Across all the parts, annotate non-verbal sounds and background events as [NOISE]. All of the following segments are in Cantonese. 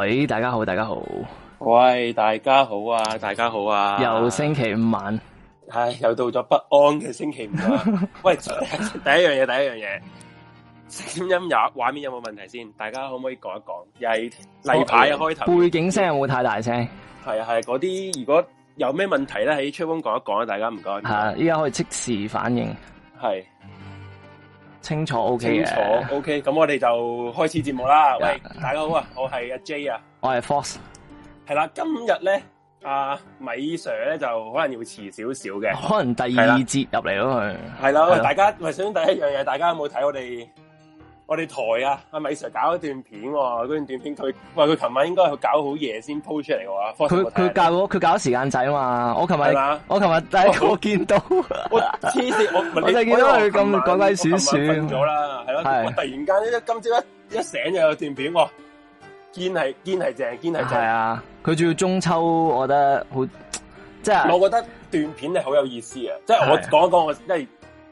喂，大家好，大家好，喂，大家好啊，大家好啊，又星期五晚，唉，又到咗不安嘅星期五啊。 [LAUGHS] 喂，第一樣嘢，第一樣嘢，聲音有畫面有冇問題先？大家可唔可以講一講？又係例牌嘅開頭，哦、背景聲有冇太大聲，係啊係啊，嗰啲如果有咩問題咧，喺吹風講一講啊，大家唔該。吓，依家可以即時反應，係。清楚 OK 嘅，OK，咁我哋就開始節目啦。Yeah. 喂，大家好啊，我係阿 J 啊，我係 Fox。係啦，今日咧，阿米 Sir 咧就可能要遲少少嘅，可能第二節入嚟咯。係喂，大家，首先第一樣嘢，大家有冇睇我哋？我哋台啊，阿米 Sir 搞一段片喎、哦，嗰段片佢，喂佢琴晚應該佢搞好夜先 po 出嚟喎，科。佢佢教我，佢搞時間仔啊嘛，我琴日嗎我琴日第一我 [LAUGHS] 見到，我黐我。你我就見到佢咁講鬼鼠鼠。瞓咗啦，係咯。我、啊、突然間呢，今朝一一醒就有段片喎，堅係堅係正，堅係正。係啊，佢仲要中秋，我覺得好，即係。即係、我覺得段片係好有意思、即係、講講啊！即係我講一講，我即係。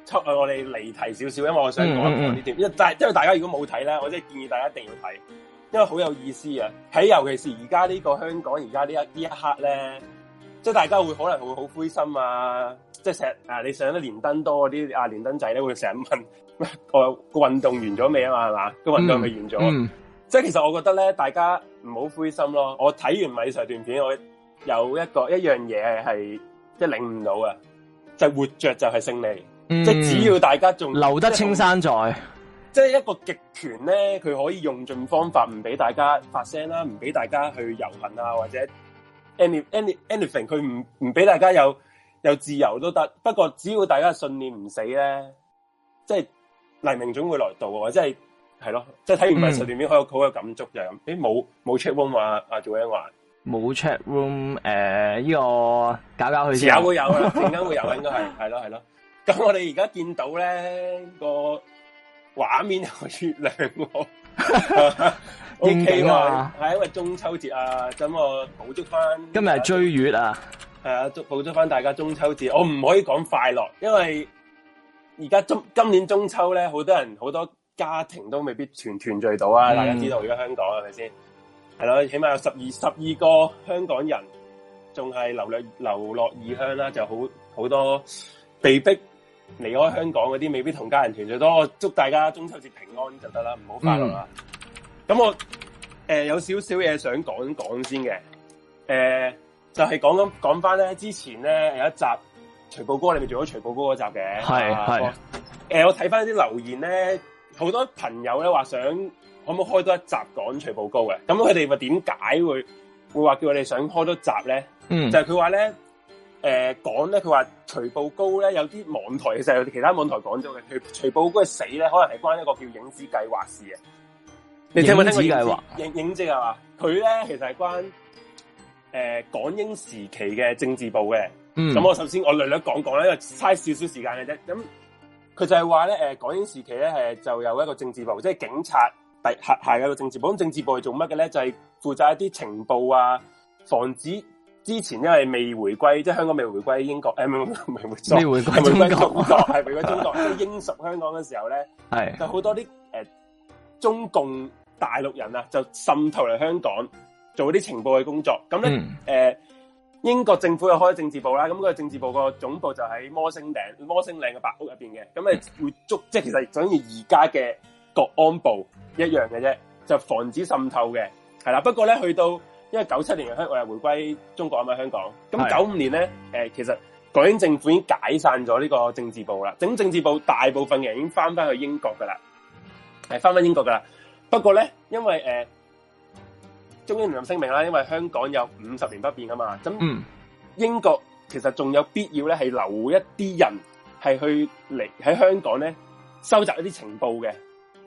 出我哋離題少少，因為我想講呢段。因大、嗯嗯嗯、因為大家如果冇睇咧，我真係建議大家一定要睇，因為好有意思啊。喺尤其是而家呢個香港，而家呢一呢一刻咧，即係大家會可能會好灰心啊。即係成日啊，你上咗連登多嗰啲啊，連登仔咧會成日問我 [LAUGHS] 運動完咗未啊？嘛係嘛，個、嗯、運動咪完咗啊？嗯、即係其實我覺得咧，大家唔好灰心咯。我睇完米 Sir 段片，我有一個一樣嘢係即係領悟到啊，就係、活著就係勝利。嗯、即係只要大家仲留得青山在即，即係一個極權咧，佢可以用盡方法唔俾大家發聲啦、啊，唔俾大家去遊行啊，或者 any any anything，佢唔唔俾大家有有自由都得。不過只要大家信念唔死咧，即係黎明總會來到啊！即係係咯，即係睇完便《密室電影》好有好有感觸就咁。誒、嗯，冇冇 chat room 話阿 J o 話冇 chat room 誒、呃？呢、這個搞搞佢先有會有、啊，陣間 [LAUGHS] 會有、啊，應該係係咯係咯。咁我哋而家見到咧，呢個畫面又月亮，O 期望係因為中秋節啊，咁我捕捉翻。今日係追月啊，係啊，捕捉返翻大家中秋節。我唔可以講快樂，因為而家中今年中秋咧，好多人好多家庭都未必團團聚到啊！嗯、大家知道而家香港係咪先？係咯，啊，起碼有十二十二個香港人仲係流略流落異鄉啦，啊、嗯、就好好多被逼。離開香港嗰啲未必同家人團聚多，我祝大家中秋節平安就得啦，唔好快樂啦。咁、嗯、我誒、呃、有少少嘢想講講先嘅，誒、呃、就係講咁講翻咧，之前咧有一集《徐步高》，你咪做咗《徐步高》嗰集嘅，係係。誒、呃，我睇翻啲留言咧，好多朋友咧話想可唔可以開多一集講《徐步高》嘅，咁佢哋咪點解會會話叫我哋想開多一集咧？嗯，就係佢話咧。誒，講咧佢話徐步高咧有啲網台嘅，其實有啲其他網台講咗嘅。佢徐，徐步高嘅死咧，可能係關一個叫影子計劃事嘅。你聽冇聽過？影影子係嘛？佢咧其實係關誒、呃、港英時期嘅政治部嘅。咁、嗯、我首先我略略講講啦，因為嘥少少時間嘅啫。咁、嗯、佢就係話咧，誒、呃、港英時期咧係就有一個政治部，即係警察第下下嘅一個政治部。咁政治部係做乜嘅咧？就係、是、負責一啲情報啊，防止，之前因為未回歸，即係香港未回歸英國，唔、哎、係未回歸，係回歸中國，係回歸中國。即係英屬香港嘅時候咧，是就好多啲誒、呃、中共大陸人啊，就滲透嚟香港做啲情報嘅工作。咁咧，誒、嗯呃、英國政府又開咗政治部啦，咁個政治部個總部就喺摩星嶺，摩星嶺嘅白屋入邊嘅。咁你會捉，嗯、即係其實等於而家嘅國安部一樣嘅啫，就防止滲透嘅。係啦，不過咧去到。因為九七年香我又回歸中國啊嘛香港，咁九五年咧，誒其實港英政府已經解散咗呢個政治部啦，整個政治部大部分嘅人已經翻翻去英國噶啦，係翻翻英國噶啦。不過咧，因為誒、呃，中英聯合聲明啦，因為香港有五十年不變啊嘛，咁、嗯、英國其實仲有必要咧，係留一啲人係去嚟，喺香港咧收集一啲情報嘅。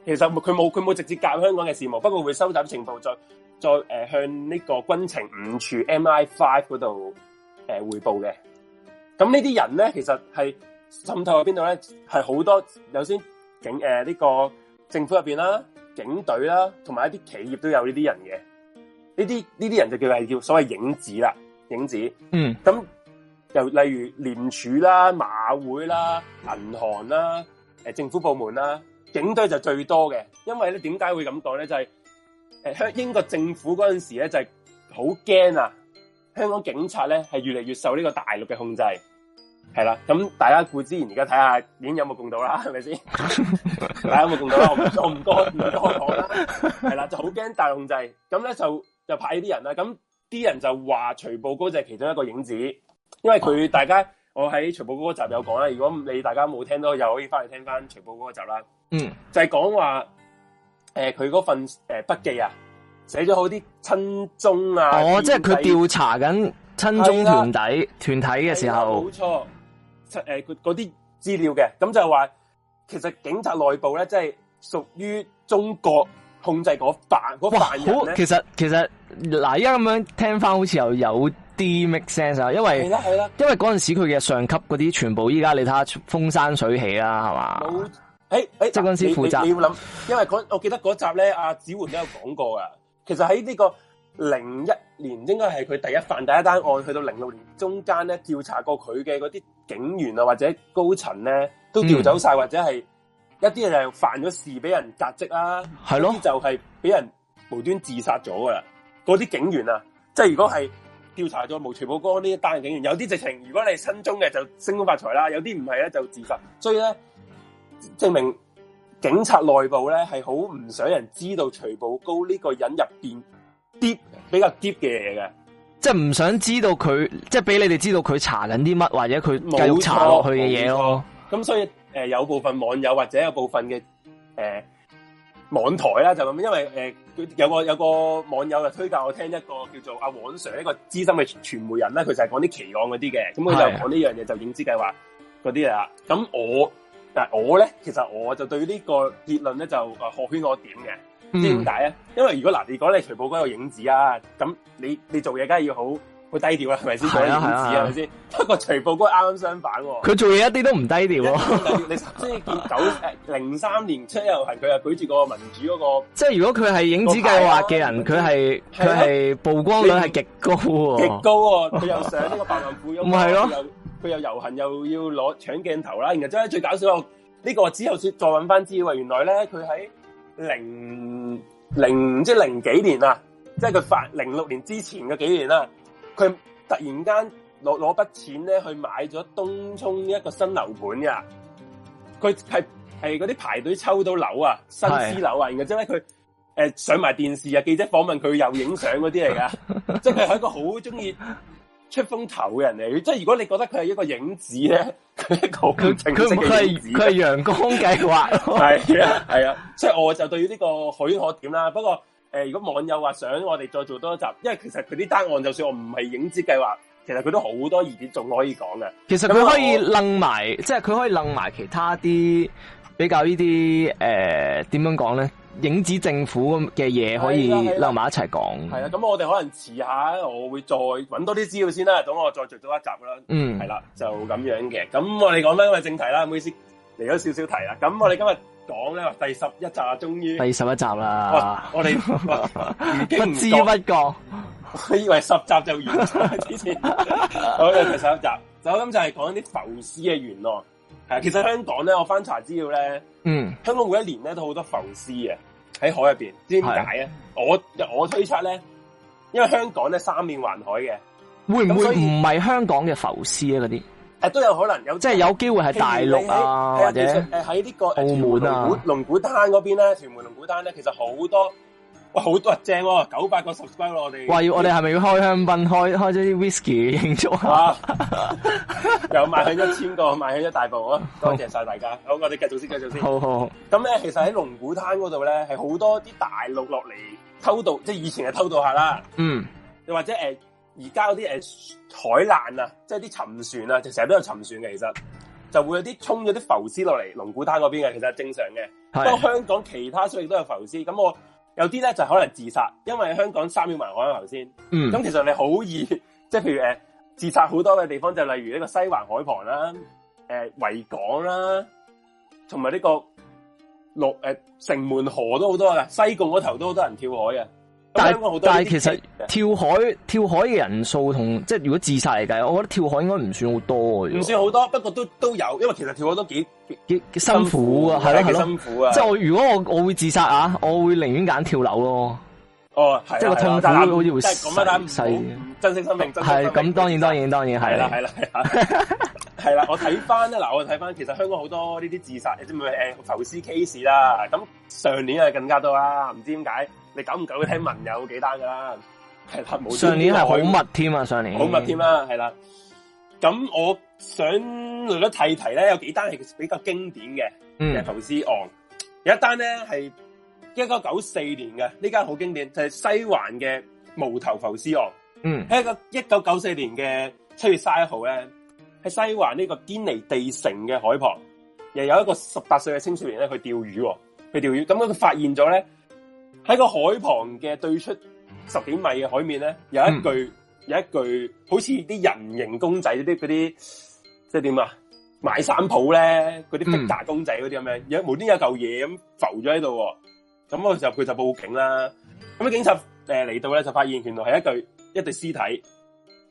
其實佢冇佢冇直接介入香港嘅事務，不過會收集情報再。再誒、呃、向呢個軍情五處 MI Five 嗰度誒匯報嘅，咁呢啲人咧其實係滲透喺邊度咧？係好多，首先警誒呢、呃呢個政府入邊啦、警隊啦，同埋一啲企業都有呢啲人嘅。呢啲呢啲人就叫係叫所謂影子啦，影子。嗯，咁又例如廉署啦、馬會啦、銀行啦、誒、呃、政府部門啦、警隊就最多嘅，因為咧點解會咁講咧？就係、是。誒，香英國政府嗰陣時咧就係好驚啊！香港警察咧係越嚟越受呢個大陸嘅控制是、啊，係啦。咁大家顧之然，而家睇下已經有冇共度啦，係咪先？大家有冇共度啦？我唔多唔多講啦。係啦、嗯，就好驚大陸控制。咁咧就就派啲人啦。咁啲人就話徐步高就係其中一個影子，因為佢大家我喺徐步高嗰集有講啦。如果你大家冇聽到，又可以翻去聽翻徐步高嗰集啦。嗯，就係講話誒，佢、呃、嗰份誒筆、呃、記啊。寫咗好啲親中啊！哦，體即係佢調查緊親中團體團了體嘅時候，冇錯，誒，嗰啲資料嘅，咁就係話其實警察內部咧，即係屬於中國控制嗰犯嗰犯人好其實其實嗱，依家咁樣聽翻，好似又有啲 make sense 啊，因為係啦係啦，因為嗰陣時佢嘅上級嗰啲全部依家你睇下風生水起啦，係嘛有？誒誒吧，即嗰陣時負責你，你，你要諗， [LAUGHS] 因為我記得嗰集咧，阿、啊、子煥都有講過噶。 [LAUGHS] 其實喺呢個零一年，應該係佢第一犯第一單案，去到零六年中間咧，調查過佢嘅嗰啲警員啊，或者高層咧，都調走晒，嗯、或者係一啲就犯咗事俾人責職啊，的就係俾人無端自殺咗噶啦。嗰啲警員啊，即係如果係調查咗無徐步高呢一單嘅警員，有啲直情如果你係新中嘅就升官發財啦，有啲唔係咧就自殺，所以咧證明。警察內部咧係好唔想人知道徐步高呢個人入邊啲比較 deep 嘅嘢嘅，即係唔想知道佢，即係俾你哋知道佢查緊啲乜，或者佢冇查落去嘅嘢咯。咁所以誒、呃，有部分網友或者有部分嘅誒、呃、網台啦，就咁因為誒、呃、有個有個網友就推介我聽一個叫做阿黃 Sir 一個資深嘅傳媒人呢，佢就係講啲奇案嗰啲嘅，咁佢就講呢樣嘢就影子計劃嗰啲啦。咁我。但係我咧，其實我就對呢個結論咧，就學圈我點嘅，即係點解咧？因為如果嗱，你講你徐步高有影子啊，咁你你做嘢梗係要好，好低調啊，係咪先講影子係咪先？不過徐步高啱啱相反，佢做嘢一啲都唔低調喎。你即係見九零三年，出遊行佢又舉住個民主嗰個。即係如果佢係影子計劃嘅人，佢係佢係曝光率係極高喎，極高喎，佢又上呢個百萬富翁咁。唔係咯。佢又遊行又要攞搶鏡頭啦，然後真係最搞笑，我呢個之後先再揾翻知喎。原來咧，佢喺零零即係零幾年啊，即係佢發零六年之前嘅幾年啦啊。佢突然間攞攞筆錢咧，去買咗東涌一個新樓盤啊。佢係係嗰啲排隊抽到樓啊，新私樓啊，然後之後咧佢誒上埋電視啊，記者訪問佢又影相嗰啲嚟噶，即係佢係一個好中意。出風頭嘅人嚟，即係如果你覺得佢係一個影子咧，佢佢佢佢係佢係陽光計劃，係啊係啊，即係、啊、我就對於呢個許可，可點啦。不過、呃、如果網友話想我哋再做多一集，因為其實佢啲單案就算我唔係影子計劃，其實佢都好多疑點仲可以講嘅。其實佢可以楞埋，即係佢可以楞埋其他啲比較、呃、呢啲誒點樣講咧。影子政府嘅嘢可以留埋一齊講。係啦，咁我哋可能遲下，我會再搵多啲資料先啦，等我再做多一集啦。嗯，係啦，就咁樣嘅。咁我哋講翻今日正題啦，唔好意思，嚟咗少少題啦。咁我哋今日講咧，第十一集，終於第十一集啦。我哋 [LAUGHS] 不，不知不覺，我以為十集就完。之前好，第十一集，就先就係講啲浮屍嘅原貌。誒，其實香港咧，我翻查資料咧，嗯，香港每一年咧都好多浮屍啊，喺海入邊，知唔知點解啊？我我推測咧，因為香港咧三面環海嘅，會唔會唔係香港嘅浮屍啊？嗰啲誒，都有可能，有可能，即係有機會係大陸啊，或者誒喺呢個澳門啊，龍鼓灘嗰邊咧，屯門龍鼓灘咧，其實好多。哇，好多正喎，九百個 subscribe 咯，我哋。喂，我哋係咪要開香檳，開開咗啲 whisky 慶祝啊？又、 [LAUGHS] 啊、賣去一千個，賣去一大部啊！多謝晒大家，好，好，我哋繼續先，繼續先。好好好，咁咧，其實喺龍鼓灘嗰度咧，係好多啲大陸落嚟偷渡，即係以前係偷渡客啦。嗯。又或者誒，而家嗰啲誒海難啊，即係啲沉船啊，就成日都有沉船嘅，其實就會有啲衝咗啲浮屍落嚟龍鼓灘嗰邊嘅，其實係正常嘅。係是。香港其他區亦都有浮屍，咁我。有啲咧就是、可能自殺，因為香港三面環海，頭先。咁、嗯、其實你好易，即、就、係、是、譬如自殺好多嘅地方，就例如呢個西環海旁啦、誒、呃、維港啦，同埋呢個六誒、呃、城門河都好多嘅，西貢嗰頭都好多人跳海嘅。但但係，其實跳海跳海嘅人數同即係如果自殺嚟計，我覺得跳海應該唔算好多。唔算好多，不過都都有，因為其實跳海都幾幾幾辛苦啊，係咯係辛苦啊。即係我如果我我會自殺啊，我會寧願揀跳樓咯。哦，即係個痛苦好似會細，珍惜生命，係咁，當然當然當然係啦，係啦，係啦，我睇翻咧，嗱，我睇翻，其實香港好多呢啲自殺，你知唔知誒，浮屍 case 啦。咁上年係更加多啦，唔知點解。你久唔久都聽聞有幾單噶啦，係啦、嗯，上年係好密添啊，上年好密添啦，係啦。咁我想嚟個提提咧，有幾單係比較經典嘅，浮屍案。有一單咧係一九九四年嘅，呢間好經典，就係、是、西環嘅無頭浮屍案。嗯，喺個一九九四年嘅七月卅一號咧，喺西環呢個堅尼地城嘅海旁，又有一個十八歲嘅青少年咧去釣魚、哦、魚，去釣魚，咁佢發現咗咧。喺個海旁嘅對出十幾米嘅海面咧，有一具、嗯、有一具好似啲人形公仔啲嗰啲即係點啊買散鋪咧嗰啲 figure 公仔嗰啲咁樣，嗯、無無有無端有嚿嘢咁浮咗喺度，咁嗰時候佢就報警啦。咁啲警察誒嚟到咧就發現原來係一具一具屍體，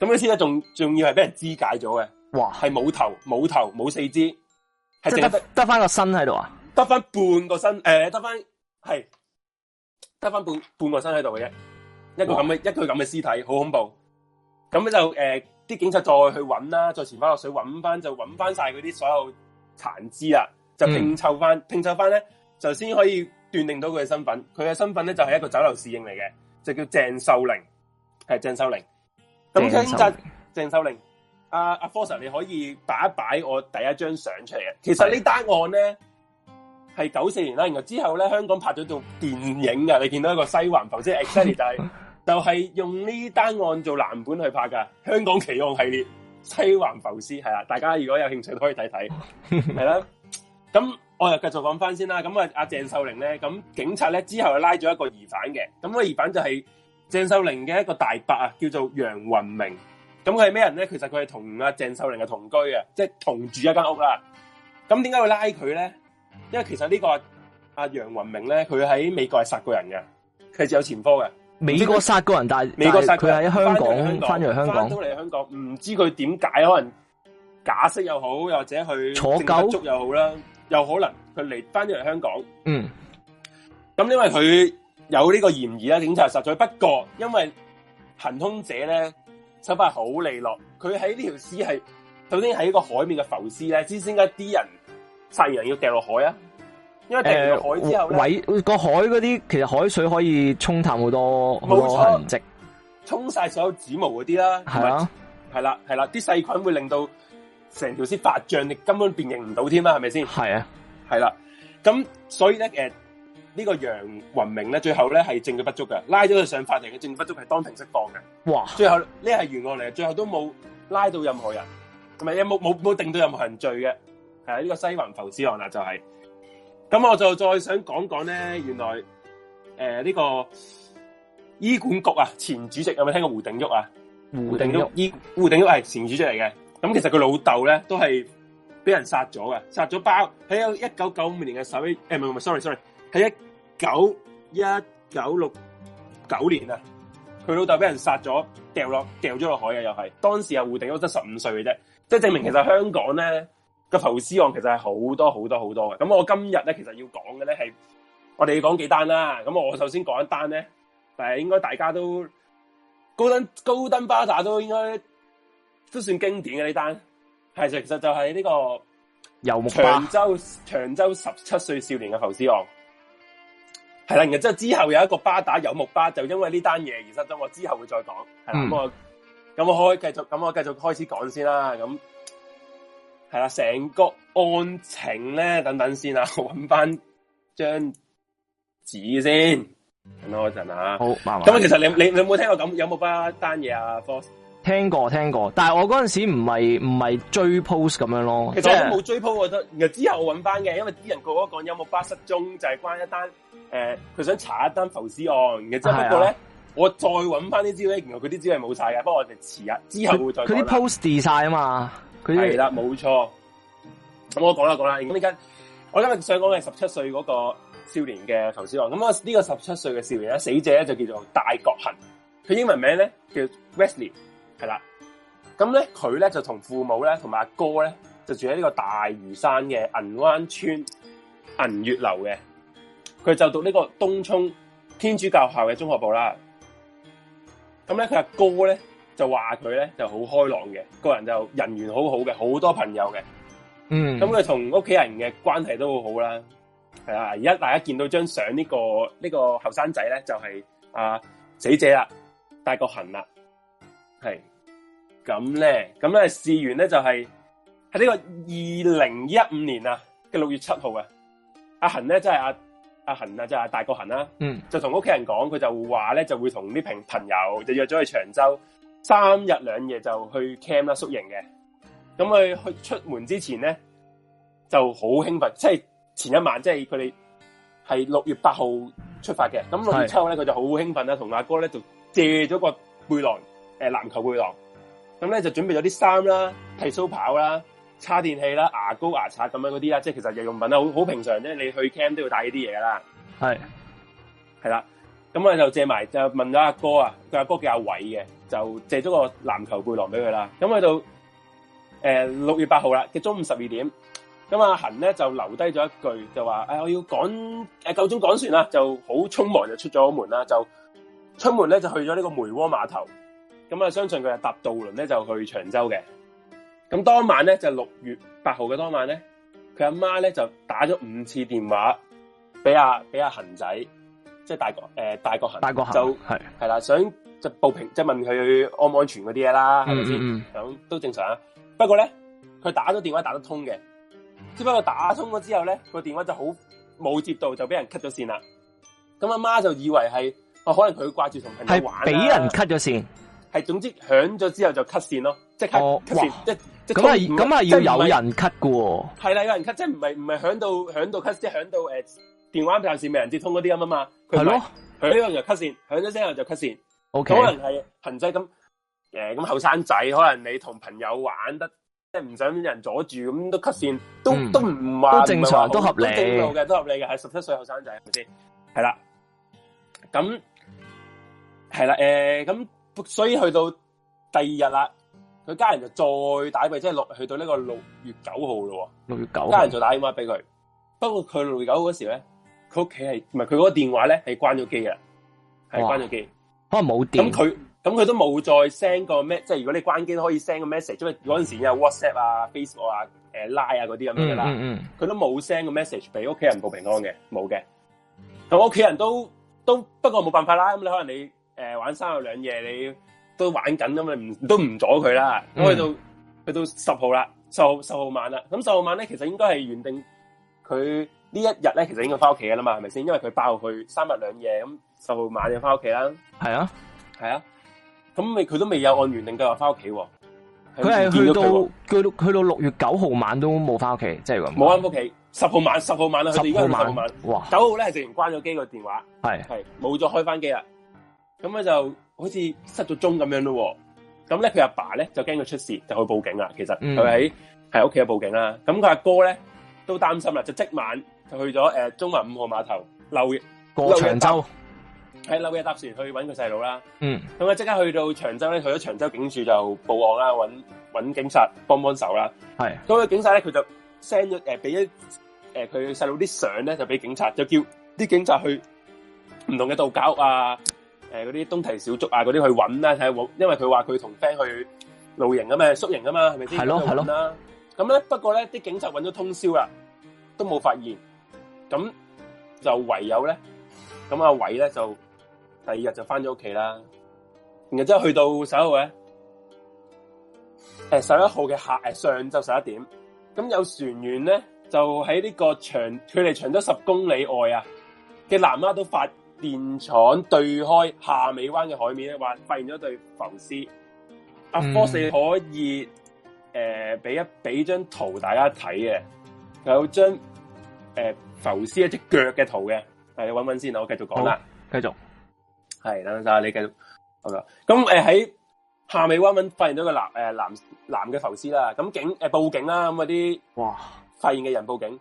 咁呢屍體仲仲要係俾人肢解咗嘅。哇！係冇頭冇頭冇四肢，即係得得翻個身喺度啊？得翻半個身誒，得翻係。得翻半半個身喺度嘅啫，一個咁嘅一個咁嘅屍體，好恐怖。咁咧就誒，啲、呃、警察再去揾啦，再潛翻落水揾翻，就揾翻晒嗰啲所有殘肢啦，就拼湊翻，嗯、拼湊翻咧就先可以斷定到佢嘅身份。佢嘅身份咧就係一個酒樓侍應嚟嘅，就叫鄭秀玲，係鄭秀玲。咁請鄭鄭秀玲，阿阿、啊、科 Sir，你可以擺一擺我第一張相出嚟嘅。其實案呢單案咧。係九四年啦，然後之後咧，香港拍咗套電影啊。你見到一個西環浮屍，exactly [LAUGHS] 就係就係用呢單案做藍本去拍噶。香港奇案系列《西環浮屍》係啦，大家如果有興趣都可以睇睇，係啦。咁我又繼續講翻先啦。咁啊，阿鄭秀玲咧，咁警察咧之後拉咗一個疑犯嘅，咁個疑犯就係鄭秀玲嘅一個大伯啊，叫做楊雲明。咁佢係咩人咧？其實佢係同阿鄭秀玲係同居啊，即係同住一間屋啦。咁點解會拉佢咧？因為其實這個、啊啊、楊雲明呢個阿阿楊雲明咧，佢喺美國係殺過人嘅，佢係有前科嘅。美國殺過人，但係佢喺香港翻咗嚟香港。翻嚟香港，唔知佢點解可能假釋又好，又或者佢坐夠又好啦，又可能佢嚟翻咗嚟香港。嗯，咁因為佢有呢個嫌疑啦，警察實在不過。因為行兇者咧，手法好利落，佢喺呢條屍係，究竟喺一個海面嘅浮屍咧，知唔知點解啲人？細羊要掉落海啊？因為掉落海之後，位、呃嗰個海嗰啲，其實海水可以沖淡好多，很多，冇痕跡，沖晒所有指模嗰啲啦。係啊，係啦，係啦、啊，啲細、啊啊、菌會令到成條屍發脹，你根本辨認唔到添啦，係咪先？係啊，係啦、啊。咁所以咧，誒、呃，這個、呢個楊雲明咧，最後咧係證據不足嘅，拉咗佢上法庭嘅證據不足係當庭釋放嘅。哇嘩！最後呢係原案嚟，最後都冇拉到任何人，係有冇冇冇定到任何人罪嘅？呢、啊這個西環浮屍案啦，就係、是、咁，我就再想講講咧。原來誒呢、呃這個醫管局啊，前主席有冇聽過胡定旭啊？胡定旭醫胡定旭係前主席嚟嘅。咁其實佢老豆咧都係俾人殺咗嘅，殺咗包喺一九九五年嘅十一誒，唔唔 sorry sorry，喺一九一九六九年啊，佢老豆俾人殺咗，掉落掉咗落海嘅，又係當時啊胡定旭都十五歲嘅啫，即係證明其實香港咧。個浮屍案其實係好多好多好多嘅，咁我今日咧其實要講嘅咧係，我哋要講幾單啦。咁我首先講一單咧，但係應該大家都高登高登巴打都應該都算經典嘅呢單，係就其實就係呢、這個柚木巴。長洲長洲十七歲少年嘅浮屍案，係啦，然之後之後有一個巴打柚木巴，就因為呢單嘢，而失咗我之後會再講，係啦。咁啊、嗯，咁我，我可以繼續，咁我繼續開始講先啦，咁。係啦，成、啊、個案情咧，等等先啊，搵翻張紙先，等我一陣啊。好，咁其實你你你有冇聽過咁有冇翻單嘢啊？Fox 聽過，聽過，但係我嗰陣時唔係唔係追 post 咁樣咯。其實我都冇追 post，覺得，然後、就是、之後搵翻嘅，因為啲人佢嗰個柚木巴失蹤，就係、是、關一單，誒、呃，佢想查一單投資案嘅。之後、啊、不過咧，我再搵翻啲資料，然後佢啲資料冇晒嘅，不過我哋遲日之後會再。佢啲 post 跌晒啊嘛。係啦，冇錯。咁我講啦，講啦。咁呢間，我今日想講嘅十七歲嗰個少年嘅頭先案。咁我呢個十七歲嘅少年咧，死者咧就叫做戴國恆，佢英文名咧叫 Wesley，係啦。咁咧佢咧就同父母咧，同埋阿哥咧，就住喺呢個大嶼山嘅銀灣村銀月樓嘅。佢就讀呢個東涌天主教校嘅中學部啦。咁咧佢阿哥咧，就話佢咧就好開朗嘅，個人就人緣好好嘅，好多朋友嘅，嗯，咁佢同屋企人嘅關係都好好啦，係啊，而家大家見到張相、這個這個、呢個呢個後生仔咧就係、是、啊死者啦，戴、就是、國恒啦，係咁咧，咁咧事緣咧就係喺呢個二零一五年啊嘅六月七號啊，阿恒咧即係阿阿恒啊，即、啊、係、啊就是啊、戴國恒啦，嗯，就同屋企人講，佢就話咧就會同啲朋友就約咗去長洲。三日兩夜就去 camp 啦，宿營嘅。咁佢去出門之前咧，就好興奮，即係前一晚，即係佢哋係六月八號出發嘅。咁六月七號咧，佢是就好興奮啦，同阿哥咧就借咗個背囊，誒、呃、籃球背囊。咁咧就準備咗啲衫啦、剃鬚刨啦、叉電器啦、牙膏牙刷咁樣嗰啲啦，即係其實日用品啦，好好平常啫。你去 camp 都要帶呢啲嘢㗎啦。係是，係啦。咁我就借埋就問咗阿哥啊，佢阿哥叫阿偉嘅，就借咗個籃球背囊俾佢啦。咁去到誒六月八號啦，嘅中午十二點，咁阿恒咧就留低咗一句，就話誒、哎、我要趕誒夠鐘趕船啦，就好匆忙就出咗門啦，就出門咧就去咗呢個梅窩碼頭。咁啊，相信佢係搭渡輪咧就去長洲嘅。咁當晚咧就係六月八號嘅當晚咧，佢阿媽咧就打咗五次電話俾、啊、阿俾阿恒仔。即係大國誒、呃，大國行，大國行就係係啦，想就報平，即係問佢安唔安全嗰啲嘢啦，係咪先響都正常啊？不過咧，佢打咗電話打得通嘅，只不過打通咗之後咧，個電話就好冇接到就俾人 cut 咗線啦。咁阿媽就以為係，哦，可能佢掛住同朋友玩、啊，係俾人 cut 咗線，係總之響咗之後就 cut 線咯，即刻 cut 線、哦。咁啊咁啊，要有人 cut 嘅喎、哦，係啦，有人 cut，即係唔係唔係響到響到 cut，即係響到誒。Uh, 電話暫時未人接通嗰啲咁啊嘛，佢，響響就 cut 線，響咗聲就就 cut 線。線 Okay. 可能係頻仔咁，誒咁後生仔，可能你同朋友玩得即係唔想人阻住，咁都 cut 線，都都唔話、嗯、都正常，都合理，都正路嘅，都合理嘅。係十七歲後生仔，係咪先？係啦，咁係啦，誒咁、呃，所以去到第二日啦，佢家人就再打俾，即係六去到呢個六月九號咯。六月九，家人就打電話俾佢，不過佢六月九嗰時咧。佢屋企係唔係佢嗰個電話咧？係關咗機嘅，係關咗機。可能冇電。咁佢咁佢都冇再 send 個咩？即係如果你關機都可以 send 個 message，因為嗰陣時有 WhatsApp 啊、Facebook 啊、誒、呃、Line 啊嗰啲咁樣啦。佢、嗯嗯、都冇 send 個 message 俾屋企人報平安嘅，冇嘅。咁屋企人都都不過冇辦法啦。咁你可能你誒、呃、玩三日兩夜，你都玩緊咁啊，唔都唔阻佢啦。去、嗯、到去到十號啦，十號十號晚啦。咁十號晚咧，其實應該係原定佢。這一呢一日咧，其實應該翻屋企嘅啦嘛，係咪先？因為佢包佢三日兩夜，咁十號晚就翻屋企啦。係啊，係啊，咁未佢都未有按原定計劃翻屋企。佢係去到去到去到六月九號晚都冇翻屋企，即係咁。冇翻屋企，十號晚十號晚啦，十號晚哇，九號咧突然間關咗機個電話，係係冇咗開翻機啦。咁咧就好似失咗蹤咁樣咯。咁咧佢阿爸咧就驚佢出事，就去報警啦。其實佢咪喺屋企啊報警啦？咁佢阿哥咧都擔心啦，就即晚。去咗誒，中環五號碼頭留過長洲，喺留嘢搭船去搵個細佬啦。嗯，咁啊,即刻去到長洲咧，去咗長洲警署就報案啦，搵搵警察幫幫手啦。係咁，個警察咧，佢就 send 咗誒，俾咗誒佢細佬啲相咧，就俾警察，就叫啲警察去唔同嘅道滘啊，誒嗰啲東堤小築啊，嗰啲去搵啦。睇下，因為佢話佢同 friend 去露營啊嘛，宿營啊嘛，係咪先？係咯，係咯。咁咧，不過咧，啲警察搵咗通宵啊，都冇發現。咁就唯有咧，咁阿偉咧就第二日就返咗屋企啦。然後之後去到十一號咧，誒十一號嘅下誒、呃、上晝十一點，咁有船員咧就喺呢個長距離長咗十公里外啊嘅南丫島發電廠對開夏尾灣嘅海面咧，話發現咗一對浮屍。阿 Fox 可以誒俾、呃、一俾張圖大家睇嘅，有張誒。呃浮屍一隻腳嘅圖嘅，係，你揾揾先啊！我繼續講啦，繼續，係等陣晒你繼續，好啦。咁誒喺下尾灣面發現到個男誒、呃、男男嘅浮屍啦，咁警誒、呃、報警啦，咁啲哇發現嘅人報警，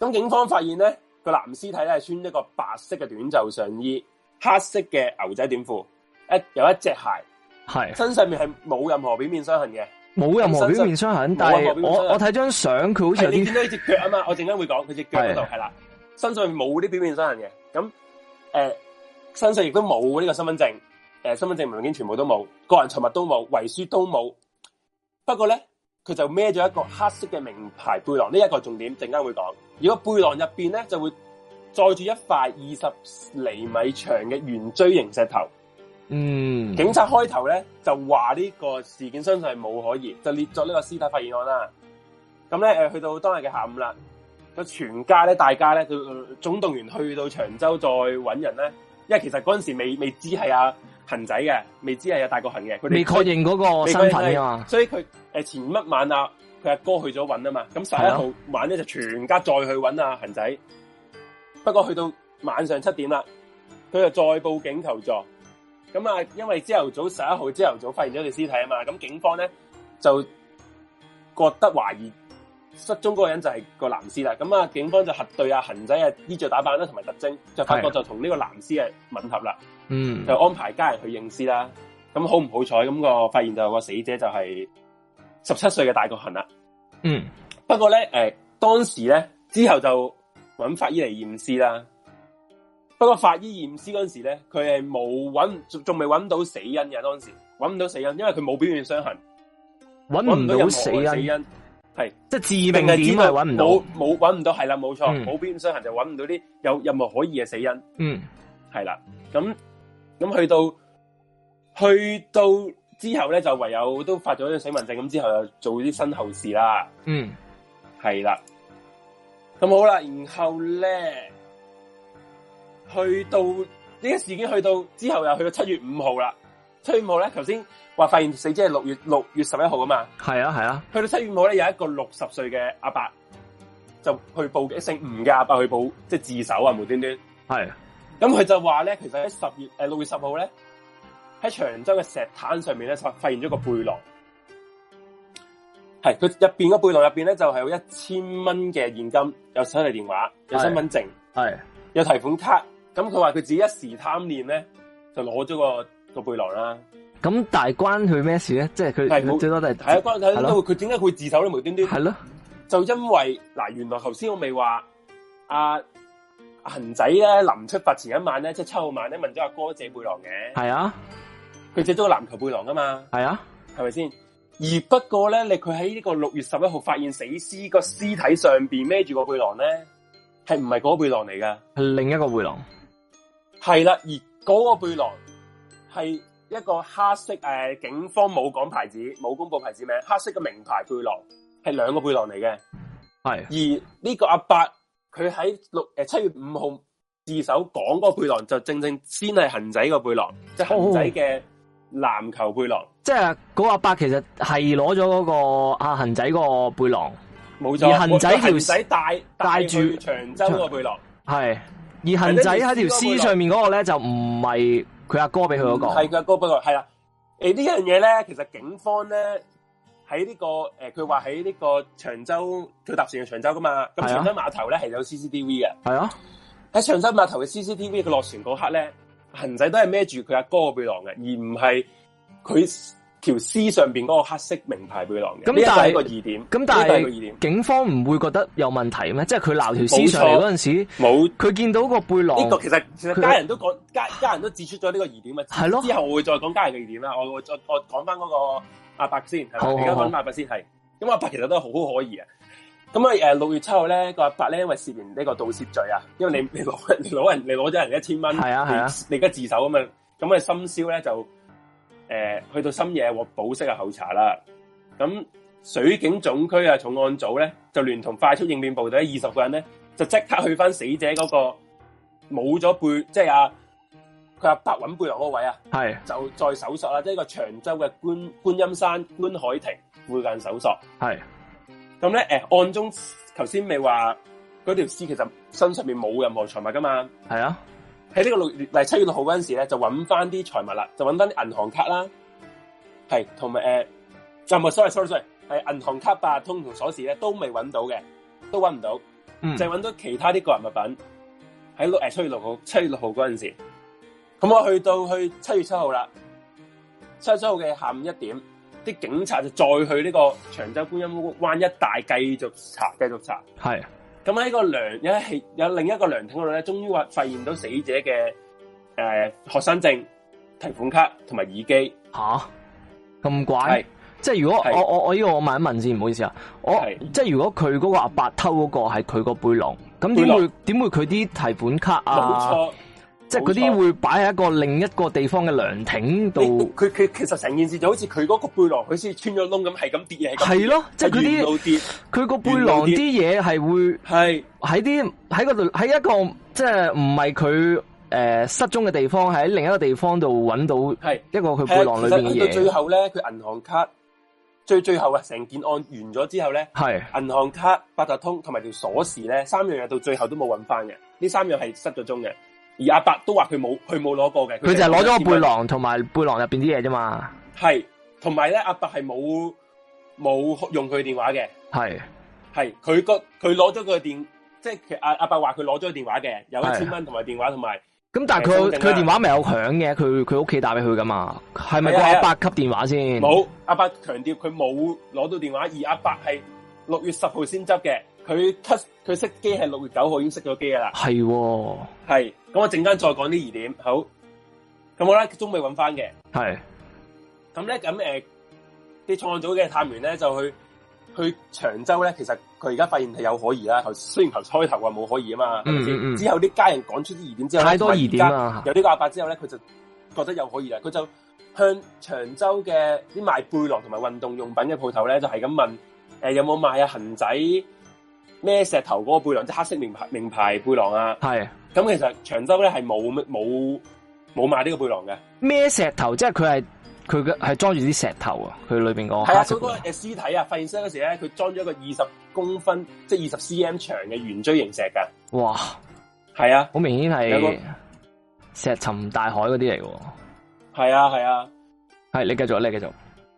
咁警方發現咧、嗰個男屍體咧係穿一個白色嘅短袖上衣，黑色嘅牛仔短褲，一有一隻鞋，係的身上面係冇任何表面傷痕嘅。冇任何表面傷痕，上痕但係我我睇張相，佢好似係見到呢隻腳啊嘛，我陣間會講佢隻腳嗰度係啦，身上冇啲表面傷痕嘅，咁誒、呃、身上亦都冇呢個身份證，誒、呃、身份證文件全部都冇，個人財物都冇，遺書都冇。不過咧，佢就孭咗一個黑色嘅名牌背囊，呢、這、一個重點，陣間會講。如果背囊入邊咧，就會載住一塊二十厘米長嘅圓錐形石頭。嗯，警察開頭咧就話呢個事件相信係冇可疑，就列作呢個屍體發現案啦。咁咧誒，去到當日嘅下午啦，佢全家咧大家咧佢，呃、總動員去到長洲再揾人咧，因為其實嗰陣時未未知係阿恆仔嘅，未知係有大個恆嘅，未確認嗰個身份啊嘛。所以佢誒，呃、前一晚啊，佢阿哥去咗揾啊嘛，咁十一號晚咧就全家再去揾阿恆仔。不過去到晚上七點啦，佢就再報警求助。咁啊，因為朝頭早十一號朝頭早發現咗條屍體啊嘛，咁警方咧就覺得懷疑失蹤嗰個人就係個男屍啦。咁啊，警方就核對阿恒仔啊衣着打扮啦同埋特徵，就發覺就同呢個男屍啊吻合啦。嗯是，就安排家人去認屍啦。咁好唔好彩？咁、那個發現就有個死者就係十七歲嘅大國恒啦。嗯，不過咧，誒、呃，當時咧之後就揾法醫嚟驗屍啦。不過法醫驗屍嗰陣時咧，佢係冇揾，仲未揾到死因嘅。當時揾唔到死因，因為佢冇表面傷痕，揾唔到死因，係即係致命嘅點係揾唔到，冇揾唔到，係啦，冇錯，冇表面傷痕就揾唔到啲有任何可疑嘅死因。嗯，係啦，咁咁去到去到之後咧，就唯有都發咗一張死亡證，咁之後又做啲身後事啦。嗯，係啦，咁好啦，然後咧。去到呢個事件，去到之後又去到七月五號啦。七月五號咧，頭先話發現死者係六月六月十一號啊嘛。係啊係啊，是啊去到七月五號咧，有一個六十歲嘅阿伯就去報警，姓吳嘅阿伯去報，即係自首啊，無端端係。咁佢是就話咧，其實喺十月誒六月十號咧，喺長洲嘅石灘上面咧，發發現咗個背囊。係佢入邊個背囊入邊咧，就係、是、有一千蚊嘅現金，有手提電話，有身份證，係有提款卡。咁佢話佢自己一時貪念咧，就攞咗個個背囊啦。咁但係關佢咩事咧？即係佢是他最多都係係啊，關睇佢點解會自首都無端端係咯，的就因為嗱，原來頭先我未話阿恒仔咧，臨出發前一晚咧，即係七號晚咧問咗阿哥，哥借背囊嘅。係啊的，佢借咗個籃球背囊噶嘛。係啊的，係咪先？而不過咧，你佢喺呢個六月十一號發現死屍個屍體上邊孭住個背囊咧，係唔係嗰背囊嚟噶？係另一個背囊。係啦，而嗰個背囊係一個黑色誒，警方冇講牌子，冇公布牌子咩？黑色嘅名牌背囊，係兩個背囊嚟嘅。係是的 而呢個阿伯佢喺六誒七月五號自首講嗰個背囊，就正正先係恒仔個背囊，oh. 即係恒仔嘅籃球背囊。即係嗰、那個、阿伯其實係攞咗嗰個阿恒、啊、仔個背囊，冇錯。而恒仔條仔帶帶住長洲個背囊，係。而恒仔喺條屍上面嗰個咧就唔係佢阿哥俾佢嗰個哥哥，係佢阿哥俾佢，係啦。誒呢樣嘢咧，其實警方咧喺呢、這個誒，佢話喺呢個長洲，佢搭船去長洲噶嘛。咁長洲碼頭咧係有 CCTV 嘅。係啊，喺長洲碼頭嘅 CCTV，佢落船嗰刻咧，恒仔都係孭住佢阿哥嘅背囊嘅，而唔係佢。條屍上邊嗰個黑色名牌背囊嘅但，呢個係一個疑點。咁但係警方唔會覺得有問題咩？即係佢鬧條屍上嚟嗰陣時，冇佢見到個背囊。呢個其實其實家人都講，家他家人都指出咗呢個疑點啊。係咯，之後我會再講家人的疑點啦。我會再我講翻嗰個阿伯先，係咪？而家講阿伯先係，咁阿伯其實都好可疑啊。咁啊，誒六月七號咧，個阿伯咧因為涉嫌呢個盜竊罪啊，因為你你攞人攞人你攞咗人一千蚊，係啊係啊，啊你而家自首啊嘛，咁啊深宵咧就。誒，去到深夜獲保釋啊，候查啦。咁水警總區啊，重案組咧就聯同快速應變部隊二十個人咧，就即刻去翻死者嗰、嗰個冇咗背，即係阿佢阿白雲背囊嗰位啊，係的就再搜索啦，即係個長洲嘅觀觀音山觀海亭附近搜索。係咁咧，誒，案中頭先未話嗰條屍其實身上面冇任何財物噶嘛？係啊。喺呢個六、嚟七月六號嗰陣時咧，就揾翻啲財物啦，就揾翻啲銀行卡啦，係同埋誒，就唔係、呃、sorry，sorry，sorry，係銀行卡吧，八達通同鎖匙咧都未揾到嘅，都揾唔到，就係揾到其他啲個人物品。喺六誒七月六號，七月六號嗰陣時，咁我去到去七月七號啦，七月七號嘅下午一點，啲警察，就再去呢個長洲觀音灣一帶繼續查，繼續查，係。咁喺個涼一係有另一個涼亭嗰度咧，終於話發現到死者嘅誒、呃、學生證、提款卡同埋耳機。吓咁怪！是即係如果是我我我呢個我問一問先，唔好意思啊，我是即係如果佢嗰個阿伯，伯偷嗰個係佢個背囊，咁點會點包會佢啲提款卡啊？冇錯。即係嗰啲會擺喺一個另一個地方嘅涼亭度。佢佢其實成件事就好似佢嗰個背囊佢似穿咗窿咁，係咁跌嘢。係咯的，即係佢啲佢個背囊啲嘢係會係喺啲喺度喺一個即係唔係佢誒失蹤嘅地方，喺另一個地方度揾到係一個佢背囊裏邊嘢。到最後咧，佢銀行卡最最後啊，成件案完咗之後咧，係銀是的 行卡、八達通同埋條鎖匙咧，三樣嘢到最後都冇揾翻嘅。呢三樣係失咗蹤嘅。而阿伯都話佢冇佢冇攞過嘅，佢就係攞咗個背囊同埋背囊入邊啲嘢啫嘛。係，同埋咧阿伯係冇冇用佢電話嘅。係是，係佢個佢攞咗個電，即係阿阿伯話佢攞咗個電話嘅，有一千蚊同埋電話同埋。咁但係佢佢電話咪有響嘅，佢佢屋企打俾佢噶嘛？係咪佢阿伯吸電話先？冇，阿伯強調佢冇攞到電話，而阿伯係六月十號先執嘅。佢 cut 佢熄機係六月九號已經熄咗機噶啦，係係咁我陣間再講啲疑點，好咁好啦，終未揾翻嘅，係咁咧，咁誒啲創案組嘅探員咧就去去長洲咧，其實佢而家發現係有可疑啦，頭雖然頭開頭話冇可疑啊嘛，嗯嗯，之後啲家人講出啲疑點之後，太多疑點啦，有呢個阿伯，伯之後咧，佢就覺得有可疑啦，佢就向長洲嘅啲賣背囊同埋運動用品嘅鋪頭咧就係咁問，誒、呃、有冇賣啊恒仔？咩石頭嗰個背囊，即係黑色名牌名牌背囊啊！係咁、啊，其實長洲咧係冇冇冇買呢個背囊嘅。咩石頭？即係佢係佢嘅係裝住啲石頭面啊！佢裏邊個係啊！佢嗰嘅屍體啊，發現屍嗰時咧，佢裝咗一個二十公分，即係二十 C M 長嘅圓錐形石嘅。哇！係啊，好明顯係石沉大海嗰啲嚟嘅。係啊，係啊，係、啊、你繼續，你繼續。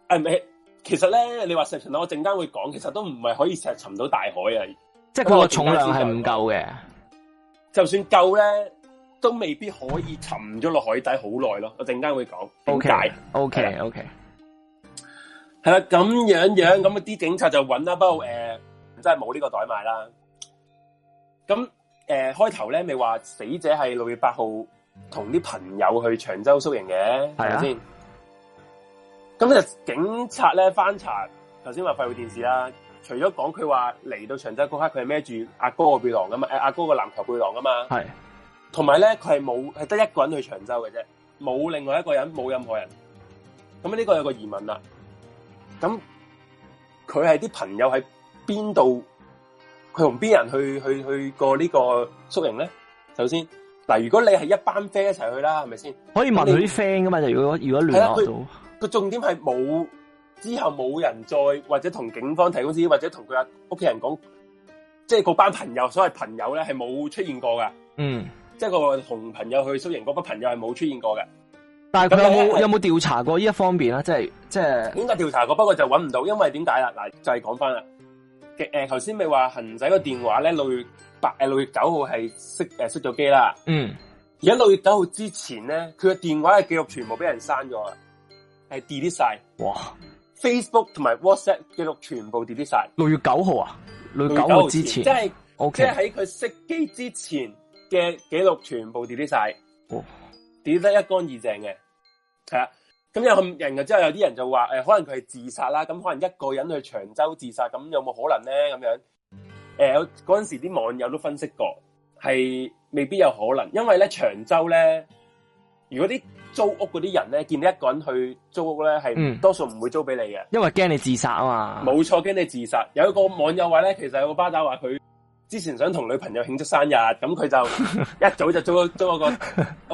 誒，其實咧，你話石沉，我陣間會講，其實都唔係可以石沉到大海啊。即係佢個重量係唔夠嘅，就算夠咧，都未必可以沉咗落海底好耐咯。我陣間會講，O K，O K，O K，係啦，咁、okay, okay, okay、樣樣咁啲警察就揾啦，不過誒、呃，真係冇呢個袋賣啦。咁誒、呃、開頭咧，咪話死者係六月八號同啲朋友去長洲宿營嘅，係咪先？咁啊，警察咧翻查，頭先話廢話電視啦。除咗講佢話嚟到長洲嗰刻，佢係孭住阿哥個背囊噶嘛，誒阿哥個籃球背囊噶嘛，係是。同埋咧，佢係冇係得一個人去長洲嘅啫，冇另外一個人，冇任何人。咁呢個有個疑問啦。咁佢係啲朋友喺邊度？佢同邊人去去去過呢個宿營咧？首先，嗱、啊，如果你係一班 friend 一齊去啦，係咪先？可以問佢啲 friend 噶嘛你如？如果如果聯絡到，個、啊、重點係冇。之後冇人再或者同警方提供資料，或者同佢阿屋企人講，即係嗰班朋友所謂朋友咧係冇出現過㗎。嗯，即係個同朋友去蘇營嗰班朋友係冇出現過嘅。但係佢有冇有冇調那是查過呢一方面啦，即係即係應該調查過，不過就揾唔到，因為點解啦？嗱，就係講翻啦。誒，頭先咪話恆仔個電話咧六月八誒六月九號係熄誒熄咗機啦。嗯，而家六月九號之前咧，佢個電話嘅記錄全部俾人刪咗啦，係 delete 晒。哇！Facebook 同埋 WhatsApp 記錄全部 delete 晒。六月九號啊，六月九號之，之前，即係 Okay. 即係喺佢熄機之前嘅記錄全部 delete 曬，delete 得一乾二淨嘅。係啦，咁有人嘅之後，有啲人就話、呃、可能佢係自殺啦。咁可能一個人去長洲自殺，咁有冇可能咧？咁樣誒，有嗰陣時啲網友都分析過，係未必有可能，因為咧長洲咧。如果啲租屋嗰啲人咧，見你一個人去租屋咧，係多數唔會租俾你嘅，嗯，因為驚你自殺啊嘛。冇錯，驚你自殺。有一個網友話咧，其實有個巴打話佢之前想同女朋友慶祝生日，咁佢就一早就租咗 [LAUGHS] 租咗個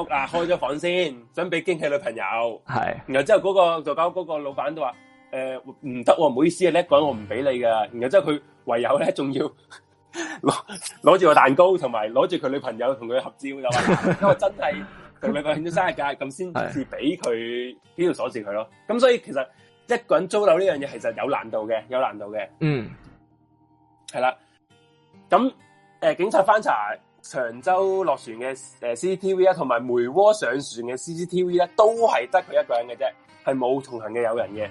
屋啊，開咗房先，想俾驚喜女朋友。係。然後之後嗰個就搞嗰個老闆都話，誒，唔得，唔好意思啊，一個人我唔俾你噶。然後之後佢唯有咧，仲要攞，攞住個蛋糕，同埋攞住佢女朋友同佢合照，因為真係。佢個欠租生日假，咁先至俾佢，呢條鎖匙佢咯。咁所以其實一個人租樓呢樣嘢，其實有難度嘅，有難度嘅。嗯，係啦。咁、呃、誒，警察翻查長洲落船嘅誒 CCTV 啊，同埋梅窩上船嘅 CCTV 咧，都係得佢一個人嘅啫，係冇同行嘅友人嘅。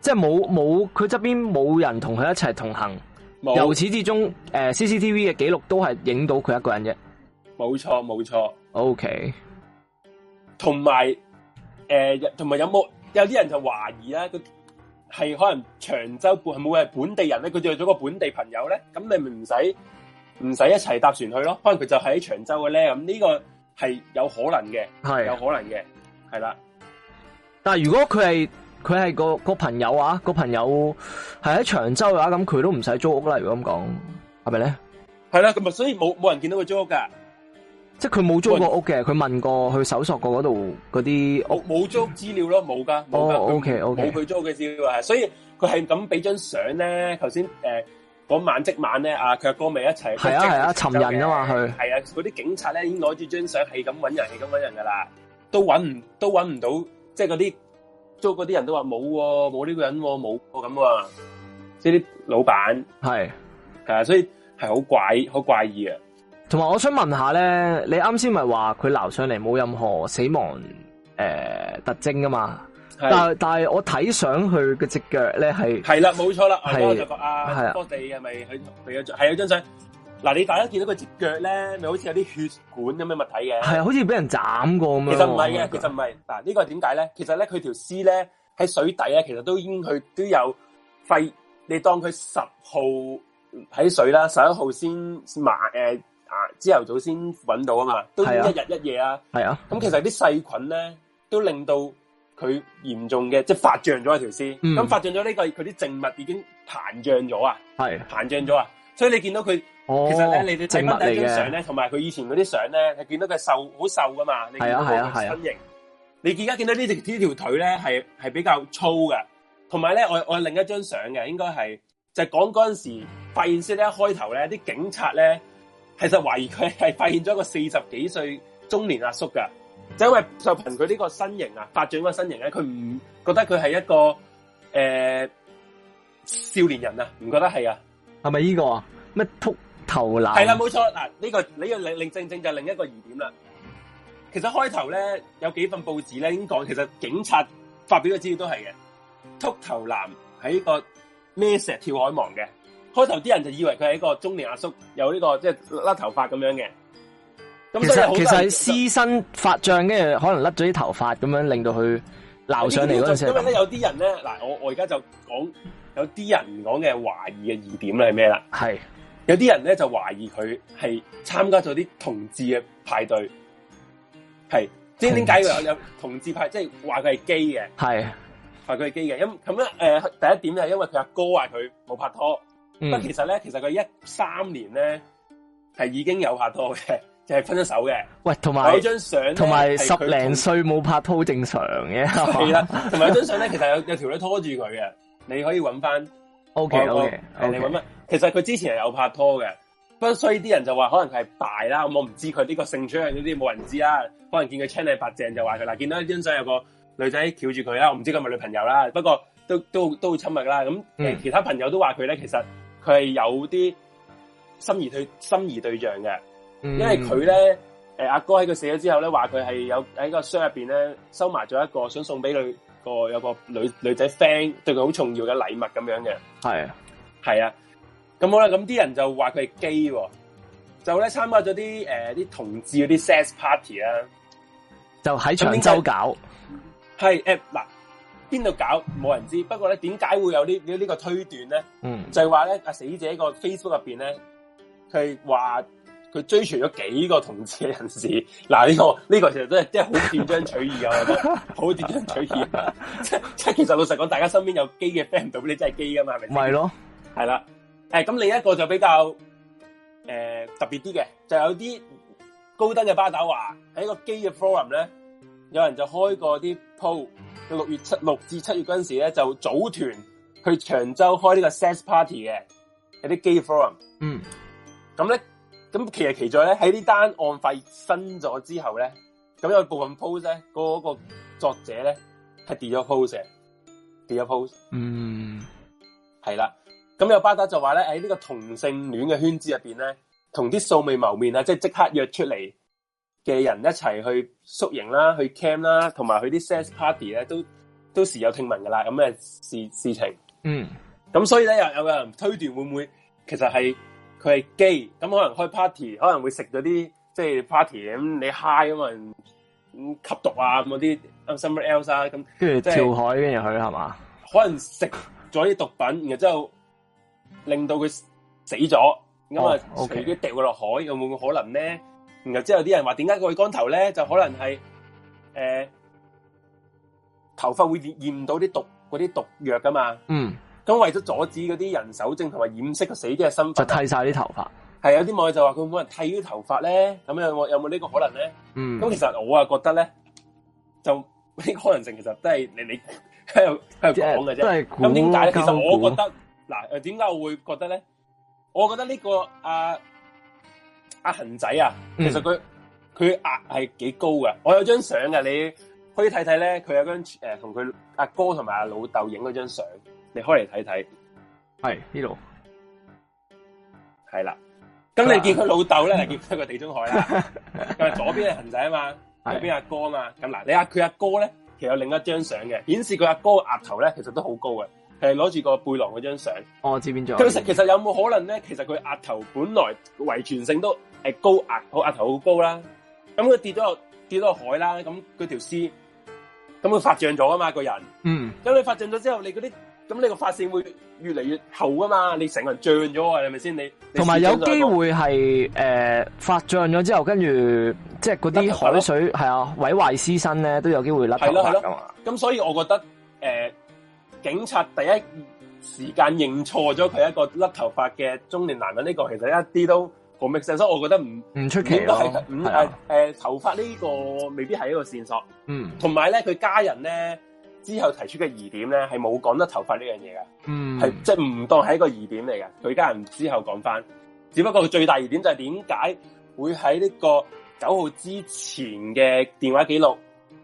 即係冇冇佢側邊冇人同佢一齊同行。沒 由始至終，誒、呃、CCTV 嘅記錄都係影到佢一個人嘅。冇錯，冇錯。OK。同埋，誒，同埋有冇有啲人就懷疑咧？佢係可能長洲本係冇係本地人咧？佢就約咗個本地朋友咧？咁你咪唔使唔使一齊搭船去咯？可能佢就喺長洲嘅咧？咁呢個係有可能嘅，係是有可能嘅，係啦。但係如果佢係佢係個個朋友啊，個朋友係喺長洲嘅話，咁佢都唔使租屋啦。如果咁講，係咪咧？係啦，咁啊，所以冇冇人見到佢租屋噶。即係佢冇租過屋嘅，佢問過，去搜索過嗰度嗰啲，冇冇租資料咯，冇噶，冇佢租嘅資料，所以佢係咁俾張相咧。頭先誒，嗰晚即晚咧啊，佢阿哥咪一齊，係啊係啊，尋人啊嘛，佢係啊，嗰啲警察咧已經攞住張相係咁搵人，係咁搵人噶啦，都搵唔都搵唔到，即係嗰啲租嗰啲人都話冇，冇呢個人，冇咁啊，即係啲老闆係係啊，所以係好怪，好怪異啊。同埋，我想問下咧，你啱先咪話佢撈上嚟冇任何死亡誒、呃、特徵噶嘛？但但係我睇上去個隻腳咧係係啦，冇錯啦，係啊，係啊，我哋係咪佢？係有張相，嗱，你大家見到佢隻腳咧，咪好似有啲血管咁嘅物體嘅？係啊，好似俾人斬過咁樣。其實唔係嘅，其實唔係嗱，呢個係點解咧？其實咧，佢條屍咧喺水底咧，其實都已經佢都有肺。你當佢十號喺水啦，十一號先埋誒。啊！朝頭早先搵到啊嘛，都一日一夜啊。係啊，咁其實啲細菌咧都令到佢嚴重嘅，即係發脹咗條屍。咁、嗯、發脹咗呢個，佢啲靜物已經膨脹咗啊，是膨脹咗啊。所以你見到佢，哦、其實咧你啲睇翻第一張相咧，同埋佢以前嗰啲相咧，你見到佢瘦好瘦噶嘛。你係啊係啊係。身型，啊，你而家見到條腿呢條呢條腿咧係係比較粗嘅，同埋咧我我有另一張相嘅，應該係就係講嗰陣時發現時咧，一開頭咧啲警察咧。其實懷疑佢係發現咗一個四十幾歲中年阿叔㗎，就因為就憑佢呢個身形啊，發展嗰個身形咧，佢唔覺得佢係一個誒、欸、少年人啊，唔覺得係啊，係咪呢個啊？咩「禿頭男」？係啦，冇錯，嗱呢個你要令令正正就係另一個疑點啦。其實開頭咧有幾份報紙咧已經講，其實警察發表嘅資料都係嘅，禿頭男喺個咩石跳海亡嘅。開頭啲人就以為佢係一個中年阿叔，有呢個即係甩頭髮咁樣嘅。咁其實其實係屍身發脹，跟住可能甩咗啲頭髮咁樣，令到佢撈上嚟嗰陣時。因為咧有啲人咧，嗱我我而家就講有啲人講嘅懷疑嘅疑點咧係咩啦？係有啲人咧就懷疑佢係參加咗啲同志嘅派對，係即係點解有？有有同志派，即係話佢係基嘅，係話佢係基嘅。咁咁樣誒，第一點咧，係因為佢阿哥話佢冇拍拖。不、嗯，其實咧，其實佢一三年咧係已經有拍拖嘅，就係分咗手嘅。喂，同埋有張相，同埋十零歲冇拍拖正常嘅。係啦的，同埋 [LAUGHS] 有張相咧，其實有有條女拖住佢嘅，你可以揾翻。O K，O K，你揾咩？其實佢之前有拍拖嘅，不，所以啲人就話可能係敗啦。咁我唔知佢呢個性取向嗰啲冇人知啦。可能見佢青靚白淨就話佢嗱，見到張相有個女仔翹住佢啦。我唔知佢係咪女朋友啦，不過都都都好親密啦。咁其、嗯、其他朋友都話佢咧，其實。佢係有啲心儀對心儀對象嘅，因為佢咧，誒阿、嗯、哥喺佢死咗之後咧，話佢係有喺個箱入邊咧收埋咗一個想送俾佢個有個女女仔 friend 對佢好重要嘅禮物咁樣嘅，係啊係啊，咁好啦，咁啲人就話佢係基 a 就咧參加咗啲誒啲同志嗰啲 sex party 啊，就喺長洲搞，係 app 嗱。邊度搞，冇人知，不過咧，點解會有呢呢個推斷咧？嗯就，就係話咧阿死者個 Facebook 入邊咧，佢話話佢追隨咗幾個同志嘅人士。嗱呢、這個呢、這個其實都係即係好斷章取義啊，我覺得好斷章取義啊！即即係其實老實講，大家身邊有基嘅 friend，到，你真係基㗎嘛？係咪的？唔係咯，係啦，誒咁另一個就比較誒、呃、特別啲嘅，就有啲高登嘅巴打話，喺個基嘅 forum 咧，有人就開過啲。post 六月七六至七月嗰陣時咧就組團去長洲開這個 s、嗯、呢個 sex party 嘅有啲 gay forum，嗯，咁咧咁其實其他呢在咧喺呢單案發生咗之後咧，咁有部分 post 咧嗰、那個、個作者咧係 delete 咗 post 嘅 delete 咗 post 嗯是的，係啦，咁有巴打就話咧喺呢個同性戀嘅圈子入邊咧，同啲素未謀面啊，即係即刻約出嚟。嘅人一齊去宿營啦，去 camp 啦，同埋佢啲 sex party 咧，都都時有聽聞噶啦。咁嘅事事情，嗯，咁所以咧，又有人推斷會唔會，其實係佢係 gay，咁可能開 party，可能會食咗啲即係 party 咁你 high 啊嘛，嗯，吸毒啊，咁嗰啲 somebody else 啊，咁跟住即係跳海跟住佢係嘛？就是，可能食咗啲毒品，然後之後令到佢死咗，咁啊，哦，隨機掉佢落海，哦 okay，有冇可能咧？然後之後啲人話點解佢光頭咧？就可能係誒、呃，頭髮會驗到啲毒啲毒藥噶嘛？嗯，咁為咗阻止嗰啲人手證同埋掩飾個死者身份，就剃晒啲頭髮。係、嗯、有啲網友就話佢冇人剃啲頭髮咧，咁有冇有冇呢個可能咧？咁、嗯、其實我啊覺得咧，就呢、這個、可能性其實都係你你佢佢講嘅啫。咁點解？其實我覺得嗱誒，點解我會覺得咧？我覺得呢、這個啊。阿恒、啊、仔啊，其實佢佢額係幾高噶，我有張相噶，你可以睇睇咧，佢有張誒同佢阿哥同埋阿老豆影嗰張相，你開嚟睇睇，係呢度，係啦了。咁、啊、你見佢老豆咧，見得個地中海啦，咁 [LAUGHS] 左邊係恒仔啊嘛，右邊阿哥啊嘛。咁嗱是，你阿佢阿哥咧，其實有另一張相嘅，顯示佢阿哥嘅額頭咧，其實都好高嘅。誒，攞住個背囊嗰張相，我、哦、知邊咗。其實其實有冇可能咧？其實佢額頭本來遺傳性都誒高額，個額頭好高，高啦。咁佢跌咗落，跌咗落海啦，咁佢條屍，咁佢發脹咗啊嘛，個人。嗯。咁你發脹咗之後，你嗰啲咁你個髮線會越嚟越厚啊嘛，你成個人脹咗啊，係咪先？你同埋有，有機會係誒、呃、發脹咗之後，跟住即係嗰啲海水係啊，係啊，係啊，毀壞屍身咧都有機會甩頭噶嘛。咁所以我覺得誒。呃警察第一時間認錯咗佢一個甩頭髮嘅中年男人，呢個其實一啲都好明顯，所以我覺得唔唔出奇。都係唔係誒頭髮呢個未必係一個線索。嗯呢，同埋咧佢家人咧之後提出嘅疑點咧係冇講甩頭髮呢樣嘢嘅。嗯，係即係唔當係一個疑點嚟嘅。佢家人之後講翻，只不過佢最大疑點就係點解會喺呢個九號之前嘅電話記錄。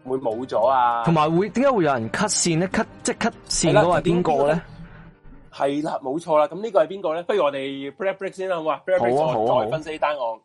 會冇咗啊！同埋會點解會有人 cut 線咧？cut 即 cut 線嘅係邊個咧？係啦，冇錯啦。咁呢個係邊個咧？不如我哋 prep break 先啦，好啊，prep break 再再分析啲單案。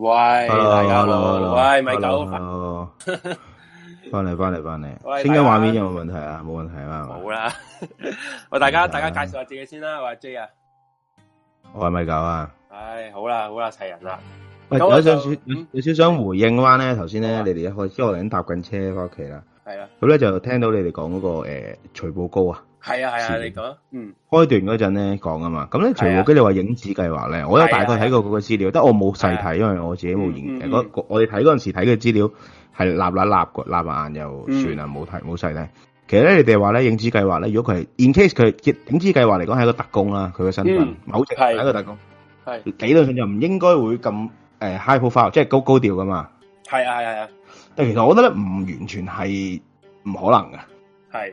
喂，hello，喂，米狗，翻嚟，翻嚟，翻嚟，新嘅畫面有冇問題啊？冇問題啊？冇啦，喂，大家，大家介紹下自己先啦，我係 J 啊，我係米狗啊，唉，好啦，好啦，齊人啦，喂，有少少有少少想回應嘅話咧，頭先咧，你哋一開始我哋已經搭緊車翻屋企啦。咁咧就聽到你哋講嗰個誒徐步高啊，係啊係啊，你講，嗯，開段嗰陣咧講啊嘛，咁咧徐步高你話影子計劃咧，我都有大概睇過佢嘅資料，但我冇細睇，因為我自己冇研，我我哋睇嗰陣時睇嘅資料係立立立，立攤眼又算啦，冇睇冇細睇。其實咧，你哋話咧影子計劃咧，如果佢係 in case 佢影子計劃嚟講係一個特工啦，佢嘅身份，某隻係一個特工，係理論上就唔應該會咁誒 high profile，即係高高調噶嘛。係啊係啊，但其實我覺得咧唔完全係。唔可能噶，係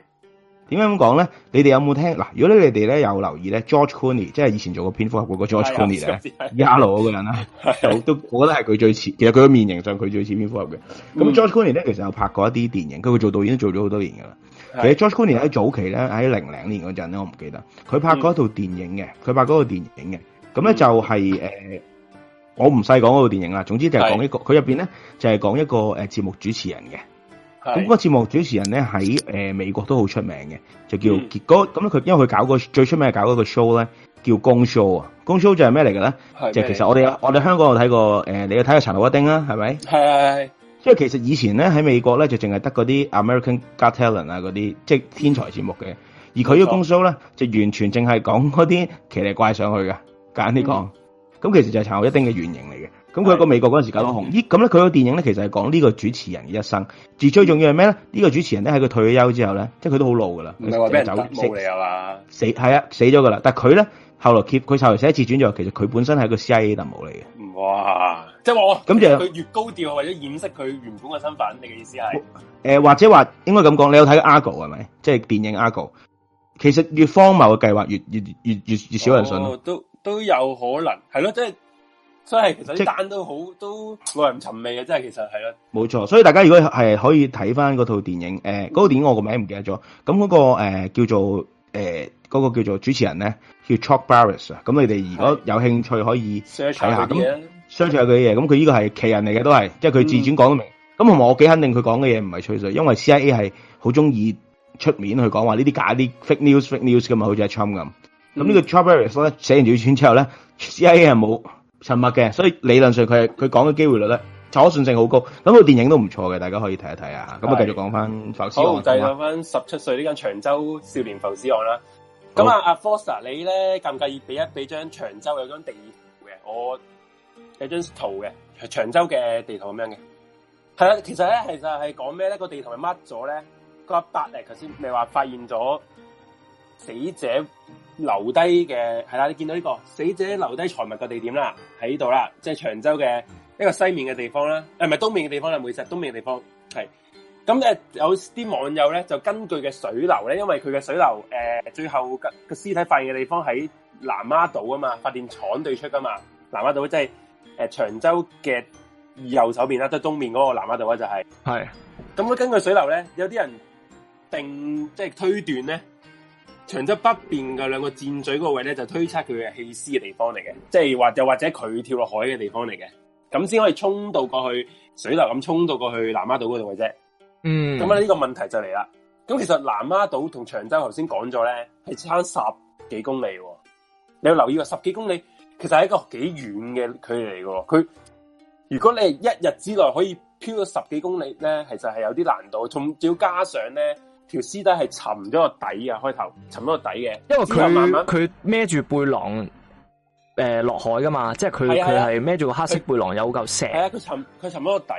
點解咁講咧？你哋有冇聽嗱？如果你哋咧有留意咧，George Clooney 即係以前做過蝙蝠俠嗰個 George Clooney 咧的，伊哈嗰個人啦，的都我覺得係佢最似。其實佢個面型上佢最似蝙蝠俠嘅。咁、嗯、George Clooney 咧，其實又拍過一啲電影，佢做導演都做咗好多年噶啦。的其實 George Clooney 喺早期咧，喺零零年嗰陣咧，我唔記得佢拍過一套電影嘅，佢、嗯、拍過一套電影嘅，咁咧就係、是、誒、嗯呃，我唔細講嗰套電影啦。總之就係講一個，佢入邊咧就係、是、講一個誒節目主持人嘅。咁嗰、嗯那個節目主持人咧喺誒美國都好出名嘅，就叫杰哥。咁咧佢因為佢搞個最出名嘅搞個 show 咧，叫 show, show 呢《Gong Show》啊，《Gong Show》就係咩嚟嘅咧？就即係其實我哋的我哋香港有睇過誒、呃，你有睇過《殘酷一丁》啊？係咪？係係係。因其實以前咧喺美國咧就淨係得嗰啲 American Got Talent 啊嗰啲，即係天才節目嘅。而佢個《Gong Show 錯》咧就完全淨係講嗰啲奇麗怪上去嘅，簡單啲講。咁、嗯、其實就係殘酷一丁嘅原型嚟嘅。咁佢喺美國嗰陣時搞到紅，依咁咧佢個電影咧其實係講呢個主持人嘅一生。而最，最重要係咩咧？呢、這個主持人咧喺佢退咗休之後咧，即係佢都好老噶啦。唔係話咩走佬嚟，啊嘛？死係啊，死咗噶啦。但係佢咧後來 keep，佢後來寫一次轉咗。其實佢本身係個個 CIA 特務嚟嘅。哇！即係咁就佢、是，就越高調或者掩飾佢原本嘅身份，你嘅意思係？誒、呃，或者話應該咁講，你有睇過 Ar《Argo》，係咪？即係電影《Argo》。其實越荒謬嘅計劃越越越越越少人信。哦。都都有可能係咯，即係。就是所以其實單都好即都耐人尋味嘅，真係其實係咯。冇錯，所以大家如果係可以睇翻嗰套電影，誒、嗯呃，嗰套電影我名那、那個名唔記得咗。咁嗰個誒叫做誒嗰、呃那個叫做主持人咧，叫 Chuck Barris 啊。咁你哋如果有興趣可以睇下，咁相處下佢嘅嘢。咁佢呢個係奇人嚟嘅，都係即係佢自傳講得明。咁同埋我幾肯定佢講嘅嘢唔係吹水，因為 CIA 係好中意出面去講話呢啲假啲 fake news fake news 咁嘛，好似阿 Chum 咁。咁、嗯、呢個 Chuck Barris 咧寫完自傳之後咧，CIA 係冇。沉默嘅，所以理論上佢係佢講嘅機會率咧，可信性好高。咁個電影都唔錯嘅，大家可以睇一睇啊。咁啊，繼續講翻浮屍案啦。好，繼續講翻十七歲呢間長洲少年浮屍案啦。咁好啊，阿、oh. 啊、Foster，你咧介唔介意俾一俾張長洲有張地圖嘅，我有張圖嘅長洲嘅地圖咁樣嘅。係啊，其實咧，其實係講咩咧？個地圖係乜咗咧？個阿伯咧，頭先你話發現咗，死者留低嘅係啦，你見到呢、這個死者留低財物嘅地點啦，喺度啦，即係長洲嘅一個西面嘅地方啦，誒唔係東面嘅地方啦，唔好意思，東面嘅地方係。咁咧有啲網友咧就根據嘅水流咧，因為佢嘅水流誒、呃，最後個個屍體發現嘅地方喺南丫島啊嘛，發電廠對出噶嘛，南丫島即係誒長洲嘅右手面啦，即、就、係、是、東面嗰個南丫島就係、是。係對。咁咧根據水流咧，有啲人定即係、就是、推斷咧。長洲北邊嘅兩個箭咀嗰個位咧，就推測佢嘅棄屍嘅地方嚟嘅，即係或又或者佢跳落海嘅地方嚟嘅，咁先可以衝到過去，水流咁衝到過去南丫島嗰度嘅啫。嗯，咁啊呢個問題就嚟啦。咁其實南丫島同長洲頭先講咗咧，係差十幾公里。你要留意啊，十幾公里其實係一個幾遠嘅距離嚟嘅。佢如果你係一日之內可以漂到十幾公里咧，其實係有啲難度，仲要加上咧。條屍體係沉咗個底啊，開頭沉咗個底嘅，因為佢慢慢，佢孭住背囊，誒、呃、落海噶嘛，即係佢佢係孭住個黑色背囊有嚿石，係啊，佢沉佢沉咗個底，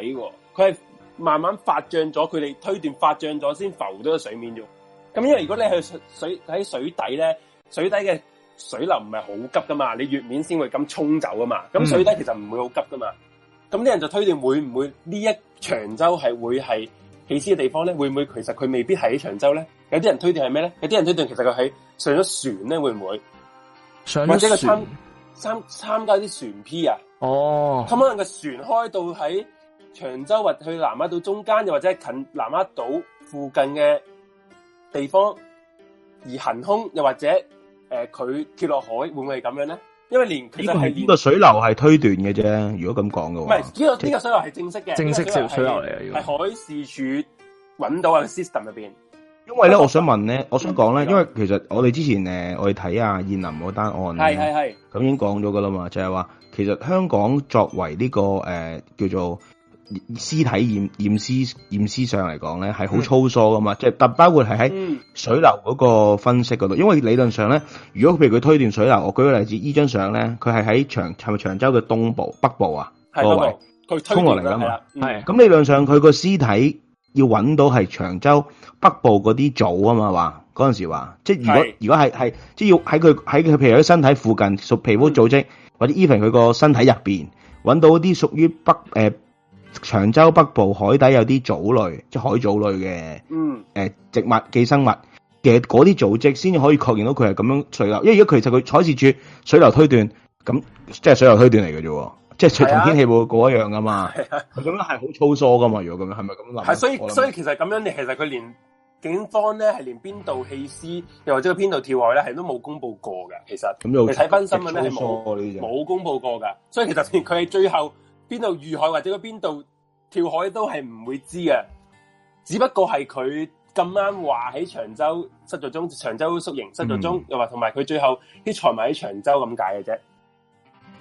佢係慢慢發脹咗，佢哋推斷發脹咗先浮咗個水面啫。咁因為如果你去水喺水底咧，水底嘅水流唔係好急噶嘛，你月面先會咁沖走噶嘛，咁水底其實唔會好急噶嘛。咁啲、嗯、人就推斷會唔會呢一長洲係會係？起屍嘅地方咧，會唔會其實佢未必係喺長洲咧？有啲人推斷係咩咧？有啲人推斷其實佢喺上咗船咧，會唔會上了船？或者個參參參加啲船 P 啊？哦，oh. 可能個船開到喺長洲或去南丫島中間，又或者近南丫島附近嘅地方，而行空又或者誒佢跌落海，會唔會係咁樣咧？因為連其實呢個水流係推斷嘅啫，如果咁講嘅話，唔係呢個呢個水流係正式嘅，正式水水流嚟嘅，係海事處揾到喺 system 入邊。因為咧，是我想問咧，嗯、我想講咧，因為，的因為其實我哋之前誒，我哋睇下彥霖嗰單案，係係係，咁已經講咗㗎喇嘛，就係、是、話其實香港作為呢、這個誒、呃、叫做。屍體驗屍驗屍驗屍上嚟講咧係好粗疏噶嘛，即係特包括係喺水流嗰個分析嗰度，因為理論上咧，如果譬如佢推斷水流，我舉個例子，依張相咧，佢係喺長係咪長洲嘅東部北部啊？係，佢衝落嚟㗎嘛，係。咁理論上，佢個的屍體要揾到係長洲北部嗰啲組啊嘛，話嗰陣時話，即係如果的如果係係，即係要喺佢喺佢譬如喺身體附近屬皮膚組織，嗯、或者 even 佢個身體入邊揾到啲屬於北誒。呃長洲北部海底有啲藻類，即係海藻類嘅，嗯，誒，植物寄生物嘅嗰啲組織，先至可以確認到佢係咁樣水流。因為如果其實佢採取住水流推斷，咁即係水流推斷嚟嘅啫，即係同天氣預報一樣噶嘛。咁、啊、樣係好粗疏噶嘛？如果咁樣，係咪咁諗？係所以，我想 所以其實咁樣，你其實佢連警方咧係連邊度棄屍，又或者邊度跳海呢咧，係都冇公布過嘅。其實咁又睇翻新聞咧，你冇冇公布過噶。些所以其實佢係最後。邊度遇害或者佢邊度跳海都係唔會知嘅，只不過係佢咁啱話喺長洲失咗蹤，長洲宿營失咗蹤，又話同埋佢最後啲財迷喺長洲咁解嘅啫。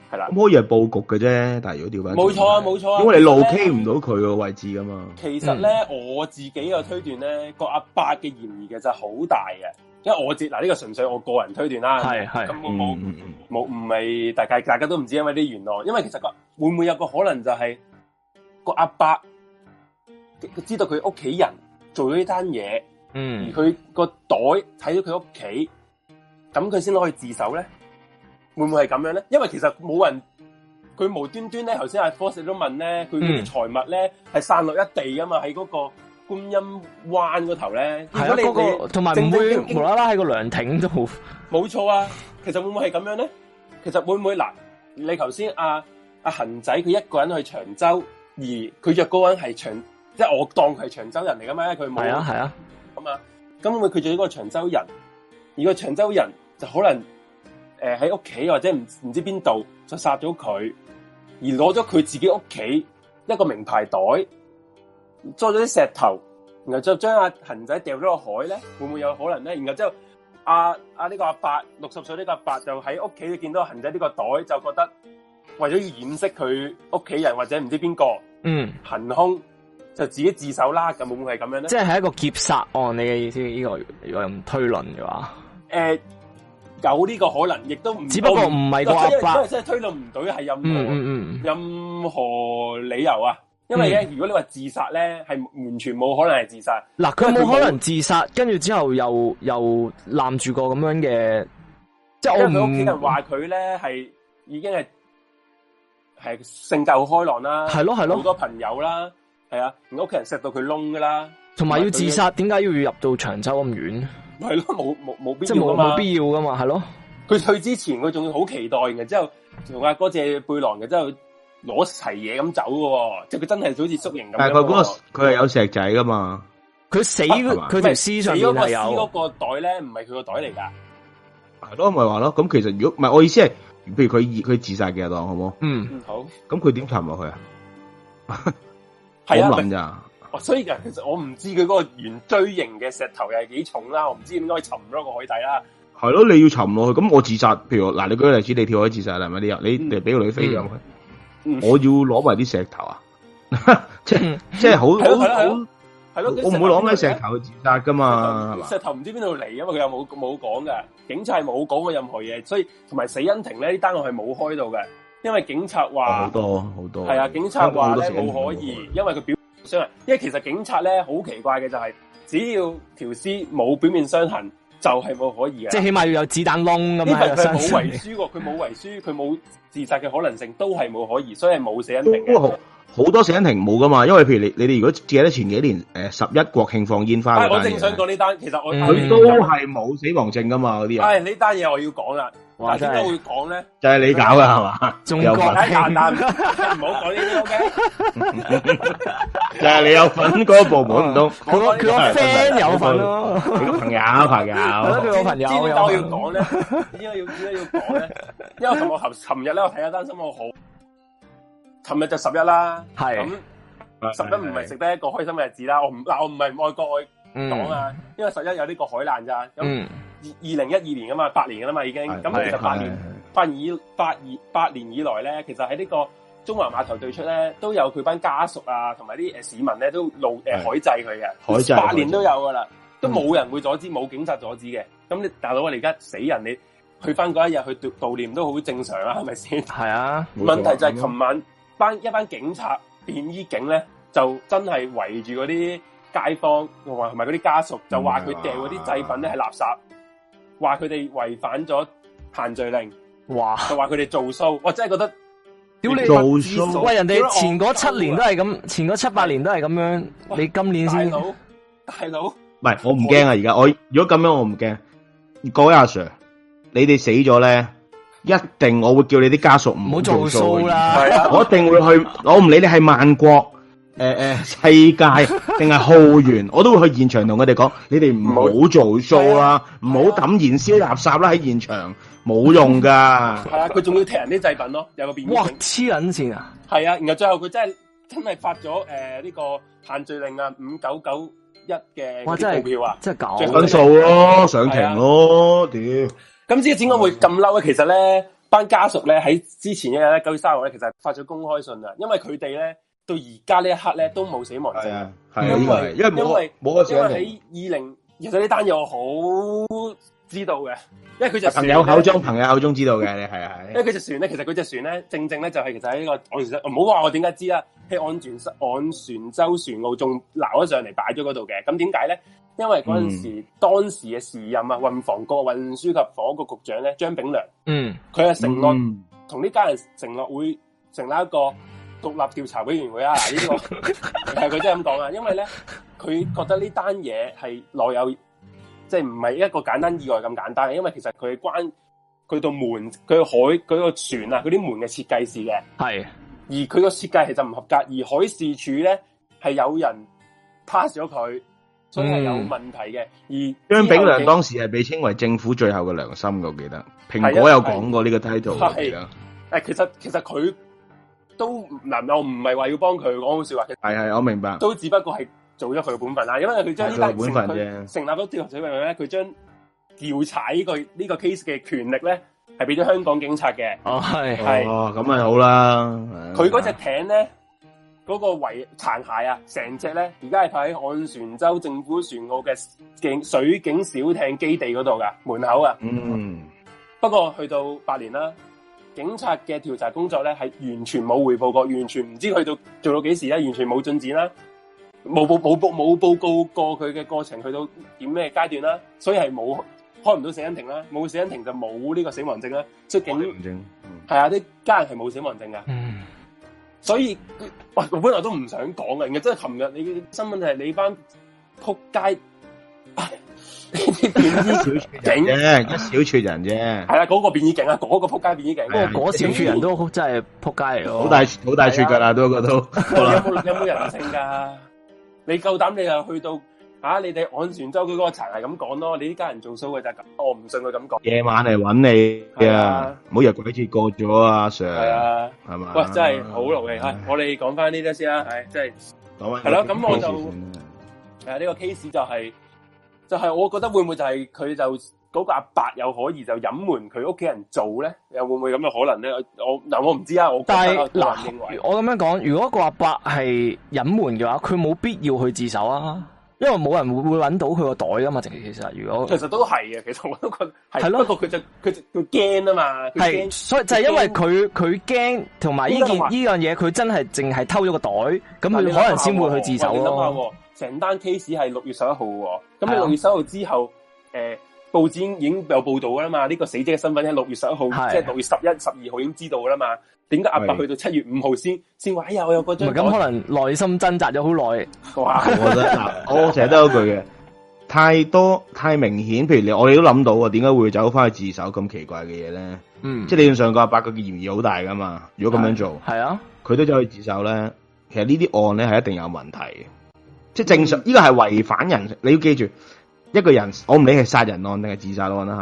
係啦，可以係布局嘅啫，但係如果調翻，冇錯啊，冇錯啊，因為你路 K 唔到佢個位置噶嘛。嗯嗯、其實咧，我自己嘅推斷咧，個阿伯嘅嫌疑嘅就好大嘅。因為我接嗱呢個純粹我個人推斷啦，咁是我冇冇唔係大家大家都唔知道，因為啲懸案。因為其實個會唔會有個可能就係、是、個阿伯佢知道佢屋企人做咗呢單嘢，嗯，而佢個袋睇咗佢屋企，咁佢先可以自首咧？會唔會係咁樣咧？因為其實冇人佢無端端咧，頭先阿 Fox 都問咧，佢財物咧係、嗯、散落一地啊嘛，喺嗰、那個。觀音灣個頭咧，係啊，嗰、那個，同埋唔會無啦啦喺個涼亭好，冇錯啊，其實會唔會係咁樣咧？ [LAUGHS] 其實會唔會嗱？ [LAUGHS] 你頭先阿阿恒仔佢一個人去長洲，而佢約個人係長，即係我當佢係長洲人嚟噶嘛？佢冇係啊係啊，咁啊，咁、啊、會唔會佢做咗個長洲人？而個長洲人就可能誒喺屋企或者唔唔知邊度就殺咗佢，而攞咗佢自己屋企一個名牌袋。捉咗啲石頭，然後就將阿恆仔掉咗個海咧，會唔會有可能咧？然後之後阿阿呢個阿伯六十歲呢個阿伯就喺屋企見到恆仔呢個袋，就覺得為咗要掩飾佢屋企人或者唔知邊個，嗯，行凶就自己自首啦。咁會唔會係咁樣咧？即係係一個劫殺案，你嘅意思？呢、這個如果咁推論嘅話，誒、呃，有呢個可能，亦都唔只不過唔係個阿伯，即係推論唔對，係任何嗯嗯嗯任何理由啊。因為咧，嗯、如果你話自殺咧，係完全冇可能係自殺。嗱，佢冇可能自殺，跟住之後又又攬住個咁樣嘅，即係佢屋企人話佢咧，係已經係係性格好開朗啦，係咯係咯，好多朋友啦，係啊的，如果屋企人錫到佢窿噶啦，同埋要自殺，點解要入到長洲咁遠？係咯，冇冇冇必要即係冇冇必要噶嘛，係咯。佢去之前佢仲要好期待嘅，之後同阿哥借背囊嘅之後。攞齊嘢咁走喎。喔，即係佢真係好似縮形咁。喔。但係佢嗰個佢係有石仔噶嘛。佢死佢佢條屍上嗰個，個，個袋咧，唔係佢個袋嚟噶。係咯，咪話咯。咁其實如果唔係我意思係，譬如佢佢自殺嘅，當好唔好？嗯嗯，好。咁佢點沉落去啊？係咁諗咋？所以其實我唔知佢嗰個圓錐形嘅石頭又係幾重啦。我唔知應該沉咗個海底啦。係咯，你要沉落去。咁我自殺，譬如嗱，你舉個例子，你跳海自殺啦係咪？你你俾個女飛入去。嗯 [LAUGHS] 我要攞埋啲石頭啊！ [LAUGHS] 即即係好好好，係咯， [LAUGHS] 我唔了會攞咩石頭自殺噶嘛，石頭唔吧知邊度嚟，因為佢又冇冇講嘅。警察係冇講過任何嘢，所以同埋死恩庭死因庭咧，呢單案係冇開到嘅，因為警察話好多好多，係啊，警察話咧冇可疑，因為佢表面傷痕，因為其實警察咧好奇怪嘅就係、是，只要條屍冇表面傷痕。就係冇可疑嘅，即係起碼要有子彈窿咁，因為佢冇遺書喎，佢冇遺書，佢冇自殺嘅可能性，都係冇可疑，所以係冇死因庭。好多死因庭冇噶嘛，因為譬如你你哋如果記得前幾年誒、呃、十一國慶放煙花，哎，我正想講呢單，其實我佢、嗯、都係冇死亡證噶嘛嗰啲，但係呢單嘢我要講啦。話齋都會講咧，就係你搞噶係嘛？仲講啲難難，唔好講呢啲 OK。就係你有份嗰部門唔通？我佢我 friend 有份咯，幾個朋友朋友。係咯，佢個朋友點解要講咧？點解要點解要講咧？因為同我頭，尋日，咧我睇一單新聞好，尋日就十一啦。係咁，十一唔係值得一個開心嘅日子啦。我唔，我唔係愛國愛黨啊。因為十一有呢個海難咋。嗯。二二零一二年噶嘛，八年噶啦嘛，已經咁其實八年、八年以八二八年以來咧，其實喺呢個中環碼頭對出咧，都有佢班家屬啊，同埋啲市民咧都路誒海祭佢嘅，海八年都有噶啦，都冇人會阻止，冇警察阻止嘅。咁你大佬，我哋而家死人，你去翻嗰一日去悼念都好正常啊，係咪先？係啊，問題就係琴晚班一班警察便衣警咧，就真係圍住嗰啲街坊同埋同埋嗰啲家屬，就話佢掟嗰啲祭品咧係垃圾。話佢哋違反咗限聚令，哇！就話佢哋做數，我真係覺得，屌你做數喂，人哋前嗰七年都係咁，前嗰七八年都係咁樣，哇，你今年先大佬，大佬，唔係我唔驚啊！而家我，我如果咁樣，我唔驚。各位阿 Sir，你哋死咗咧，一定我會叫你啲家屬唔好做數啦，係啊，我一定會去，我唔理你係萬國。誒誒，世界定係浩源，我都會去現場同佢哋講，你哋唔好做 show 啦，唔好抌燃燒垃圾啦，喺現場冇用噶。係啦、啊，佢仲要踢人啲製品咯，有個變異哇！黐撚線啊！係啊，然後最後佢真係真係發咗誒呢個犯罪令，的的罪令啊，五九九一嘅股票啊，即係搞著分數咯，上庭咯，屌、啊！咁之嘅點解會咁嬲咧？其實咧，班家屬咧，喺之前一日咧，九月三號咧，其實發咗公開信啊，因為佢哋咧。到而家呢一刻咧，都冇死亡症。係啊，因為因為冇個冇個因為喺二零，其實呢單嘢我好知道嘅，因為佢就朋友口中朋友口中知道嘅，你係啊係、啊這個。因為佢隻船咧，其實佢隻船咧，正正咧就係就喺呢個安全室。唔好話我點解知啦，係安全安全周船澳仲撈咗上嚟擺咗嗰度嘅。咁點解咧？因為嗰陣時當時嘅時任啊，運房局運輸及房屋局局長咧，張炳良，嗯，佢係承諾同呢家人承諾會成立一個。獨立調查委員會啊，呢、呢個係佢真係咁講啊，因為咧佢覺得呢單嘢係內有，即係唔係一個簡單意外咁簡單嘅，因為其實佢關佢到門、佢海、佢個船啊、佢啲門嘅設計事嘅，係的而佢個設計其實唔合格，而海事處咧係有人 pass 咗佢，所以係有問題嘅，嗯、而張炳良當時係被稱為政府最後嘅良心，我記得蘋果有講過呢個 title 係，誒，其實其實佢。都嗱，我唔係話要幫佢講好說話，係係，我明白。都只不過係做咗佢嘅本分啦，因為佢將啲大事，本分成立咗調查委員會咧，佢將調查呢個呢、這個 case 嘅權力咧，係俾咗香港警察嘅。哦，係係，咁咪好啦。佢嗰隻艇咧，嗰、啊、個遺殘骸啊，成隻咧，而家係睇喺昂船洲政府船澳嘅水警小艇基地嗰度噶門口啊。嗯，不過去到八年啦。警察嘅調查工作咧，係完全冇回報過，完全唔知去到做到幾時咧，完全冇進展啦，冇報冇報冇報告過佢嘅過程去到點咩階段啦，所以係冇開唔到死因庭啦，冇死因庭就冇呢個死亡證啦，即係、嗯、死亡證，係啊、嗯，啲家人係冇死亡證噶，所以喂，我本來都唔想講嘅，今日真係琴日你嘅新聞係你班撲街。呢啲變異小撮人一小撮人啫。係啦，嗰個變異勁啊，嗰個撲街變異勁。嗰嗰小撮人都真係撲街嚟，好大好大撮噶啦，都覺得。有冇有冇人性噶？你夠膽你又去到啊？你哋安全周佢嗰個層係咁講咯，你啲家人做數嘅啫。我唔信佢咁講。夜晚嚟揾你啊，唔好日鬼節過咗啊，Sir。係啊，係嘛？哇，真係好勞氣啊！我哋講翻呢啲先啦，係，真係。講翻。係咯，咁我就誒呢個 case 就係。就係我覺得會唔會就係佢就嗰個阿伯有可疑，就隱瞞佢屋企人做咧？又會唔會咁嘅可能咧？我嗱，我唔知啊，我覺得但係嗱，我咁樣講，如果個阿伯係隱瞞嘅話，佢冇必要去自首啊。因為冇人會會揾到佢個袋啊嘛，其實其實如果其實都係啊，其實我都覺係咯，是的 不過佢就佢佢驚啊嘛，係所以就係因為佢佢驚同埋呢件呢樣嘢，佢真係淨係偷咗個袋，咁佢但你 可能先會去自首。成單 case 係六月十一號，咁你六月十一號之後誒。報紙已經有報道噶啦嘛，呢個死者嘅身份喺六月十一號，是即係六月十一、十二號已經知道噶啦嘛。點解阿伯去到七月五號先先話，哎呀，我有嗰張咁可能內心掙扎咗好耐。哇 [LAUGHS] 我覺得我成日都嗰句嘅，太多太明顯。譬如你，我哋都諗到啊，點解會走翻去自首咁奇怪嘅嘢咧？嗯，即係理論上個阿伯個嫌疑好大噶嘛。如果咁樣做，係啊，佢都走去自首咧。其實呢啲案咧係一定有問題嘅。即係正常，呢個係違反人，你要記住。一個人，我唔理係殺人案定係自殺案啦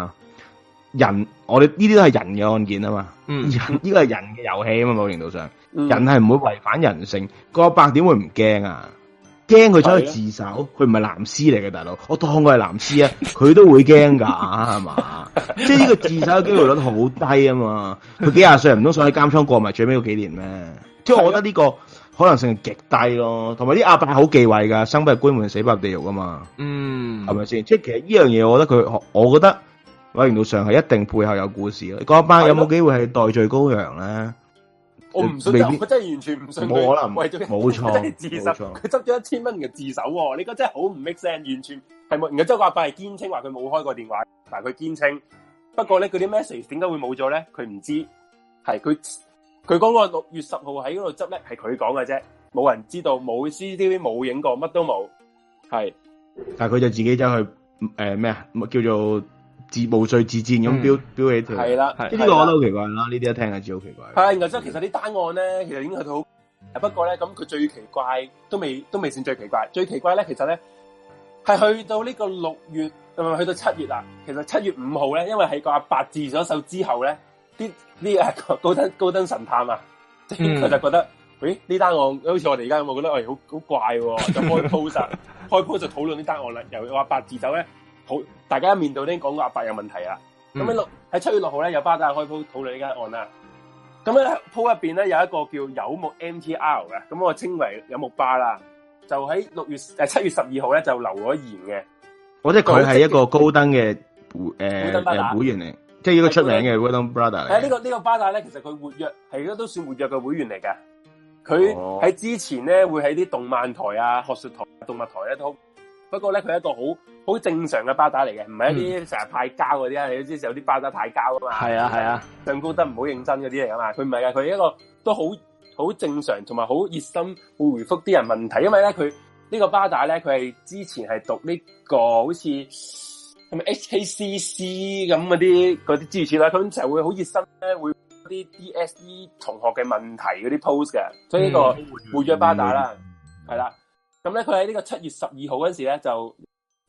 吓。人，我哋呢啲都係人嘅案件啊嘛。嗯，呢個係人嘅遊戲啊嘛，某程度上，嗯、人係唔會違反人性。個阿伯點會唔驚啊？驚佢走去自首，佢唔係藍絲嚟嘅，大佬，我當佢係藍絲啊，佢 [LAUGHS] 都會驚噶，係嘛？ [LAUGHS] 即係呢個自首嘅機會率好低啊嘛。佢幾廿歲人，唔通想喺監倉過埋最尾嗰幾年咩？的即係我覺得呢、這個。可能性極低咯，同埋啲阿伯好忌諱噶，生不入官門，死不入地獄啊嘛。嗯，係咪先？即係其實呢樣嘢，我覺得佢，我覺得委員路上係一定背後有故事咯。嗰個阿伯有冇機會係代罪羔羊咧？的就我唔信，必我真係完全唔信。可能冇錯，自首佢執咗一千蚊嘅自首，你覺得錯真係好唔 make sense，完全係冇。然後周阿伯係堅稱話佢冇開過電話，但係佢堅稱。不過咧，嗰啲 message 點解會冇咗咧？佢唔知，係佢。佢嗰個六月十號喺嗰度執笠，係佢講嘅啫，冇人知道，冇 CCTV，冇影過，乜都冇，係。但係佢就自己走去誒咩啊？叫做自無罪自薦咁標標起佢。係啦，呢啲我都好奇怪啦，呢啲的一聽就知好奇怪。係，然之後其實啲單案咧，其實應該都好。不過咧，咁佢最奇怪都未都未算最奇怪，最奇怪咧，其實咧係去到呢個六月，嗯，去到七月啦。其實七月五號咧，因為喺個阿伯治咗手之後咧。啲呢個高登高登神探啊，佢、嗯、就覺得，誒呢單案好似我哋而家咁，我覺得誒、哎、好好怪，就開 post [LAUGHS] 開 post 討論呢單案啦。由阿八字走咧，好大家面度已經講過阿伯有問題啊。咁喺六喺七月六號咧有巴打開 post 討論呢間案啦。咁咧 post 入邊咧有一個叫柚木 M T R 嘅，咁我稱為柚木巴啦，就喺六月誒七月十二號咧就留咗言嘅。我覺得佢係一個高登嘅誒會員嚟。即係呢個出名嘅柚木巴 Brother 嚟、啊。誒、這個，呢個呢個巴打咧，其實佢活躍係都算活躍嘅會員嚟嘅。佢喺之前咧，會喺啲動漫台啊、學術台、啊、動物台咧都。不過咧，佢係一個好好正常嘅巴打嚟嘅，唔係一啲成日派膠嗰啲啊。你都知有啲巴打派膠㗎嘛？係啊係啊，上高得唔好認真嗰啲嚟啊嘛。佢唔係呀，佢係一個都好好正常，同埋好熱心，會回覆啲人問題。因為咧，佢呢、這個巴打咧，佢係之前係讀呢、這個好似。H.K.C.C. 咁嗰啲啲支持啦，佢就會好熱心咧，會啲 D.S.E. 同學嘅問題嗰啲 post 嘅，所以呢個活躍巴打啦，係啦、嗯。咁咧佢喺呢個七月十二號嗰時咧，就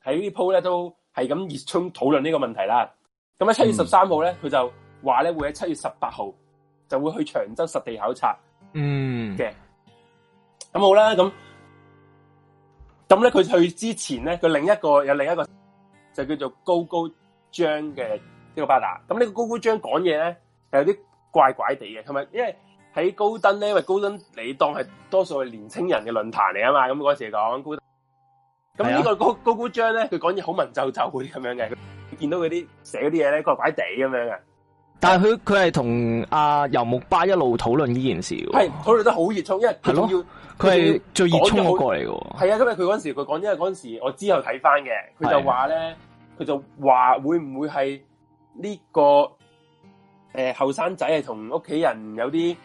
喺呢 post 咧都係咁熱衷討論呢個問題啦。咁喺七月十三號咧，佢就話咧會喺七月十八號就會去長洲實地考察，嗯嘅。咁好啦，咁咁咧佢去之前咧，佢另一個有另一個。就叫做高高張嘅呢個巴打，咁呢個高高張講嘢咧係有啲怪怪地嘅，因為喺高登咧，因為高登你當係多數係年青人嘅論壇嚟啊嘛，咁嗰時講，咁呢個高高高張咧，佢講嘢好文縐縐嗰啲咁樣嘅，見到嗰啲寫嗰啲嘢咧怪怪地咁樣嘅。但係佢佢係同阿柚木巴一路討論呢件事，係討論得好熱衷，因為係咯，佢係最熱是衷嘅過嚟嘅。係啊，因為佢嗰陣時佢講，因為嗰時我之後睇翻嘅，佢就話咧。佢就話、這個：會唔會係呢個誒後生仔係同屋企人有啲，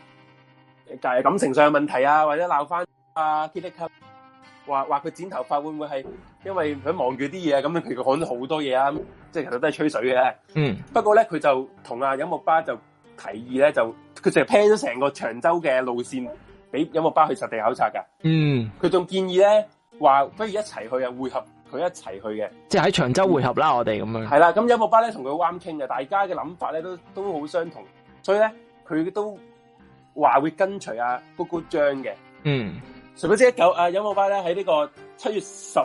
但係感情上問題啊，或者鬧翻啊？Kiki 話話佢剪頭髮會唔會係因為佢望住啲嘢咁樣？佢講咗好多嘢啊，即係其實都係吹水嘅。嗯。不過咧，佢就同阿、啊、音樂巴就提議咧，就佢成日 plan 咗成個長洲嘅路線俾音樂巴去實地考察㗎。嗯。佢仲建議咧話，不如一齊去啊，會合。佢一齊去嘅，即係喺長洲會合啦、嗯，我哋咁樣。係啦，咁柚木巴咧同佢啱傾嘅，大家嘅諗法咧都都好相同，所以咧佢都話會跟隨阿咕咕張嘅。姑姑的嗯除，除咗、啊、呢一嚿，阿柚木巴咧喺呢個七月十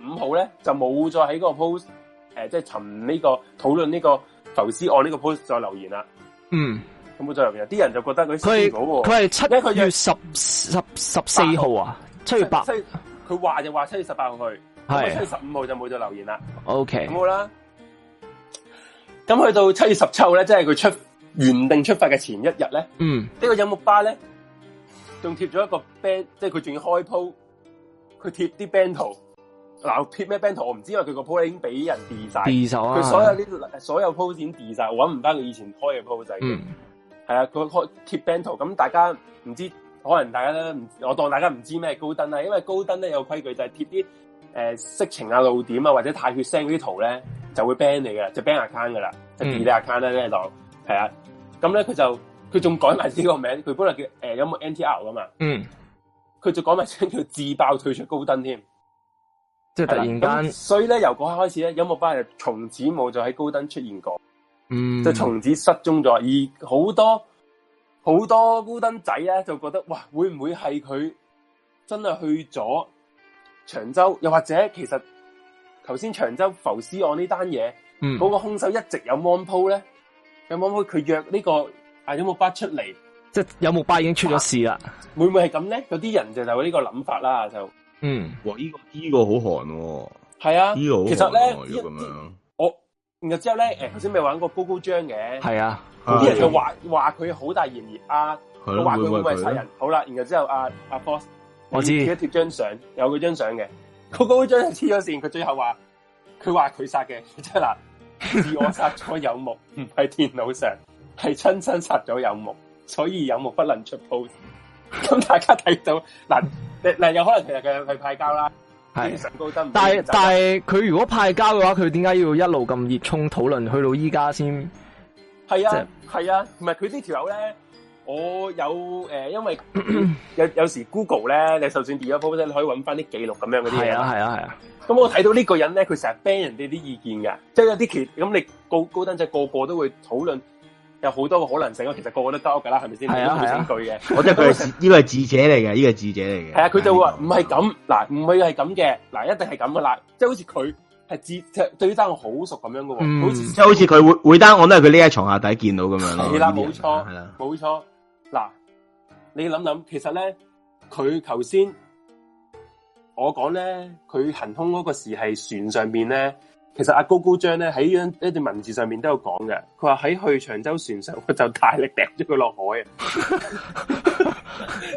五號咧就冇再喺嗰個 post，誒、呃、即係尋呢個討論呢、這個浮屍案呢個 post 再留言啦。嗯那，咁冇再留言，啲人就覺得佢。佢佢係七月十十十四號啊，七月八。佢話就話七月十八號去。係七、啊、月十五號就冇咗留言啦。O okay K，好啦。咁去到七月十七號咧，即係佢出原定出發嘅前一日咧。嗯，呢個柚木巴咧，仲貼咗一個 band，即係佢仲要開鋪，佢貼啲 band 圖嗱，貼咩 band 圖我唔知，因為佢個鋪已經俾人 delete 晒，佢、啊、所有呢所有鋪線 delete 晒，搵唔翻佢以前開嘅鋪仔、就、嘅、是。係、嗯、啊，佢開貼 band 圖、嗯，咁大家唔知，可能大家都唔我當大家唔知咩高登啦，因為高登咧有個規矩就係貼啲。誒，色情啊、露點啊，或者太血腥嗰啲圖咧，就會 ban 你嘅，就 ban account 噶啦，嗯，就 delete account 啦，即係，係啊。咁咧佢就佢仲改埋呢個名，佢本來叫誒，柚木巴 NTR 㗎嘛？嗯，佢就改埋稱叫自爆退出高登添，即係，嗯嗯，突然間。嗯，所以咧，由嗰刻開始咧，柚木巴就從此冇再喺高登出現過？嗯，就從此失蹤咗，而好多好多高登仔咧就覺得，哇，會唔會係佢真係去咗？長洲又或者其實頭先長洲浮屍案呢單嘢，嗰個兇手一直有 monpo 咧，有 monpo 佢約呢個阿柚木巴出嚟，即係柚木巴已經出咗事啦，會唔會係咁咧？有啲人就就係呢個諗法啦，就嗯，哇，呢個呢個好寒，係啊，其實咧，我然後之後咧，誒，頭先咪玩過高高張嘅，係啊，啲人就話話佢好大嫌疑啊，話佢會唔會係殺人，好啦，然後之後阿阿 Boss。我知，而家貼張相，有佢張相嘅，嗰嗰張黐咗線，佢最後話，佢話佢殺嘅，即係嗱，自我殺咗柚木，唔係 [LAUGHS] 電腦上，係親身殺咗柚木，所以柚木不能出 post。咁 [LAUGHS] 大家睇到嗱，嗱有可能其實佢係派膠啦，係的，高登但係行但係佢如果派膠嘅話，佢點解要一路咁熱衷討論去到依家先？係啊，係、就是、啊，唔係佢呢條友咧。我有誒，因為有有時 Google 咧，你就算 delete post 你可以搵翻啲記錄咁樣嗰啲。係啊，係啊，係啊。咁我睇到呢個人咧，佢成日 ban 人哋啲意見嘅，即係有啲奇。咁你高高登仔個個都會討論，有好多個可能性咯。其實個個都得噶啦，係咪先？係啊，係啊。呢個係智者嚟嘅，呢個係智者嚟嘅。係啊，佢就會話唔係咁嗱，唔會係咁嘅嗱，一定係咁噶啦，即係好似佢係智，其實對單好熟咁樣噶喎，即係好似佢會會單，我都係佢匿喺床下底見到咁樣咯。係啦，冇錯，係啦，冇錯。嗱，你諗諗，其實咧，佢頭先我講咧，佢行通嗰個時係船上邊咧，其實阿高高章咧喺一章一段文字上面都有講嘅，佢話喺去長洲船上我就大力掟咗佢落海啊，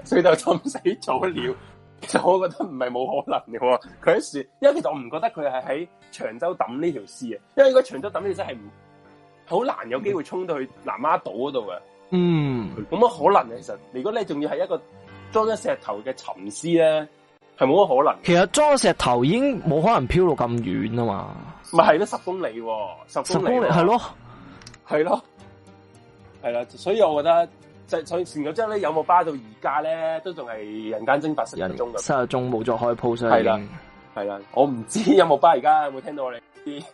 最後浸死咗了。其實我覺得唔係冇可能嘅喎，佢喺船，因為其實我唔覺得佢係喺長洲抌呢條屍啊，因為如果長洲抌呢條屍係唔好難有機會衝到去南丫島嗰度嘅。嗯，冇乜可能。其實，如果你仲要係一個裝咗石頭嘅沉屍咧，係冇乜可能。其實裝咗石，石頭已經冇可能漂到咁遠啊嘛。咪係咯，十公里，啊，十十公里係，啊、咯，係咯，係啦。所以我覺得即係，所以船友之後咧有冇巴到而家咧都仲係人間蒸發十一鐘噶，十日鐘冇再開鋪，所以係啦，係啦。我唔知有冇巴而家有冇聽到我哋。 [LAUGHS]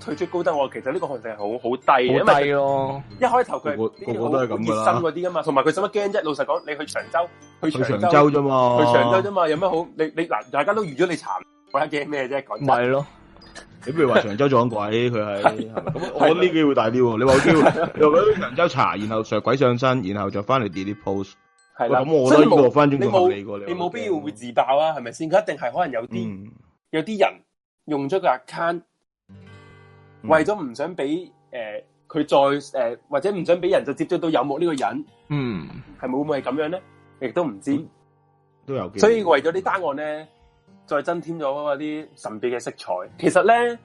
退出高登我其實呢個行情係好好低嘅，因為一開頭佢個個都係咁啦。熱心嗰啲噶嘛，同埋佢使乜驚啫？老實講，你去長洲，去長洲啫嘛，去長洲啫嘛，有咩好？你你嗱，大家都預咗你查鬼驚咩啫？唔係咯？你譬如話長洲撞鬼，佢喺係我我諗呢機會大啲喎？你話要又喺長洲查，然後上鬼上身，然後再翻嚟 delete post，係咁我都已經翻轉過你過啦，你冇必要會自爆啊？係咪先？佢一定係可能有啲有啲人用咗個 account。為咗唔想俾誒佢再誒、呃、或者唔想俾人就接觸到柚木呢個人，嗯係冇會係咁樣咧？亦都唔知都有。所以為咗啲單案咧，嗯、再增添咗嗰啲神秘嘅色彩。其實咧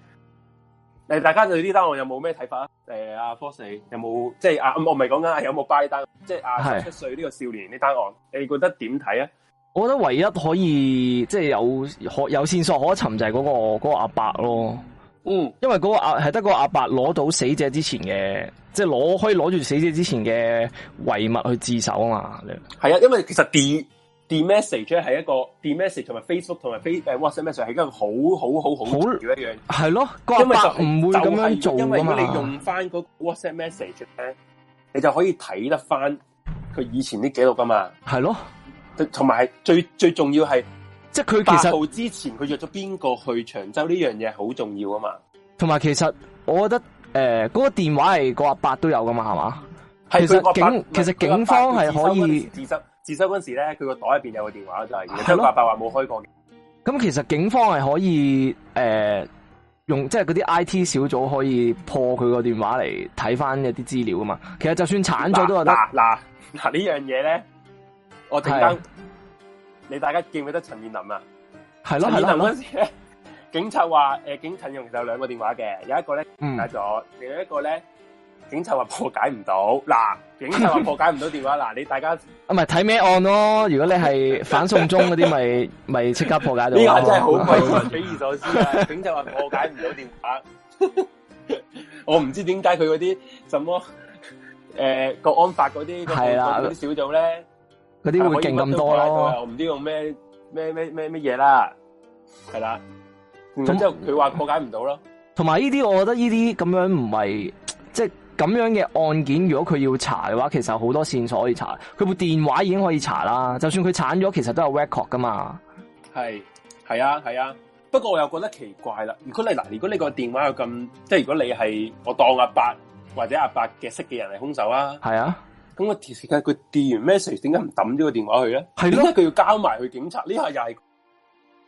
誒，大家對呢單案有冇咩睇法啊？誒、呃，阿 Fox 有冇即係啊？我咪講緊啊，柚木巴單，即係啊，是十七歲呢個少年呢單案，你覺得點睇啊？我覺得唯一可以即係、就是、有可有線索可尋就係嗰、那個嗰、那個阿伯咯。嗯，因為嗰個阿係得個阿伯攞到死者之前嘅，即係攞可以攞住死者之前嘅遺物去自首啊嘛。係啊，因為其實 D D message 咧係一個 D message 同埋 Facebook 同埋飛誒 WhatsApp message 係一個好好好好好重要一樣。係咯很，因為就唔會咁樣做。因為如果你用翻嗰 WhatsApp message 咧，你就可以睇得翻佢以前啲記錄噶嘛。係咯的，同埋最最重要係。即係佢其實八號之前佢約咗邊個去長洲呢樣嘢好重要啊嘛，同埋其實我覺得誒嗰、呃那個電話係個阿伯都有噶嘛係嘛，係是其實警其實警方係可以自修自修嗰時咧佢個袋入邊有個電話就係阿伯伯話冇開過，咁其實警方係可以誒、呃、用即係嗰啲 I T 小組可以破佢個電話嚟睇翻一啲資料啊嘛，其實就算鏟咗、啊、都得，嗱嗱、啊啊啊、呢樣嘢咧，我特你大家記唔記得陳彥霖啊？係咯，陳彥霖陣時咧，警察話誒，警陳用就有兩個電話嘅，有一個咧解咗，另一個咧，警察話破解唔到。嗱，警察話破解唔到電話，嗱，你大家啊，唔睇咩案咯？如果你係反送中嗰啲，咪咪即刻破解到。呢個真係好鬼匪夷所思啊！警察話破解唔到電話，我唔知點解佢嗰啲什麼誒國安法嗰啲係啦，嗰啲小組咧。嗰啲會勁咁多咯，唔知用咩咩咩咩咩嘢啦，係啦，咁之後佢話破解唔到咯。同埋呢啲，我覺得呢啲咁樣唔係，即係咁樣嘅案件，如果佢要查嘅話，其實好多線索可以查。佢部電話已經可以查啦，就算佢鏟咗，其實都有 record 噶嘛。係係啊係啊，不過我又覺得奇怪啦。如果你嗱，如果你個電話有咁，即係如果你係我當阿伯或者阿伯嘅識嘅人係凶手啊，係啊。咁個電視佢電完 message 點解唔抌咗個電話去咧？係咯的，佢要交埋去檢查，呢下又係，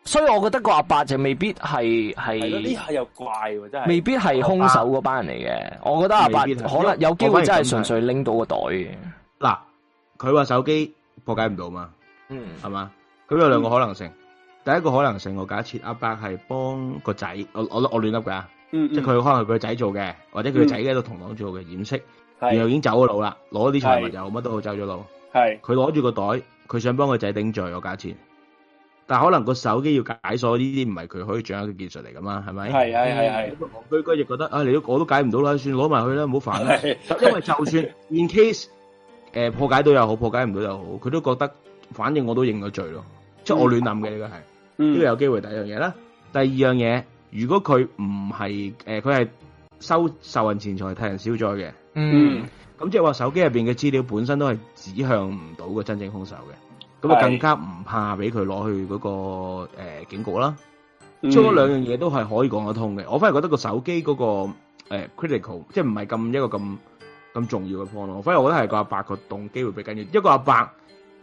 所以我覺得個阿伯就未必係係呢下又怪真係，未必係凶手嗰班人嚟嘅。爸我覺得阿伯可能為有機會真係純粹拎到個袋。嗱，佢話手機破解唔到嘛，嗯，係嘛？咁有兩個可能性，嗯、第一個可能性我假設阿伯係幫個仔，我我我亂笠噶。即係佢可能佢個仔做嘅，或者佢個仔喺度同黨做嘅掩飾，然後已經走咗路啦，攞啲財物就乜都好，走咗路。係，佢攞住個袋，佢想幫佢仔頂罪個價錢，但係可能個手機要解鎖呢啲唔係佢可以掌握嘅技術嚟噶嘛，係咪？係係係係。戇居居亦覺得，唉，你都我都解唔到啦，算攞埋佢啦，唔好煩啦。因為就算 in case，誒破解到又好，破解唔到又好，佢都覺得，反正我都認咗罪咯。即係我亂諗嘅呢個係，呢個有機會第一樣嘢啦，第二樣嘢。如果佢唔係誒，佢係收受人錢財替人消災嘅，嗯，咁即係話手機入邊嘅資料本身都係指向唔到個真正兇手嘅，咁啊更加唔怕俾佢攞去嗰、嗰個、呃、警告啦。所咗、嗯、兩樣嘢都係可以講得通嘅。我反而覺得個手機嗰、嗰個、呃、critical，即係唔係咁一個咁咁重要嘅 point 咯。反而我覺得係個阿伯個動機會比較緊要，因為個阿伯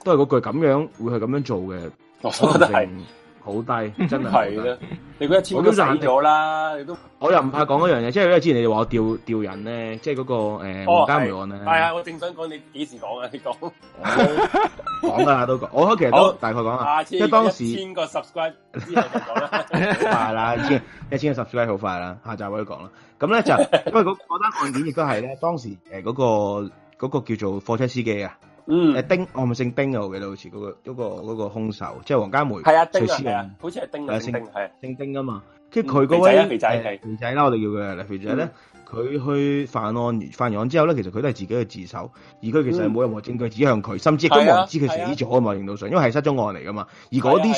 都係嗰句咁樣會係咁樣做嘅，我覺得係.。 [LAUGHS] 好低，真係係 [LAUGHS] 你一千都了我咁就咗啦，你都我又唔怕講一樣嘢，即係因為之前你哋話我吊，吊人咧，即係嗰、那個誒吳、呃哦、家梅咧，係啊！我正想講你幾時講啊？你講講噶啦都講，我其實都好大概講啦，即係次當時一千個 subscribe 之後就講快啦，一千一千個 subscribe 好快啦，下集我可以講啦。咁咧就因為嗰單案件亦都係咧，當時誒嗰、那個、那個叫做貨車司機啊。嗯，誒丁，我咪姓丁嘅，我記得好似嗰個嗰個個凶手，即係黃家梅，係啊，徐思好似係丁啊，姓係姓丁啊嘛，即係佢嗰位肥仔，肥仔啦我哋叫佢，肥仔咧，佢去犯案，犯完案之後咧，其實佢都係自己去自首，而佢其實係冇任何證據指向佢，甚至都冇人知佢死咗啊嘛，程度上，因為係失蹤案嚟噶嘛，而嗰啲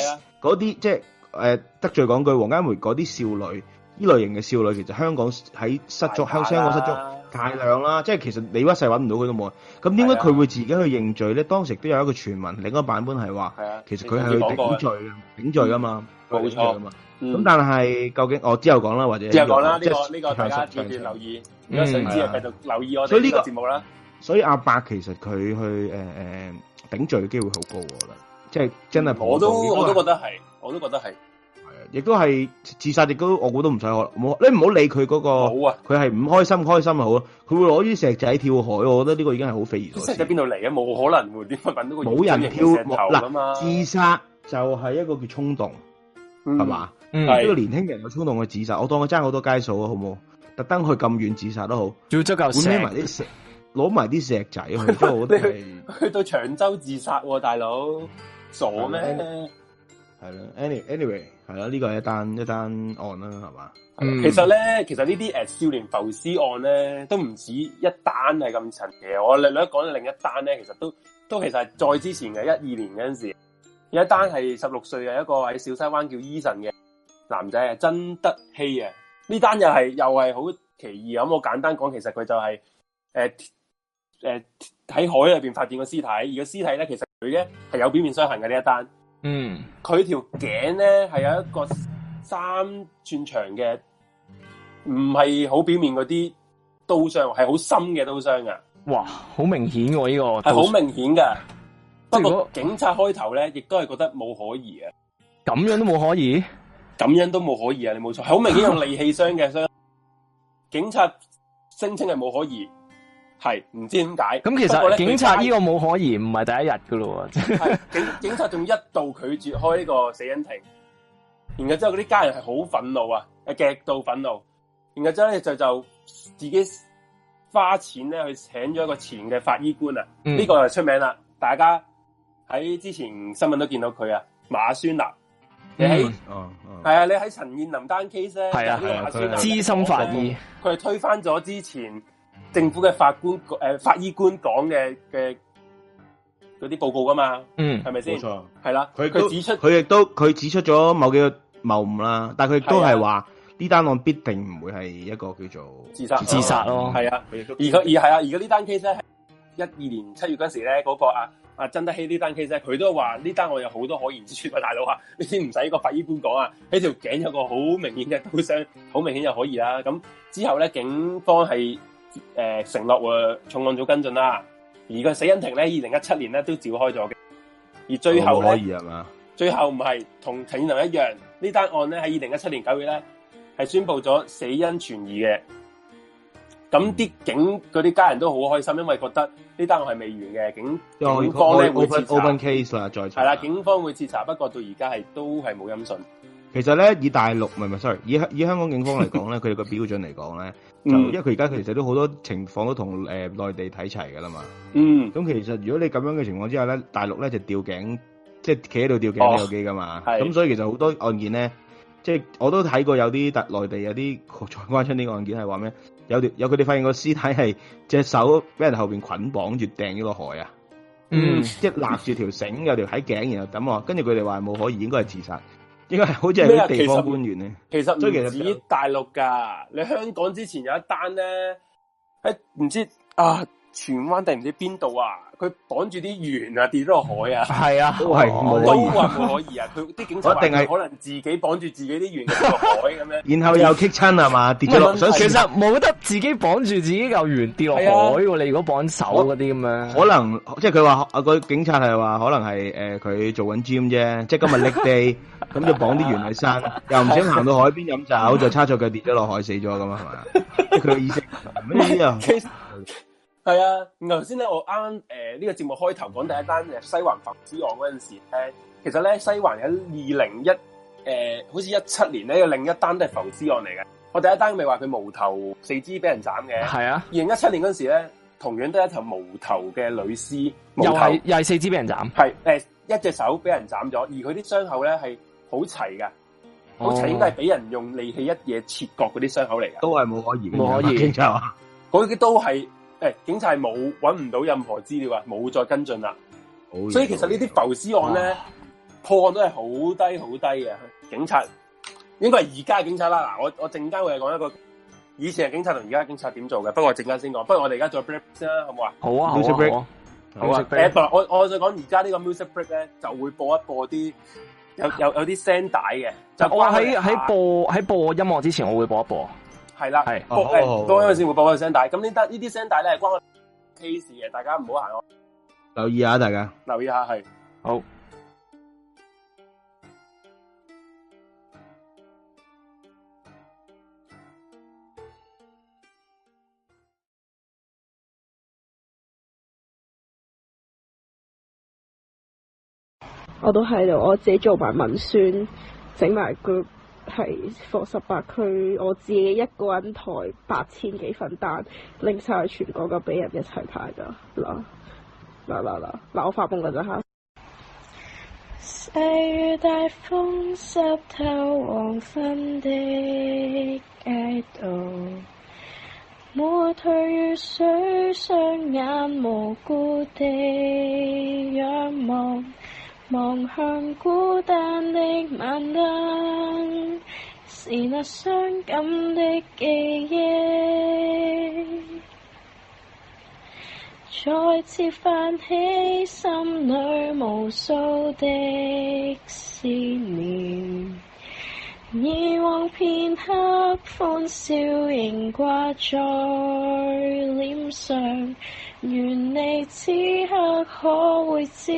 啲即係誒得罪講句，黃家梅嗰啲少女。呢類型嘅少女其實香港喺失足、喺香港失足大量啦，即係其實你一世揾唔到佢都冇。咁點解佢會自己去認罪咧？當時都有一個傳聞，另一個版本係話，其實佢係去頂罪，頂罪㗎嘛，冇錯㗎嘛。咁但係究竟我之後講啦，或者之後講啦，呢個呢個大家要留意，有想知道留意我哋。所以呢個節目啦，所以阿伯其實佢去誒誒頂罪嘅機會好高㗎啦，即係真係。我都我都覺得係，我都覺得係。亦都係自殺，亦都我估都唔使學啦。你唔好理佢嗰、嗰個，佢係唔開心，開心就好啦。佢會攞啲石仔跳海，我覺得呢個已經係好匪夷所思。石仔邊度嚟啊？冇可能喎，點解揾到個冇人跳嗱？自殺就係一個叫衝動，係嘛？呢個年輕人有衝動去自殺，我當佢爭好多街數啊，好唔好？特登去咁遠自殺都好，仲要執嚿石攞埋啲石，攞埋啲石仔去，即 [LAUGHS] 到長洲自殺，啊，大佬傻咩？係咯，any，anyway。Anyway, anyway, 係啦，呢個係一單一單案啦，係嘛。其實咧，其實呢啲誒少年浮屍案咧，都唔止一單係咁陳。我略略講另一單咧，其實都都其實係再之前嘅一二年嗰陣時候，有一單係十六歲嘅一個喺小西灣叫 Eason 嘅男仔啊，曾德熙。啊，呢單又係又係好奇異。咁我簡單講，其實佢就係誒誒喺海入邊發現個屍體，而個屍體咧其實佢咧係有表面傷痕嘅呢一單。嗯，佢條頸咧係有一個三寸長嘅，唔係好表面嗰啲刀傷，係好深嘅刀傷啊！哇，好明顯嘅呢個係好明顯噶，不過警察開頭咧亦都係覺得冇可疑啊。咁樣都冇可疑？咁樣都冇可疑啊，你冇錯，係好明顯用利器傷嘅傷， [LAUGHS] 警察聲稱係冇可疑。係唔知點解？咁其實警察呢個冇可疑，唔係第一日噶咯。警警察仲一度拒絕開呢個死因庭，然後之後嗰啲家人係好憤怒啊，係極度憤怒。然後之後咧就就自己花錢咧去請咗一個前嘅法醫官啊，呢、嗯、個就出名啦。大家喺之前新聞都見到佢啊，馬宣立，你喺係啊，你喺陳彥霖單 case 係啊，係啊，資深法醫，佢係推翻咗之前。政府嘅法官誒、呃、法醫官講嘅嘅嗰啲報告噶嘛，嗯，係咪先？冇錯、啊，係啦。佢佢指出，佢亦都佢指出咗某幾個謬誤啦。但係佢都係話呢單案必定唔會係一個叫做自殺、哦、自殺咯。係啊，而佢而係啊，他而嗰呢單 case 咧，一二年七月嗰時咧，嗰個阿阿曾德希呢單 case，佢都話呢單案，案有好多可疑之處啊，大佬啊，你先唔使個法醫官講啊，喺條頸有個好明顯嘅刀傷，好明顯就可以啦。咁之後咧，警方係。誒、呃，承諾會重案組跟進啦。而個死因庭咧，二零一七年咧都召開咗嘅。而最後咧，最後唔係同陳彥霖一樣，呢單案咧喺二零一七年九月咧係宣布咗死因存疑嘅。咁啲警嗰啲、嗯、家人都好開心，因為覺得呢單案係未完嘅警，以警方咧會 open, open case 啦，再係啦，警方會徹查，不過到而家係都係冇音訊。其實咧，以大陸唔係唔係，sorry，以以香港警方嚟講咧，佢哋個標準嚟講咧，嗯、就因為佢而家其實都好多情況都同誒、呃、內地睇齊嘅啦嘛。嗯，咁其實如果你咁樣嘅情況之下咧，大陸咧就是、吊頸，即係企喺度吊頸都有機噶嘛。咁、哦、所以其實好多案件咧，即、就、係、是、我都睇過有啲特內地有啲相出呢擊案件係話咩？有條有佢哋發現個屍體係隻手俾人後邊捆綁住掟咗落海啊。嗯，即係立住條繩有條喺頸，然後咁啊，跟住佢哋話冇可疑，應該係自殺。呢個好似係啲地方官員咧，其實唔止大陸噶，你香港之前有一單咧，喺唔知啊，荃灣定唔知邊度啊？佢綁住啲鉛啊，跌咗落海啊，係啊，都係，都話冇可能啊。佢啲警察一定係，可能自己綁住自己啲鉛跌落海咁樣。然後又 kick 親係嘛，跌咗落。其實冇得自己綁住自己嚿鉛跌落海。你如果綁手嗰啲咁樣，可能即係佢話啊，警察係話，可能係誒佢做緊 gym 啫，即係今日 leg day，咁就綁啲鉛喺身，又唔想行到海邊飲酒，就差錯腳跌咗落海死咗噶嘛，係咪啊？佢嘅意思咩啊？係啊，頭先咧，我啱啱誒呢個節目開頭講第一單嘅西環浮屍案嗰陣時咧，其實咧西環喺二零一誒，好似一七年咧有另一單都係浮屍案嚟嘅。我第一單咪話佢無頭四肢俾人斬嘅，係啊，二零一七年嗰陣時咧，同樣都係一條無頭嘅女屍，又係又係四肢俾人斬，係誒，一隻手俾人斬咗，而佢啲傷口咧係好齊噶，好齊應該係俾人用利器一嘢切割嗰啲傷口嚟嘅，都係冇可疑，冇、嗯、可疑，啲、啊、都係。誒，警察係冇揾唔到任何資料啊，冇再跟進啦。所以其實這些屍呢啲浮屍案咧，破案都係好低好低嘅。警察應該係而家嘅警察啦。嗱，我我陣間會講一個以前嘅警察同而家嘅警察點做嘅。不過陣間先講，不如我哋而家做 break 先啦，好唔好？好啊？好啊 music break，好啊。誒，不過我我想講而家呢個 music break 咧，就會播一播啲有有有啲聲帶嘅。就是、我喺喺播喺播音樂之前，我會播一播。係啦，係是、哦，好，多謝先會播開聲帶。咁 wh 呢單呢啲聲帶咧係關我 case 嘅，大家唔好行開。留意下，留意下，大家留意下，係好。我都喺度，我自己做埋文宣，整埋 group。係貨十八區我自己一個人抬八千幾份單，拎晒全國咁俾人一齊派噶嗱，嗱、啊，嗱、啊，嗱、啊啊、我發夢噶咋吓。望向孤單的晚燈，是那傷感的記憶，再次泛起心裏無數的思念。以往片刻歡笑仍掛在臉上，願你此刻可會知，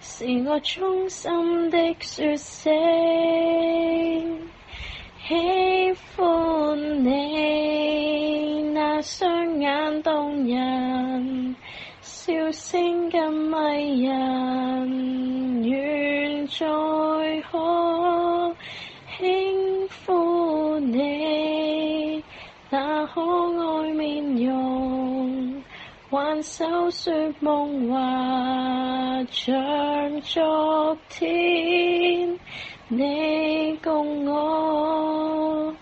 是我衷心的說聲喜歡你，那雙眼動人。笑聲更迷人，願再可輕撫你，那可愛面容，挽手說夢話，像昨天你共我。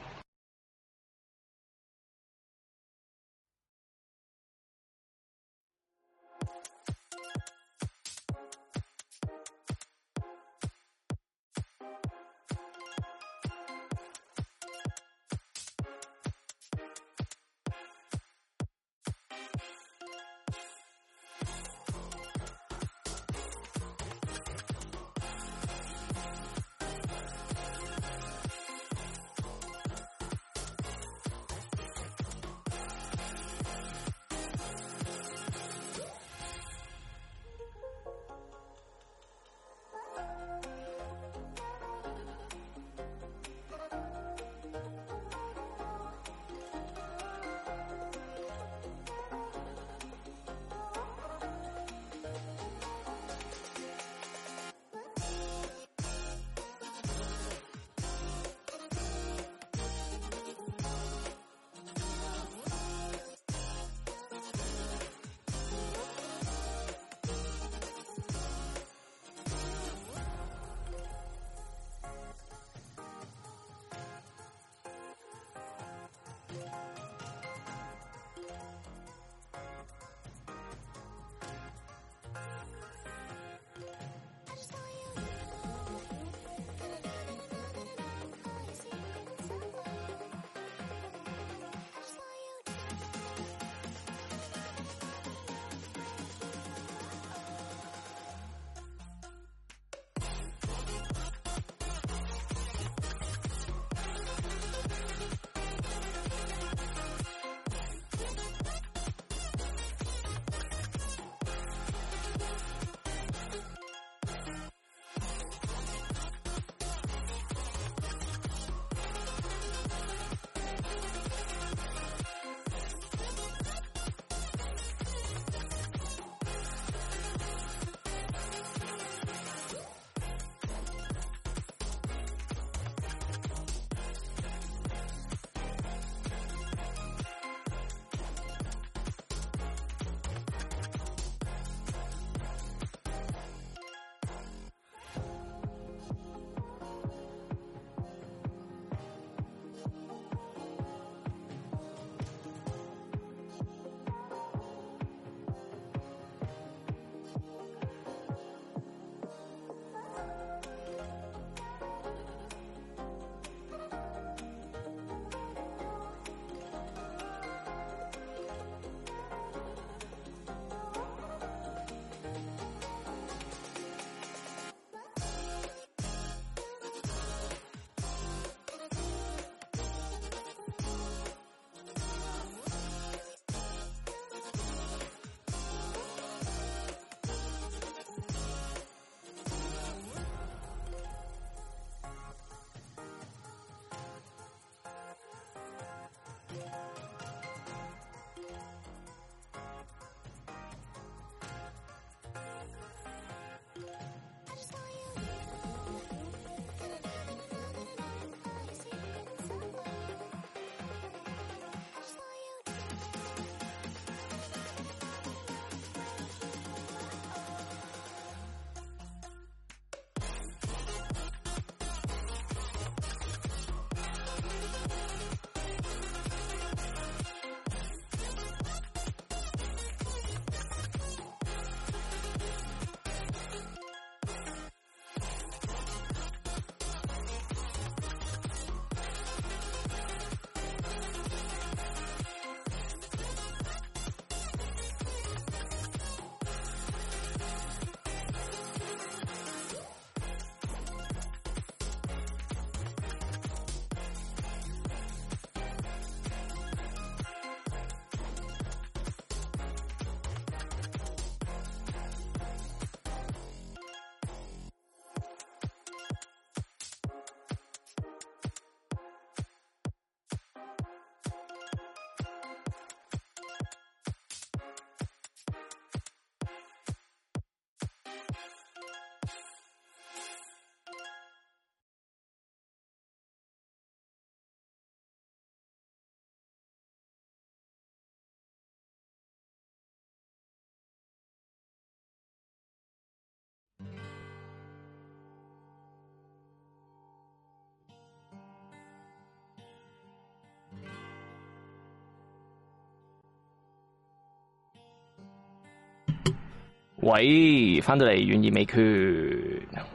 喂，翻到嚟，懸疑未決，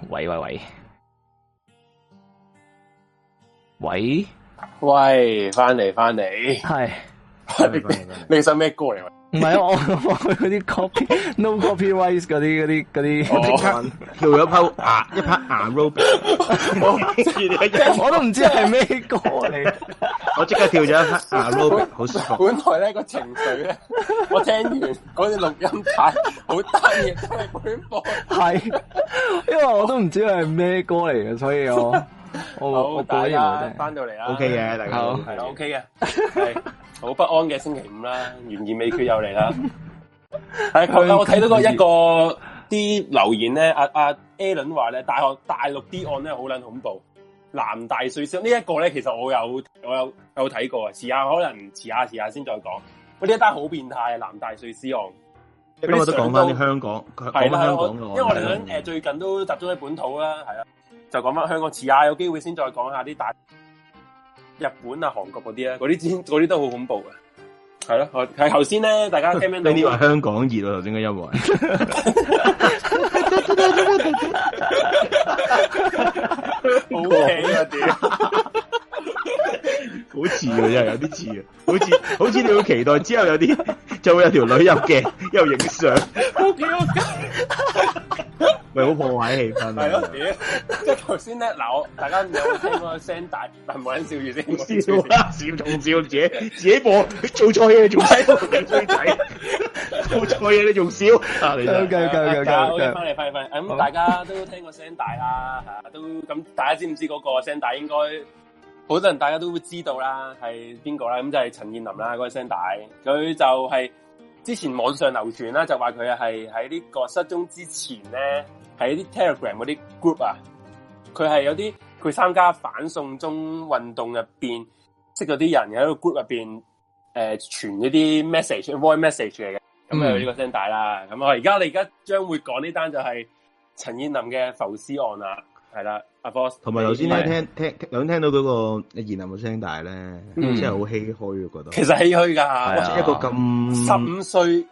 喂喂喂，喂喂，翻嚟翻嚟，係，呢首咩歌嚟？唔係啊， [LAUGHS] 我我嗰啲 copy，no copy wise 嗰啲嗰啲嗰啲，我即刻跳咗拋牙一拋牙 rope，我都唔知係咩歌嚟。 [LAUGHS] [LAUGHS] 我即刻跳咗一翻，好舒服。本台咧個情緒咧，我聽完嗰隻錄音帶，好得意，真係因為我都唔知佢係咩歌嚟嘅，所以我我我打咗嚟。翻到嚟啊，OK 嘅，大家好，OK 嘅，好不安嘅星期五啦，懸疑未決又嚟啦。係佢，我睇到個一個啲留言咧，阿阿 Allen 話咧，大學大陸啲案咧好捻恐怖。南大碎屍案、這個、呢一個咧，其實我有我有我有睇過啊，遲下可能遲下遲下先再講。喂，呢一單好變態啊，南大碎屍案哦。不我講都講翻啲香港講香港、啊、因為我哋誒，呃、最近都集中喺本土啦，係啊，啊就講翻香港。遲下有機會先再講一下啲大日本啊、韓國嗰啲啊，嗰啲啲都好恐怖嘅。係咯，係頭先咧，大家聽唔聽到？你話香港熱啊，頭先嘅音樂，啊。 [LAUGHS] 好啊， [LAUGHS] 好點？好似啊，又有啲似啊，好似好似你好期待之後有啲就會有條女入鏡，又影相。 [LAUGHS] [LAUGHS] 唔好破壞氣氛。係咯，即係頭先咧，嗱，我大家有聽個聲大，但冇人笑住先笑，笑中笑自己，自己播做錯嘢，仲喺度吹水，做錯嘢你仲笑，嚟嚟嚟嚟嚟嚟嚟嚟，翻嚟翻嚟翻。咁大家都聽過聲大啦，都咁大家知唔知嗰個聲大應該好多人，大家都會知道啦，係邊個啦？咁就係陳彥霖啦，嗰個聲大，佢就係。之前網上流傳啦、啊，就話佢係喺呢個失蹤之前咧，喺啲 Telegram 嗰啲 group 啊，佢係有啲佢參加反送中運動入邊識嗰啲人，喺個 group 入邊誒、呃、傳一啲 message、嗯、voice message 嚟嘅，咁啊呢個聲帶啦，咁我而家你而家將會講呢單就係陳彥霖嘅浮屍案啦。係啦，阿 Fox。同埋頭先咧，聽聽想聽到佢個彥霖冇聲，但係咧，真係好唏噓覺得。其實唏噓噶，好似一個咁十五歲，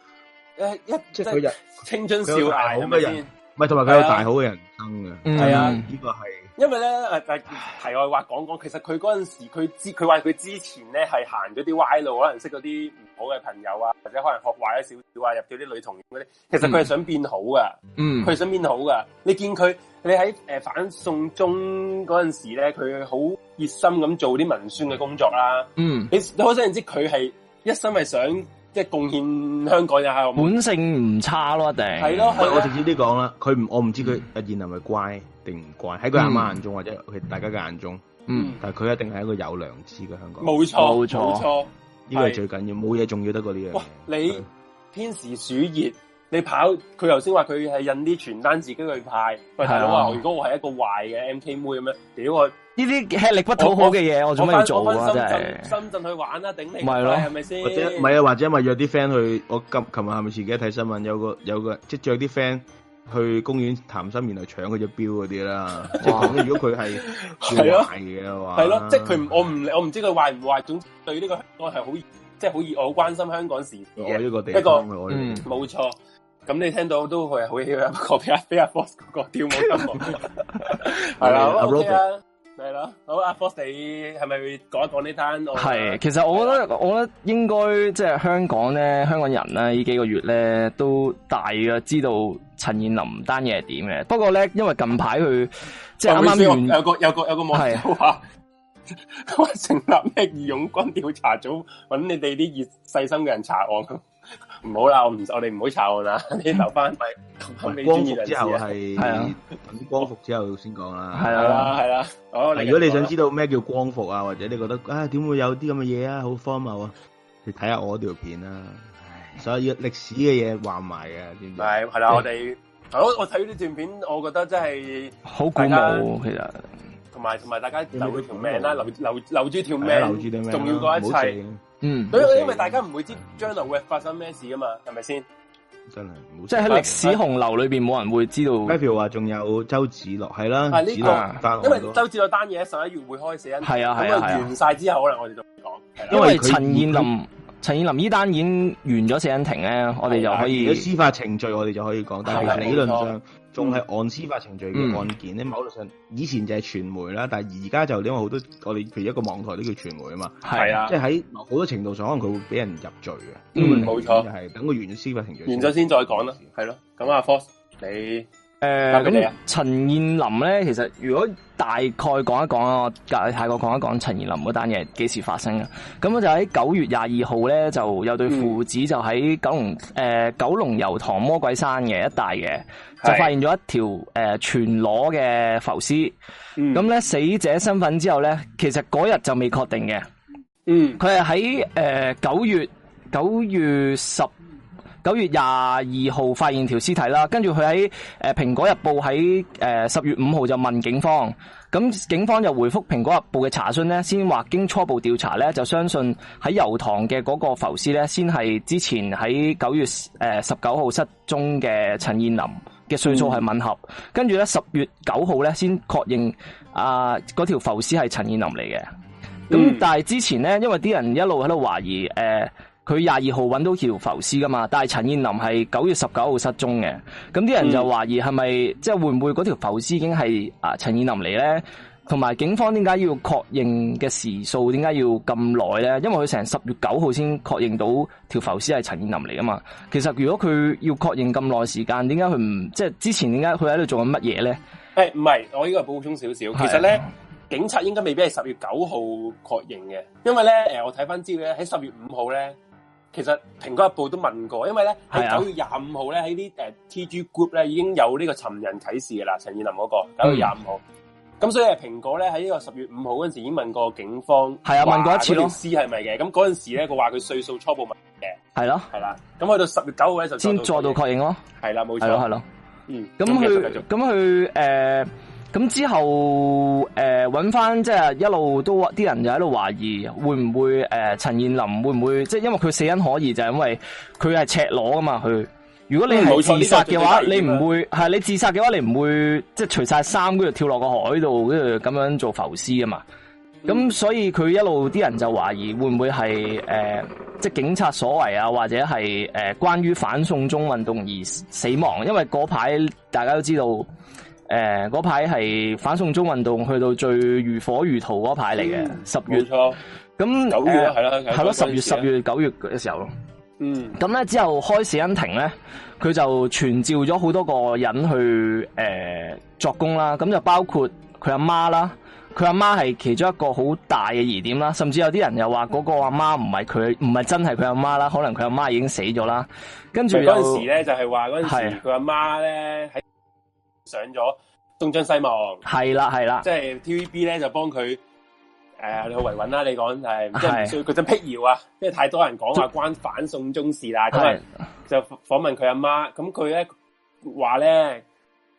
誒一即係嗰日青春少年咁嘅人，唔係同埋佢有大好嘅人生嘅，係啊，呢個係。因為咧誒誒，題外話講講，其實佢嗰陣時佢之佢話佢之前咧係行咗啲歪路，可能識咗啲唔好嘅朋友啊，或者可能學壞咗少少啊，入咗啲女童嗰啲，其實佢係想變好噶，嗯，佢係想變好噶。你見佢，你喺誒反送中嗰陣時咧，佢好熱心咁做啲文宣嘅工作啦，嗯，你可想而知佢係一心係想。即係貢獻香港又係本性唔差咯，一定係咯。我直接啲講啦，佢唔我唔知佢阿彥係咪乖定唔乖，喺佢阿媽眼中或者佢大家嘅眼中，嗯，但係佢一定係一個有良知嘅香港人。冇錯冇錯，呢個係最緊要，冇嘢重要得過呢樣。哇！你天時暑熱，你跑佢頭先話佢係印啲傳單自己去派。喂，大佬啊，如果我係一個壞嘅 MK 妹咁樣，屌我！呢啲吃力不討好嘅嘢，我做咩要做啊？真係深圳去玩啊，頂你！咪係咯，係咪先？唔係啊，或者或者約啲 friend 去？我今琴日係咪自己睇新聞？有個有個即係約啲 friend 去公園談心，然後搶佢隻表嗰啲啦。哇！如果佢係，係咯，係咯，即係佢，我唔我唔知佢壞唔壞。總之對呢個我係好即係好熱，我好關心香港事嘅一個地方。嗯，冇錯。咁你聽到都佢係好笑一個飛啊飛啊波嗰個跳舞嘅，係啦，阿 Rocky 啊。係啦好阿 Fox，啊、你係咪會講一講呢單案？係是，的其實我覺得，的我覺得應該即係香港咧，香港人咧，呢幾個月咧都大約知道陳彥霖單嘢係點嘅。不過咧，因為近排佢即係啱啱有個有個有個網友話的，話是的 成立咩義勇軍調查組，揾你哋啲熱細心嘅人查案。唔好啦，我唔我哋唔好嘈啦，你留翻，光復之後係，係啊，等光復之後先講啦。係啦係啦，好。如果你想知道咩叫光復啊，或者你覺得唉點會有啲咁嘅嘢啊，好荒謬啊，你睇下我條片啦。所以歷史嘅嘢話埋嘅，係係啦，我哋我我睇呢段片，我覺得真係好鼓舞其實。同埋同埋，大家留佢條命啦，留留留住條命，重要過一切。嗯，因為大家唔會知將來會發生咩事㗎嘛，係咪先？真係，即係喺歷史洪流裏面，冇人會知道。Michael 話：仲有周梓樂，係啦，梓樂，因為周梓樂單嘢十一月會開死因庭，係啊係啊，完曬之後，可能我哋就講。因為陳彥霖，陳彥霖呢單已經完咗死因庭呢，我哋就可以司法程序，我哋就可以講，但係理論上。仲係按司法程序嘅案件，喺某度上以前就係傳媒啦，但係而家就因為好多我哋，譬如一個網台都叫傳媒啊嘛，係啊，即係喺好多程度上，可能佢會俾人入罪嘅。嗯，冇錯，就係等佢完咗司法程序完咗先再講啦。係咯，咁阿 Fox 你誒，咁你啊，陳彥霖咧，其實如果大概講一講啊，我介太過講一講陳彥霖嗰單嘢幾時發生嘅？咁就喺九月廿二號咧，就有對父子就喺九龍誒、嗯呃、九龍油塘魔鬼山嘅一帶嘅。就發現咗一條誒、呃、全裸嘅浮屍，咁咧、嗯、死者身份之後咧，其實嗰日就未確定嘅。嗯，佢係喺誒九月九月十九月廿二號發現條屍體啦。跟住佢喺誒《蘋果日報》喺誒十月五號就問警方，咁警方就回覆《蘋果日報》嘅查詢咧，先話經初步調查咧，就相信喺油塘嘅嗰個浮屍咧，先係之前喺九月誒十九號失蹤嘅陳彥霖。嘅歲數係吻合，跟住咧十月九號咧先確認啊嗰條浮屍係陳彥霖嚟嘅。咁、嗯、但係之前咧，因為啲人一路喺度懷疑，誒佢廿二號揾到條浮屍噶嘛，但係陳彥霖係九月十九號失蹤嘅，咁啲人就懷疑係咪、嗯、即係會唔會嗰條浮屍已經係啊陳彥霖嚟咧？呃同埋警方點解要確認嘅時數？點解要咁耐咧？因為佢成十月九號先確認到條浮屍係陳彥霖嚟啊嘛。其實如果佢要確認咁耐時間，點解佢唔即係之前點解佢喺度做緊乜嘢咧？誒、欸，唔係，我呢個補充少少。其實咧，的警察應該未必係十月九號確認嘅，因為咧誒，我睇翻資料咧，喺十月五號咧，其實《蘋果日報》都問過，因為咧喺九月廿五號咧，喺啲誒 T G Group 咧已經有呢個尋人啟事㗎喇，陳彥霖嗰個九月廿五號。咁所以蘋果咧喺呢個十月五號嗰陣時已經問過警方係啊說問過一次咯，屍係咪嘅？咁嗰陣時咧佢話佢歲數初步問嘅，係咯係啦。咁去、啊、到十月九號就先再度確認咯。係啦、啊，冇錯，係咯係咯。啊、嗯，咁佢咁佢誒，咁、呃、之後誒，揾翻即係一路都啲人就喺度懷疑會唔會誒陳彥霖會唔會即係、就是、因為佢死因可疑就係、是、因為佢係赤裸㗎嘛佢。如果你係自殺嘅話，你唔會，係你自殺嘅話，你唔會即係除晒衫，跟住跳落個海度，跟住咁樣做浮屍啊嘛。咁、嗯、所以佢一路啲人就懷疑會唔會係誒，即、呃、係、就是、警察所為啊，或者係誒、呃，關於反送中運動而死亡。因為嗰排大家都知道，誒嗰排係反送中運動去到最如火如荼嗰排嚟嘅，十月，咁九錯那月係啦，係咯十月十月九月嘅時候咯。嗯，咁咧之後開死因庭咧，佢就傳召咗好多個人去誒、呃、作供啦。咁就包括佢阿媽啦，佢阿媽係其中一個好大嘅疑點啦。甚至有啲人又話嗰個阿媽唔係佢，唔係真係佢阿媽啦，可能佢阿媽已經死咗啦。跟住嗰陣時咧就係話嗰陣時佢阿媽咧喺上咗東張西望，係啦係啦，即係 T V B 咧就幫佢。誒、啊，你好維穩啦，你講係 [LAUGHS] 是即係唔需要嗰闢謠啊，因為太多人講話關， [LAUGHS] 關反送中事啦，咁咪就訪問佢阿媽，咁佢咧話咧，誒、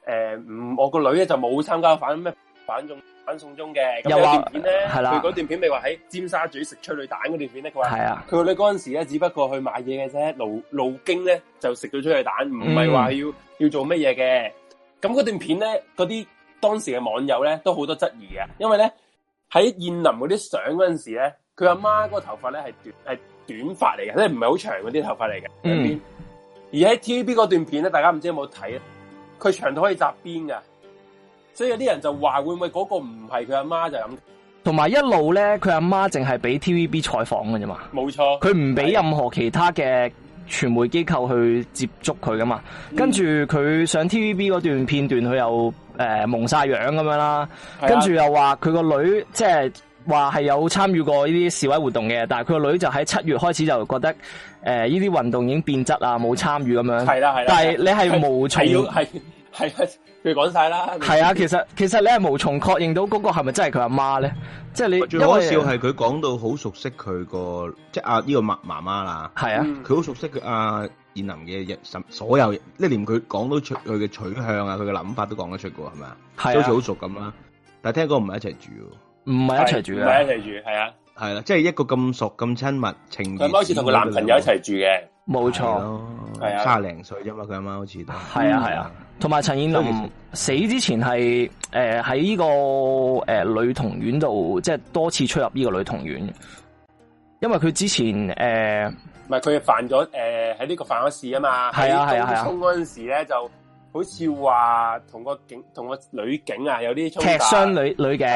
呃，唔我個女咧就冇參加反咩反送反送中嘅，咁嗰說段片咧，佢嗰是的 段片咪話喺尖沙咀食催淚彈嗰段片咧，佢話係啊，佢個女嗰陣時咧只不過去買嘢嘅啫，路路經咧就食咗催淚彈，唔係話要、嗯、要做乜嘢嘅，咁嗰段片咧，嗰啲當時嘅網友咧都好多質疑啊，因為咧。喺燕林嗰啲相嗰陣時咧，佢阿媽嗰個頭髮咧係短係短髮嚟嘅，即係唔係好長嗰啲頭髮嚟嘅，邊。嗯、而喺 TVB 嗰段片咧，大家唔知有冇睇，佢長到可以紮辮噶，所以有啲人就話會唔會嗰個唔係佢阿媽就咁。同埋一路咧，佢阿媽淨係俾 TVB 採訪嘅啫嘛，冇錯，佢唔俾任何其他嘅。傳媒機構去接觸佢㗎嘛，跟住佢上 TVB 嗰段片段，佢又、呃、蒙晒樣咁樣啦，跟住又話佢個女即係話係有參與過呢啲示威活動嘅，但係佢個女就喺七月開始就覺得誒呢啲運動已經變質啊，冇參與咁樣。係啦，係啦。但係你係無從係啊，佢講晒啦。係啊，啊，其實其實你係無從確認到嗰個係咪真係佢阿媽咧？即係、啊、你。最搞笑係佢講到好熟悉佢個，即係阿呢個媽媽媽啦。係啊，佢好熟悉佢阿彥霖嘅所有，即係連佢講到出佢嘅取向他的啊，佢嘅諗法都講得出噶，係咪是啊？係好似好熟咁啦。但係聽講唔係一齊住，唔係一齊住，唔係一齊住，係啊，係啦、啊，即、就、係、是、一個咁熟咁親密情。佢開始同佢男朋友一齊住嘅，冇錯錯，係啊，卅零歲啫嘛，佢阿媽好似都係啊，係啊。同埋陳彥霖死之前係誒喺呢個誒、呃呃、女童院度，即係多次出入呢個女童院。因為佢之前誒，唔係佢犯咗誒喺呢個犯咗事啊嘛。係啊係啊。啊。冲嗰陣時咧，就好似話同個警同個女警啊，有啲衝突，踢傷女女警，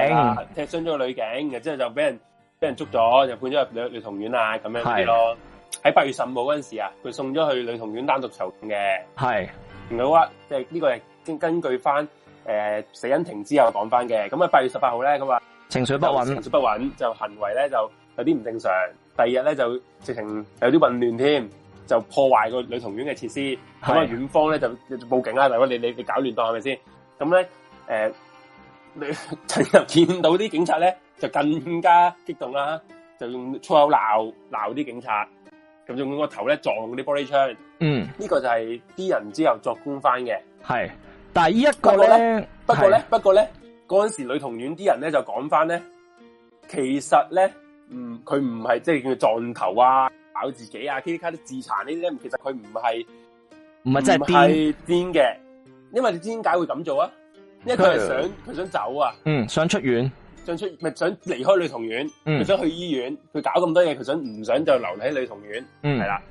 踢傷咗個女警然之後就俾人俾人捉咗，就判咗入女女童院啊咁樣啲咯。喺八月十五號嗰陣時啊，佢送咗去女童院單獨囚禁嘅。係。唔好啊，即係呢個係根根據翻誒、呃、死因庭之後講翻嘅。咁啊八月十八號咧，佢話情緒不穩，情緒不穩就行為咧就有啲唔正常。第二日咧就直情有啲混亂添，就破壞個女童院嘅設施。咁啊院方咧就,就報警啦，大佬你你你搞亂檔係咪先？咁咧誒，陳茵又見到啲警察咧就更加激動啦，就用粗口鬧鬧啲警察。用仲個頭咧撞啲玻璃窗，嗯，呢個就係啲人之後作供翻嘅，係。但係呢一個咧，不過咧是，不過咧，嗰陣時女童院啲人咧就講翻咧，其實咧，嗯，佢唔係即係叫撞頭啊，咬自己啊 k 卡啲自殘呢啲咧，其實佢唔係，唔係真係癲癲嘅，因為你知點解會咁做啊？因為佢係想佢、嗯、想，想走啊，嗯，想出院。想出，咪想離開女童院，佢想去醫院，佢、嗯、搞咁多嘢，佢想唔想就留喺女童院？係啦、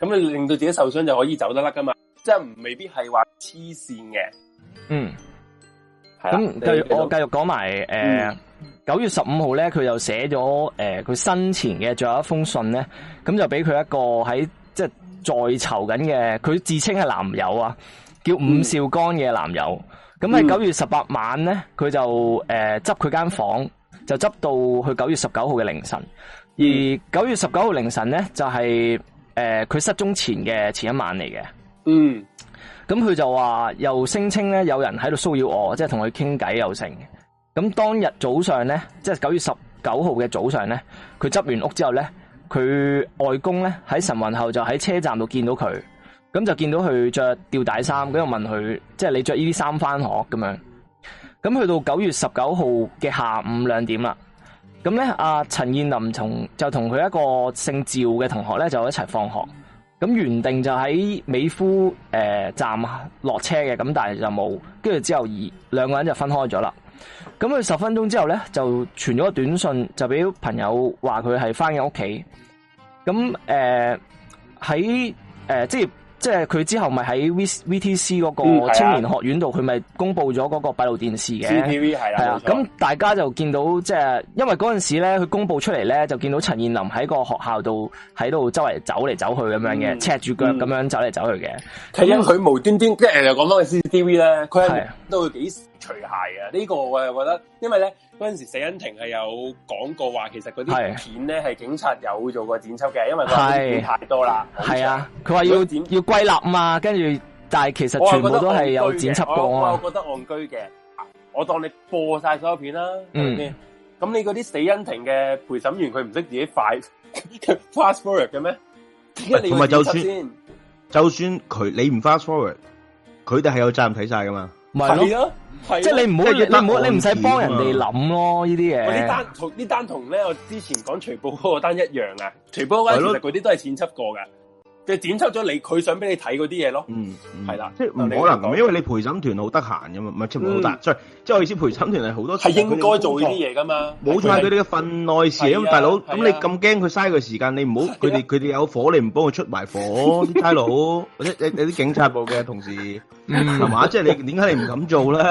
嗯、咁你令到自己受傷就可以走得甩噶嘛？即係唔未必係話黐線嘅。嗯，咁繼我繼續講埋誒，九、嗯呃、月十五號咧，佢又寫咗誒，佢、呃、生前嘅最後一封信咧，咁就俾佢一個喺即係在囚緊嘅，佢自稱係男友啊，叫伍少剛嘅男友。嗯咁喺九月十八晚呢，佢就誒執佢間房間，就執到去九月十九號嘅凌晨。而九月十九號凌晨呢，就係誒佢失蹤前嘅前一晚嚟嘅。嗯，咁佢就話又聲稱呢，有人喺度騷擾我，即係同佢傾偈又成。咁當日早上呢，即係九月十九號嘅早上呢，佢執完屋之後呢，佢外公呢喺晨運後就喺車站度見到佢。咁就見到佢着吊帶衫，咁又問佢，即係你着呢啲衫翻學咁樣。咁去到九月十九號嘅下午兩點啦。咁咧，阿陳彥霖同就同佢一個姓趙嘅同學咧就一齊放學。咁原定就喺美孚誒、呃、站落車嘅，咁但係就冇。跟住之後二，二兩個人就分開咗啦。咁佢十分鐘之後咧就傳咗個短信，就俾朋友話佢係翻緊屋企。咁誒喺誒即係。即係佢之後咪喺 V T C 嗰個青年學院度，佢咪公布咗嗰個閉路電視嘅 CCTV 係啦。咁大家就見到，即係因為嗰陣時咧，佢公布出嚟咧，就見到陳彥霖喺個學校度喺度周圍走嚟走去咁樣嘅，嗯、赤住腳咁樣走嚟走去嘅。咁佢、嗯、以無端端，即係又講多 CCTV 咧，佢係、啊、都幾？除鞋啊！呢、這個我又覺得，因為咧嗰陣時死因庭係有講過話，其實嗰啲片咧係警察有做過剪輯嘅，是因為佢太多啦。係啊，佢話要剪輯要歸納嘛，跟住但係其實全部都係有剪輯過。我覺得戇居嘅，我當你播晒所有片啦。嗯，咁你嗰啲死因庭嘅陪審員佢唔識自己快 [LAUGHS] fast forward 嘅咩？同埋就算先就算佢你唔 fast forward，佢哋係有責任睇晒噶嘛？咪咯。即係你唔好，你唔好，講話 你唔使幫人哋諗咯，呢啲嘢。呢單同呢單同咧，我之前講除暴嗰個單一樣啊，除暴嗰單其實嗰啲都係剪輯過噶。就剪輯咗你佢想俾你睇嗰啲嘢咯，嗯，係啦，即係唔可能，因為你陪審團好得閒嘅嘛，唔係出唔到大，所以即係我意思陪審團係好多係應該做呢啲嘢噶嘛，冇錯，佢哋嘅份內事，因為大佬，咁你咁驚佢嘥個時間，你唔好佢哋佢哋有火，你唔幫佢出埋火，啲差佬或者你你啲警察部嘅同事係嘛？即係你點解你唔敢做咧？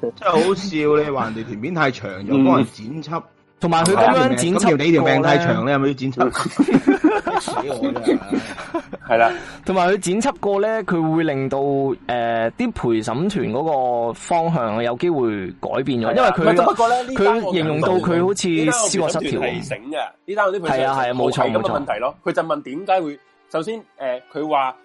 真係好笑，你話人哋條片太長，又幫人剪輯，同埋佢咁樣剪輯你條命太長，你係咪要剪輯？係啦，同埋佢剪輯過咧，佢會令到誒啲、呃、陪審團嗰個方向有機會改變咗，因為佢不，不過咧，佢形容到佢好似思覺失調。整嘅呢單嗰啲陪審團冇問題咯。佢就問點解會？首先誒，佢話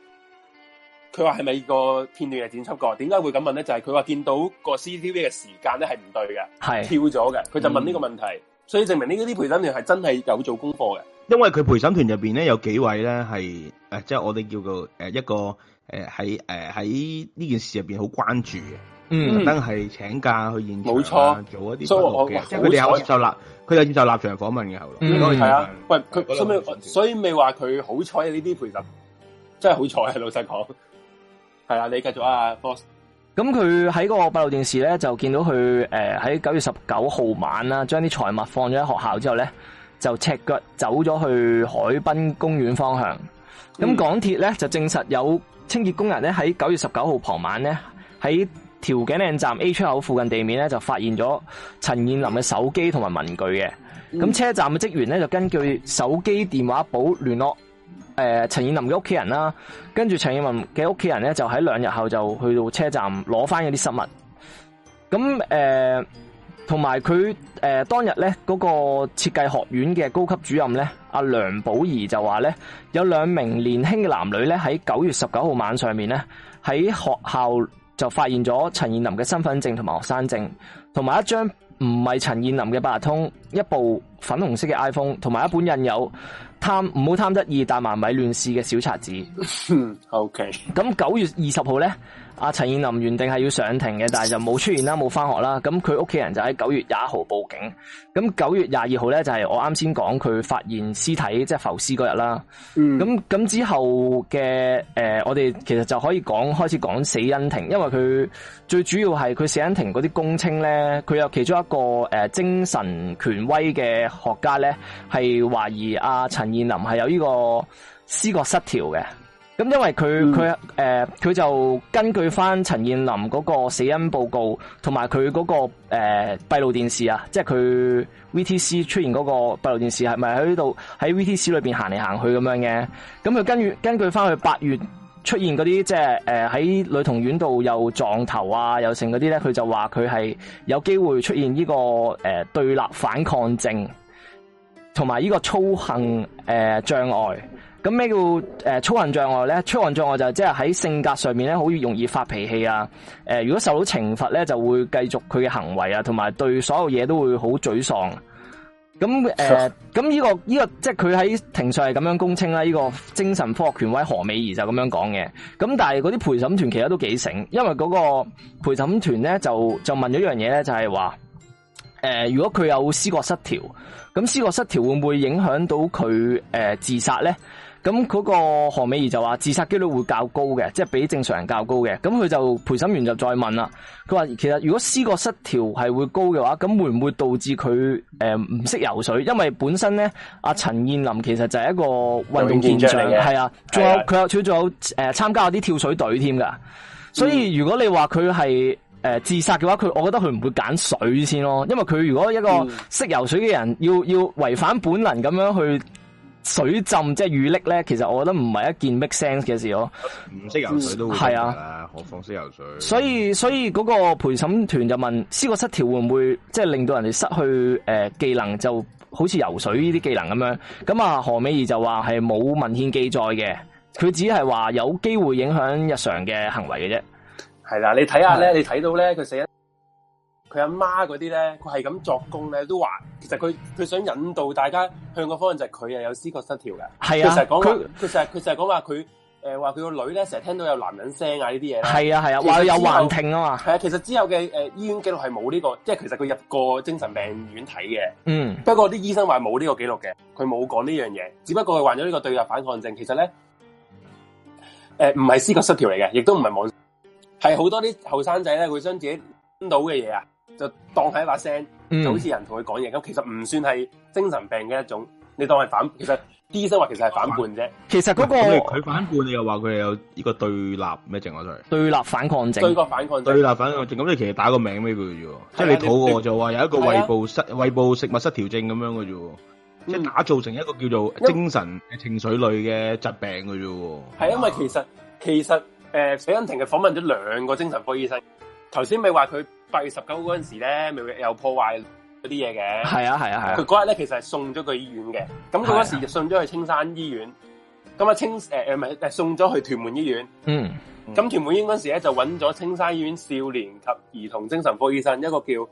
佢話係咪個片段係剪輯過？點解會咁問咧？就係佢話見到個 CCTV 嘅時間咧係唔對嘅，係是跳咗嘅。佢就問呢個問題。嗯所以證明呢啲陪審團係真係有做功課嘅，因為佢陪審團入邊咧有幾位咧係誒，即係我哋叫做誒一個誒喺誒喺呢件事入邊好關注嘅，特登係請假去現場、啊、錯做一啲訪問嘅，即係佢哋又就運受受立佢又就立場訪問嘅後嚟，係、嗯、啊，喂，佢所以所以咪話佢好彩呢啲陪審真係好彩，老實講，係 [LAUGHS] 啊，你繼續啊，博士。咁佢喺個閉路電視咧，就見到佢誒喺九月十九號晚啦，將啲財物放咗喺學校之後咧，就赤腳走咗去海濱公園方向。咁港鐵咧就證實有清潔工人咧喺九月十九號傍晚咧喺調景嶺站 A 出口附近地面咧就發現咗陳彥霖嘅手機同埋文具嘅。咁車站嘅職員咧就根據手機電話簿聯絡，誒，陳彥霖嘅屋企人啦，跟住陳彥霖嘅屋企人咧，就喺兩日後就去到車站攞翻一啲失物。咁誒，同埋佢誒當日咧，嗰個設計學院嘅高級主任咧，阿梁寶儀就話咧，有兩名年輕嘅男女咧喺九月十九號晚上面咧喺學校就發現咗陳彥霖嘅身份證同埋學生證，同埋一張。唔係陳彥霖嘅八達通，一部粉紅色嘅 iPhone，同埋一本印有唔好貪得意，但埋米亂試嘅小冊子。 [LAUGHS] OK。咁九月二十號呢。阿陳彥霖原定係要上庭嘅，但係就冇出現啦，冇返學啦。咁佢屋企人就喺九月廿一號報警。咁九月廿二號咧，就係、是、我啱先講佢發現屍體即係、就是、浮屍嗰日啦。咁咁、嗯、之後嘅誒、呃，我哋其實就可以講開始講死因庭，因為佢最主要係佢死因庭嗰啲供稱咧，佢有其中一個誒、呃、精神權威嘅學家咧，係懷疑阿陳彥霖係有呢個思覺失調嘅。咁因為佢佢誒佢就根據翻陳彥霖嗰個死因報告，同埋佢嗰個誒閉、呃、路電視啊，即係佢 VTC 出現嗰個閉路電視係咪喺呢度喺 VTC 裏邊行嚟行去咁樣嘅？咁佢根據根據翻佢八月出現嗰啲即係誒喺女童院度又撞頭啊又剩嗰啲咧，佢就話佢係有機會出現呢、這個誒、呃、對立反抗症，同埋呢個操行誒、呃、障礙。咁咩叫誒操行障礙咧？操行障礙就即係喺性格上面咧，好容易發脾氣啊！誒、呃，如果受到懲罰咧，就會繼續佢嘅行為啊，同埋對所有嘢都會好沮喪。咁誒，咁、呃、呢、這個呢、這個即係佢喺庭上係咁樣供稱啦。呢、這個精神科學權威何美儀就咁樣講嘅。咁但係嗰啲陪審團其實都幾醒，因為嗰個陪審團咧就就問咗一樣嘢咧，就係話誒，如果佢有思覺失調，咁思覺失調會唔會影響到佢誒、呃、自殺咧？咁嗰個何美儀就話自殺機率會較高嘅，即係比正常人較高嘅。咁佢就陪審員就再問啦。佢話其實如果思覺失調係會高嘅話，咁會唔會導致佢誒唔識游水？因為本身咧阿陳彥霖其實就係一個運動健將，係啊，仲有佢有，佢仲有誒參加嗰啲跳水隊添噶。所以如果你話佢係誒自殺嘅話，佢我覺得佢唔會揀水先咯，因為佢如果一個識游水嘅人，嗯、要要違反本能咁樣去。水浸即係遇溺咧，其實我覺得唔係一件 make sense 嘅事咯。唔識游水都會，係啊，何況識游水。所以所以個陪審團就問思過會會，思覺失調會唔會即係令到人哋失去誒技能，就好似游水呢啲技能咁樣。咁啊、嗯，何美儀就話係冇文獻記載嘅，佢只係話有機會影響日常嘅行為嘅啫。係啦，你睇下咧，你睇到咧，佢寫佢阿媽嗰啲咧，佢係咁作供咧，都話其實佢佢想引導大家向個方向就係佢係有思覺失調嘅。係啊，佢佢就係佢就係講話佢誒話佢個女咧成日聽到有男人聲啊呢啲嘢，係啊係啊，話、啊、後有幻聽啊嘛，係啊，其實之後嘅誒、呃、醫院記錄係冇呢個，即係其實佢入過精神病院睇嘅。嗯，不過啲醫生話冇呢個記錄嘅，佢冇講呢樣嘢，只不過佢患咗呢個對立反抗症，其實咧誒唔係思覺失調嚟嘅，亦都唔係妄，係好多啲後生仔咧，佢將自己聽到嘅嘢啊。就當係一把聲，就好似人同佢講嘢咁。其實唔算係精神病嘅一種，你當係反。其實啲醫生話其實係反叛啫。其實嗰個佢反叛，你又話佢有依個對立咩症啊？對對立反抗症，對個反抗對立反抗症。咁你其實打個名俾佢啫？即係你肚餓就話有一個胃部失胃部食物失調症咁樣嘅啫。即係打造成一個叫做精神情緒類嘅疾病嘅啫。係因為其實其實誒，李恩婷係訪問咗兩個精神科醫生。頭先咪話佢八月十九嗰陣時咧，咪又破壞嗰啲嘢嘅。係啊係啊係啊！佢嗰日咧其實係送咗去醫院嘅。咁佢嗰時就送咗去青山醫院。咁啊青誒誒唔係，係、呃呃、送咗去屯門醫院。嗯。咁屯門醫院嗰時咧就揾咗青山醫院少年及兒童精神科醫生，嗯、一個叫誒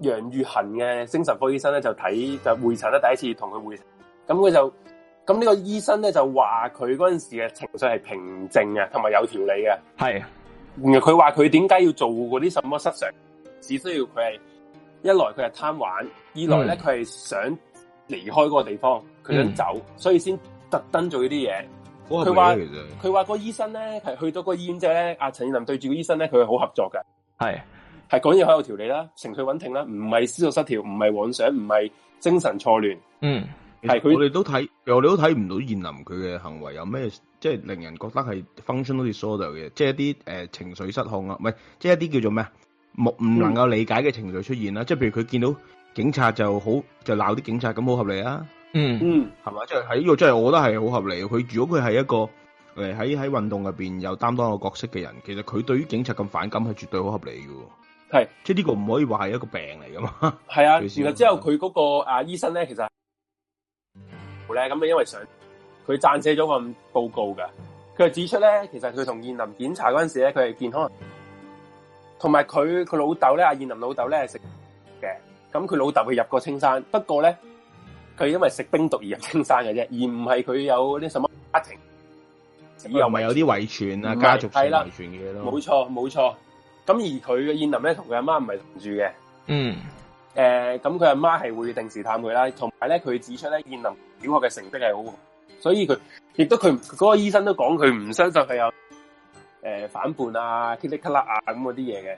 楊、呃、玉恒嘅精神科醫生咧就睇就會診啦，第一次同佢會診。咁佢就咁呢個醫生咧就話佢嗰陣時嘅情緒係平靜嘅，同埋有條理嘅。係。原來佢話佢點解要做嗰啲什麼失常，只需要佢係一來佢係貪玩，嗯、二來咧佢係想離開嗰個地方，佢想走，嗯、所以先特登做呢啲嘢。佢話佢話個醫生咧，係去到個醫院之後咧，阿陳彥霖對住個醫生咧，佢係好合作嘅，係係講嘢好有條理啦，情緒穩定啦，唔係思覺失調，唔係妄想，唔係精神錯亂。嗯。是他我哋都睇，我哋都睇唔到彥霖佢嘅行為有咩，即係令人覺得係 functional disorder 嘅，即係一啲誒、呃、情緒失控啊，唔係，即係一啲叫做咩，冇唔能夠理解嘅情緒出現啦。嗯、即係譬如佢見到警察就好，就鬧啲警察咁好合理啊。嗯嗯，係嘛，即係喺，即係真係我覺得係好合理。佢如果佢係一個誒喺喺運動入邊有擔當個角色嘅人，其實佢對於警察咁反感係絕對好合理嘅。係是，即係呢個唔可以話係一個病嚟噶嘛。係啊，然後之後佢嗰個啊醫生咧，其實。咧咁啊，因為想佢撰寫咗個報告噶佢指出咧，其實佢同彥霖檢查嗰陣時咧，佢係健康，同埋佢佢老豆咧，阿彥霖老豆咧係食嘅，咁佢老豆係入過青山，不過咧佢因為食冰毒而入青山嘅啫，而唔係佢有啲什麼家庭，又唔係有啲遺傳啊是家族係啦，遺傳嘅嘢咯，冇錯冇錯。咁而佢嘅彥霖咧，同佢阿媽唔係同住嘅，嗯，誒、呃，咁佢阿媽係會定時探佢啦，同埋咧佢指出咧彥霖。小學嘅成績係好，所以佢亦都佢嗰個醫生都講佢唔相信佢有誒反叛啊、噼里卡啦啊，咁嗰啲嘢嘅。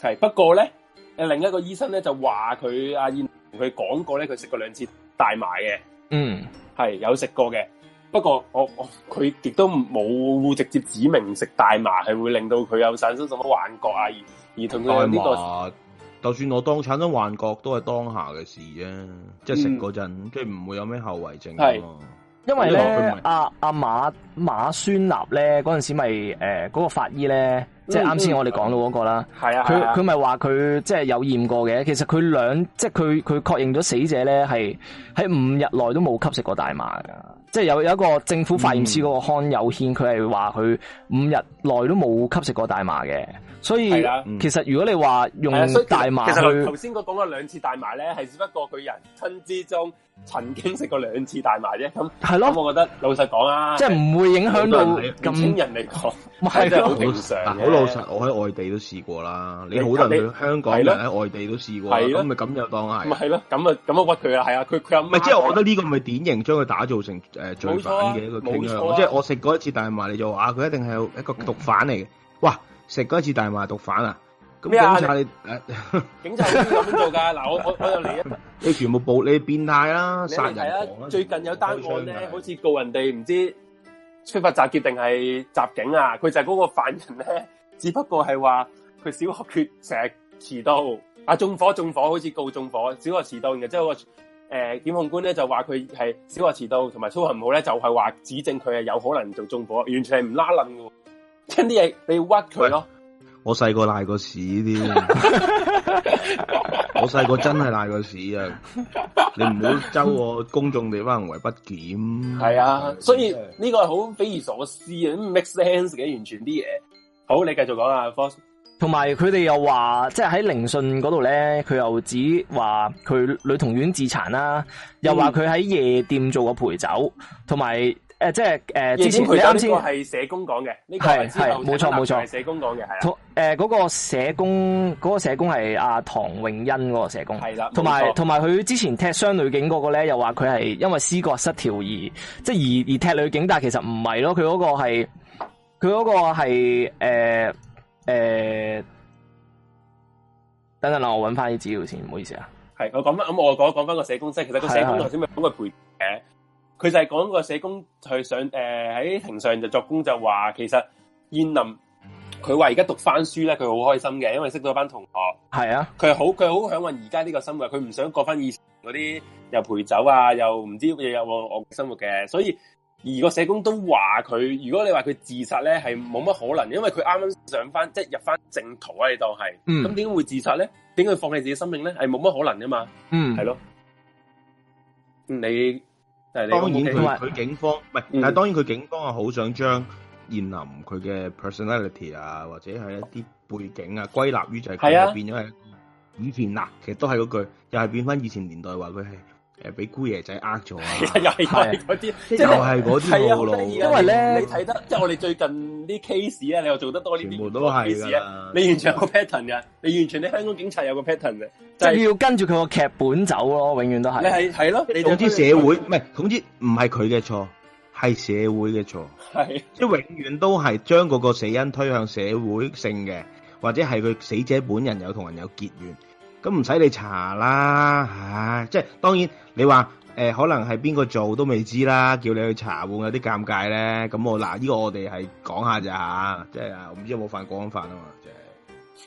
係，不過咧，誒另一個醫生咧就話佢阿燕同佢講過咧，佢食過兩次大麻嘅。嗯，係有食過嘅，不過我我佢亦都冇直接指明食大麻係會令到佢有產生什麼幻覺啊，而同佢呢個。就算我當產生幻覺都係當下嘅事啫，即係食嗰陣，嗯、即係唔會有咩後遺症。係，因為咧阿阿馬馬孫立咧嗰陣時咪誒嗰個法醫咧。嗯、即係啱先我哋講到嗰個啦，佢佢咪話佢即係有驗過嘅，其實佢兩即係佢佢確認咗死者咧係喺五日內都冇吸食過大麻嘅，即係有有一個政府化驗師嗰個康有獻佢係話佢五日內都冇吸食過大麻嘅，所以其實如果你話用大麻，頭先佢講咗兩次大麻咧，係只不過佢人生之中曾經食過兩次大麻啫，咁係咯，啊、我覺得老實講啊，即係唔會影響到千人嚟講，係正、嗯啊、常實，我喺外地都試過啦。你好多人去香港，人喺外地都試過，咁咪咁就當係唔係咯？咁啊咁啊屈佢啦，係啊，佢佢又唔係即係？我覺得呢個唔係典型將佢打造成誒罪犯嘅一個傾啊！即係我食過一次大麻，你就話佢一定係一個毒販嚟嘅。哇，食過一次大麻毒販啊！咁警察，警察有做噶？嗱，我我我又嚟啊！你全部報你變態啦，殺人狂啦！最近有單案咧，好似告人哋唔知非法集結定係襲警啊，佢就係嗰個犯人咧。只不過係話佢小學缺成日遲到，啊縱火縱火，好似告縱火，小學遲到，然後即係個誒檢控官咧就話佢係小學遲到同埋操行唔好咧，就係、是、話指證佢係有可能做縱火，完全係唔拉楞嘅，呢啲嘢你要屈佢咯。我細個賴過屎啲， [LAUGHS] [LAUGHS] 我細個真係賴過屎啊！你唔好周我公眾地方行為不檢。係啊，所以呢個係好匪夷所思啊，唔 make sense 嘅，完全啲嘢。好，你繼續講啊 Fox，同埋佢哋又話，即係喺凌順嗰度咧，佢又指話佢女童院自殘啦，嗯、又話佢喺夜店做過陪酒，同埋誒，即係誒，呃、之前佢啱先係社工講嘅，係係冇錯冇錯，係社工講嘅係。誒，嗰個社工，嗰、那個社工係阿、啊、唐詠欣嗰個社工，係啦的。同埋同埋佢之前踢傷女警嗰個咧，又話佢係因為思覺失調而即係而而踢女警，但係其實唔係咯，佢嗰個係。佢嗰個係誒誒，等等啦，我揾翻啲資料先，唔好意思啊。係我講，咁我講講翻個社工先，其實的個社工頭先咪講佢陪誒，佢就係講個社工佢上誒喺、呃、庭上就作供，就話，其實彥霖佢話而家讀翻書咧，佢好開心嘅，因為識咗班同學係啊，佢好佢好幸運而家呢個生活，佢唔想過翻以前嗰啲又陪酒啊，又唔知乜嘢又我我生活嘅，所以。而個社工都話佢，如果你話佢自殺咧，係冇乜可能，因為佢啱啱上翻，即係入翻正途啊，你當係，咁點解會自殺咧？點解放棄自己生命咧？係冇乜可能㗎嘛？嗯，係咯。你當然佢佢警方，唔、嗯、但係當然佢警方啊，好想將彥霖佢嘅 personality 啊，或者係一啲背景啊，歸納於就係佢變咗係、啊、以前嗱、啊，其實都係嗰句，又係變翻以前年代話佢係。誒俾姑爺仔呃咗啊！係係嗰啲，即係就係嗰啲套路。因為咧，你睇得即係我哋最近啲 case 咧，你又做得多啲，全部都係啊。你完全有個 pattern 嘅，你完全你香港警察有個 pattern 嘅，即係要跟住佢個劇本走咯，永遠都係。你係係咯，總之社會唔係，總之唔係佢嘅錯，係社會嘅錯，係即係永遠都係將嗰個死因推向社會性嘅，或者係佢死者本人有同人有結怨。咁唔使你查啦，吓、啊，即係當然你話誒、呃，可能係邊個做都未知啦，叫你去查會，有啲尷尬咧。咁我嗱呢個我哋係講下咋吓，即係啊唔知有冇犯國安法啊嘛。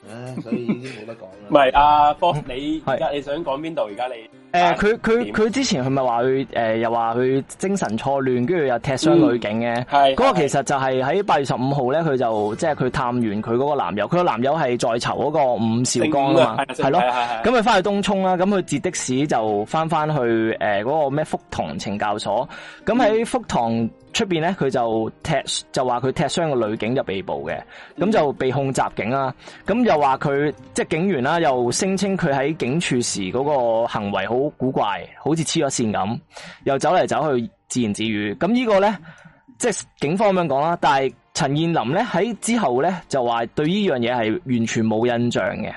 唉，所以已經冇得講啦。唔係，阿 Fox、啊，你而家你想講邊度？而家你誒，佢佢佢之前佢咪話佢誒，又話佢精神錯亂，跟住又踢傷女警嘅。係嗰、嗯、個其實就係喺八月十五號咧，佢就即係佢探完佢嗰個男友，佢個男友係在囚嗰個伍兆江啊嘛，係、啊、咯。咁佢翻去東涌啦，咁佢截的士就翻翻去誒嗰、呃那個咩福堂懲教所。咁喺、嗯、福堂。出邊咧，佢就踢就話佢踢傷個女警就被捕嘅，咁就被控襲警啦。咁又話佢即係警員啦，又聲稱佢喺警署時嗰個行為好古怪，好似黐咗線咁，又走嚟走去自言自語。咁呢個咧，即係警方咁樣講啦。但係陳彥霖咧喺之後咧就話對呢樣嘢係完全冇印象嘅。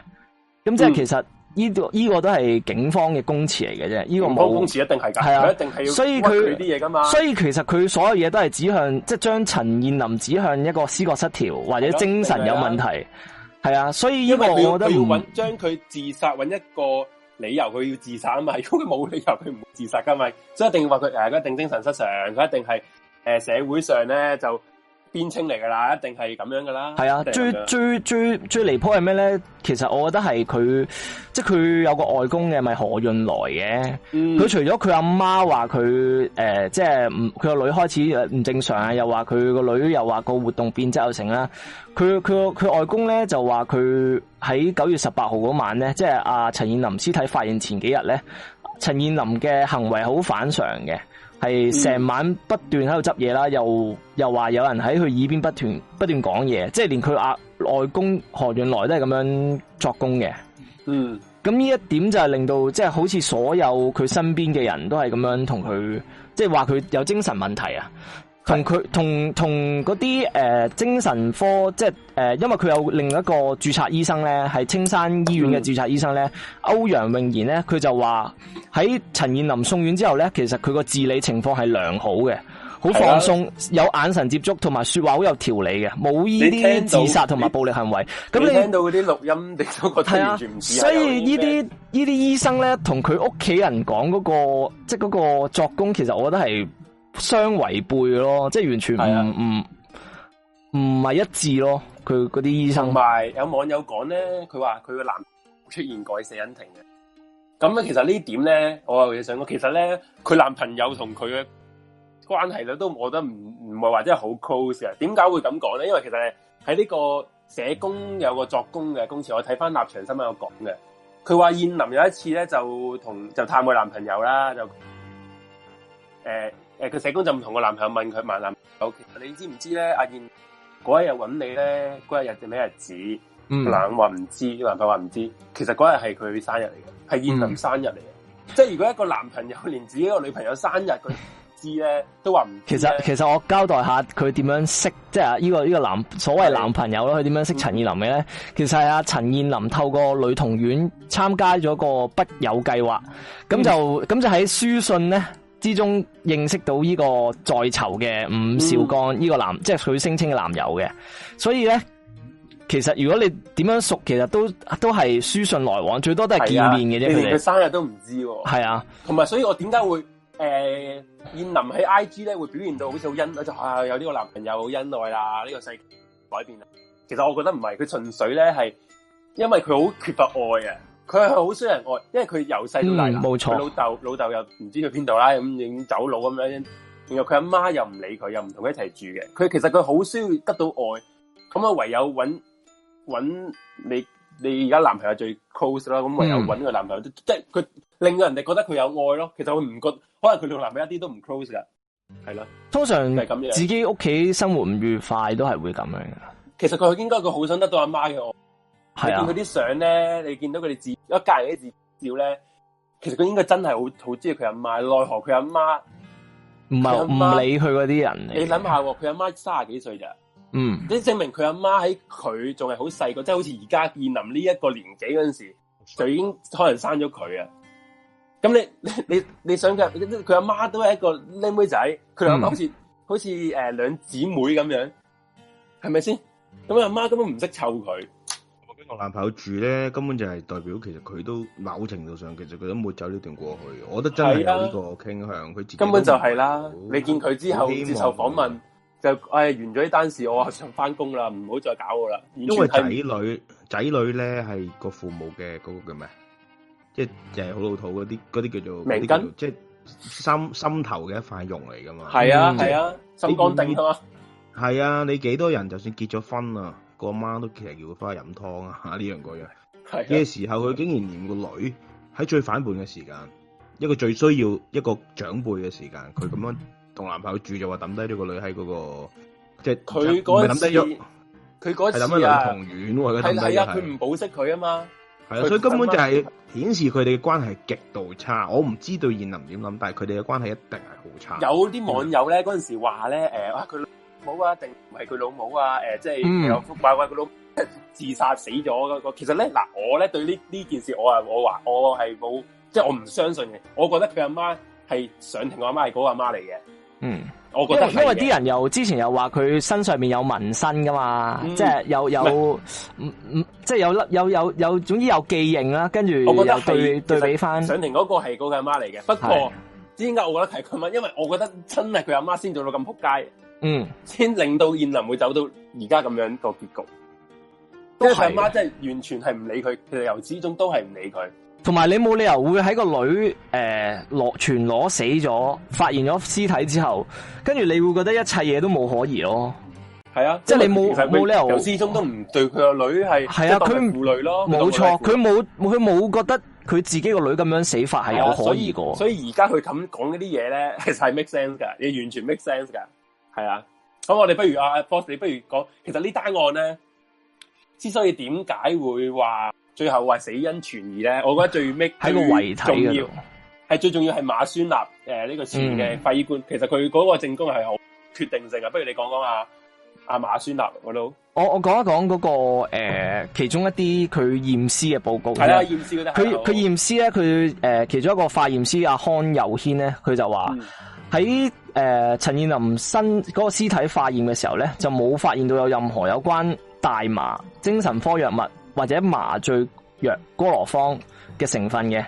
咁即係其實。嗯呢、這個呢、這個都係警方嘅公詞嚟嘅啫，呢、這個冇。公詞一定係假係啊，一定係。所以佢啲嘢噶嘛，所以其實佢所有嘢都係指向，即係將陳彥霖指向一個思覺失調或者精神有問題，係啊。所以呢個我覺得要將佢自殺揾一個理由，佢要自殺啊嘛，因為佢冇理由佢唔會自殺噶嘛，所以一定要話佢誒，佢一定精神失常，佢一定係誒、呃、社會上咧就。邊稱嚟噶啦，一定係咁樣噶啦。係啊，最最最最離譜係咩咧？其實我覺得係佢，即係佢有個外公嘅，咪何潤來嘅。佢、嗯、除咗佢阿媽話佢，誒、呃，即係唔佢個女開始唔正常啊，又話佢個女又話個活動變質又成啦。佢佢佢外公咧就話佢喺九月十八號嗰晚咧，即係阿陳彥霖屍體發現前幾日咧，陳彥霖嘅行為好反常嘅。係成晚不斷喺度執嘢啦，又又話有人喺佢耳邊不斷不斷講嘢，即係連佢阿外公何潤來都係咁樣作工嘅。嗯，咁呢一點就係令到即係、就是、好似所有佢身邊嘅人都係咁樣同佢，即係話佢有精神問題啊。同佢同同嗰啲誒精神科，即係誒、呃、因為佢有另一個註冊醫生咧，係青山醫院嘅註冊醫生咧，歐、嗯、陽穎賢咧，佢就話喺陳彥霖送院之後咧，其實佢個治理情況係良好嘅，好放鬆，啊、有眼神接觸同埋說話好有條理嘅，冇呢啲自殺同埋暴力行為。咁你，你聽到嗰啲錄音，你都覺得完全唔似。所以呢啲呢啲醫生咧，同佢屋企人講嗰、那個，即係嗰個作工，其實我覺得係。相違背咯，即係完全唔唔唔係一致咯。佢嗰啲醫生同埋有，有網友講咧，佢話佢嘅男出現過死因庭嘅。咁咧，其實呢點咧，我又其實我其實咧，佢男朋友同佢嘅關係咧，我都我覺得唔唔係話真係好 close 嘅。點解會咁講咧？因為其實喺呢在這個社工有個作供嘅供詞，我睇返立場新聞有講嘅。佢話彥霖有一次咧，就同就探佢男朋友啦，就誒。欸誒，個社工就唔同個男朋友問佢萬男 OK 你知唔知咧？阿彥嗰日揾你咧，嗰日定咩日子？嗯，男話唔知，男朋友話唔知，知、啊嗯知，知。其實嗰日係佢生日嚟嘅，係彥霖生日嚟嘅。嗯、即係如果一個男朋友連自己個女朋友生日佢知咧，都話唔。其實其實我交代下佢點樣識，即係呢、這個依、這個男所謂男朋友咯，佢點是樣識陳彥霖嘅咧？其實係阿陳彥霖透過女童院參加咗個筆友計劃，咁就咁、嗯、就喺書信咧。之中認識到呢個在囚嘅伍兆剛呢、嗯、個男，即係佢聲稱嘅男友嘅，所以咧，其實如果你點樣熟，其實都都係書信來往，最多都係見面嘅啫。啊、們你連佢生日都唔知、哦，係是啊，同埋所以我點解會誒，臨、呃、霖喺 IG 咧會表現到好似好恩，就啊有呢個男朋友好恩愛啦、啊，呢、這個世紀改變啦、啊。其實我覺得唔係，佢純粹咧係因為佢好缺乏愛啊。佢係好需要人愛，因為佢由細到大冇錯、嗯，老豆老豆又唔知去邊度啦，咁已經走佬咁樣，然後佢阿媽又唔理佢，又唔同佢一齊住嘅。佢其實佢好需要得到愛，咁啊唯有揾揾你你而家男朋友最 close 啦，咁唯有揾個男朋友、嗯、即係佢令到人哋覺得佢有愛咯。其實佢唔覺得，可能佢同男朋友一啲都唔 close 噶。係啦，通常係咁樣自己屋企生活唔愉快都係會咁樣嘅。其實佢應該佢好想得到阿媽嘅愛。係啊！見佢啲相咧，你見到佢哋自一隔人嘅自照咧，其實佢應該真係好好中意佢阿媽，奈何佢阿媽唔係唔理佢嗰啲人。你諗下，佢阿媽卅幾歲咋？嗯，即證明佢阿媽喺佢仲係好細個，即係好似而家面臨呢一個年紀嗰陣時候，就已經可能生咗佢啊。咁你你你，你你你想佢佢阿媽都係一個靚妹仔，佢阿媽好似、嗯、好似誒兩姊妹咁樣，係咪先？咁阿媽根本唔識湊佢。我男朋友住咧，根本就係代表，其實佢都某程度上，其實佢都冇走呢段過去。我覺得真係有呢個傾向，佢、啊、自己根本就係啦。很你見佢之後接受訪問，就誒、哎、完咗呢單事，我啊想返工啦，唔好再搞我啦。因為仔女仔女咧係個父母嘅嗰個叫咩？即係誒好老土嗰啲啲叫做，叫根即係心心頭嘅一塊肉嚟噶嘛？係啊係啊，心肝椗啊。係啊，你幾多人就算結咗婚啊？個媽都其實叫佢翻去飲湯啊！吓呢樣嗰樣，嘅的時候佢竟然嫌個女喺最反叛嘅時間，一個最需要一個長輩嘅時間，佢咁樣同男朋友住就話抌低呢個女喺嗰、那個即係佢嗰陣時，佢嗰係抌咗女童院外佢唔保釋佢啊嘛，係啊，所以根本就係顯示佢哋嘅關係極度差。我唔知道彥霖點諗，但係佢哋嘅關係一定係好差。有啲網友咧嗰陣時話咧，誒、啊，哇，佢。冇啊，定唔係佢老母啊？誒、呃，即係又撲街，佢、嗯、老母自殺死咗、嗰個，個其實咧，嗱，我咧對呢呢件事，我啊，我話我係冇，即係我唔相信嘅。我覺得佢阿媽係上庭媽媽，個阿媽係嗰個阿媽嚟嘅。嗯，我覺得因為啲人又之前又話佢身上面有紋身噶嘛，嗯、即係有有，嗯嗯，喂即係有粒有有有，有，總之有記認啦。跟住我覺得對對比翻上庭嗰個係嗰個阿媽嚟嘅。不過點解的我覺得係佢媽？因為我覺得真係佢阿媽先做到咁撲街。嗯，先令到彥霖會走到而家咁樣個結局，都係阿媽真係完全係唔理佢，其實由始至終都係唔理佢。同埋你冇理由會喺個女誒攞、呃、全裸死咗，發現咗屍體之後，跟住你會覺得一切嘢都冇可疑咯。係啊，即係你冇冇理由由始終都唔對佢個女係係啊，佢冇慮咯，冇錯錯，佢冇佢冇覺得佢自己個女咁樣死法係有可疑個、啊。所以而家佢咁講嗰啲嘢咧，其實係 make sense 噶，你完全 make sense 噶係啊，咁我哋不如啊，阿 Fox 你不如講，其實呢單案咧，之所以點解會話最後話死因存疑咧，我覺得最尾喺個遺體嘅度，係最重要係馬宣立誒呢、呃這個事嘅法醫官，嗯、其實佢嗰個證供係好決定性啊。不如你講講啊，阿、啊、馬宣立我都，我我講一講嗰、那個誒、呃、其中一啲佢驗屍嘅報告，係啊驗屍嗰啲，佢佢驗屍咧，佢誒、呃、其中一個化驗師阿康有軒咧，佢就話。嗯喺誒陳彥霖身嗰、那個屍體化驗嘅時候咧，就冇發現到有任何有關大麻、精神科藥物或者麻醉藥哥羅芳嘅成分嘅。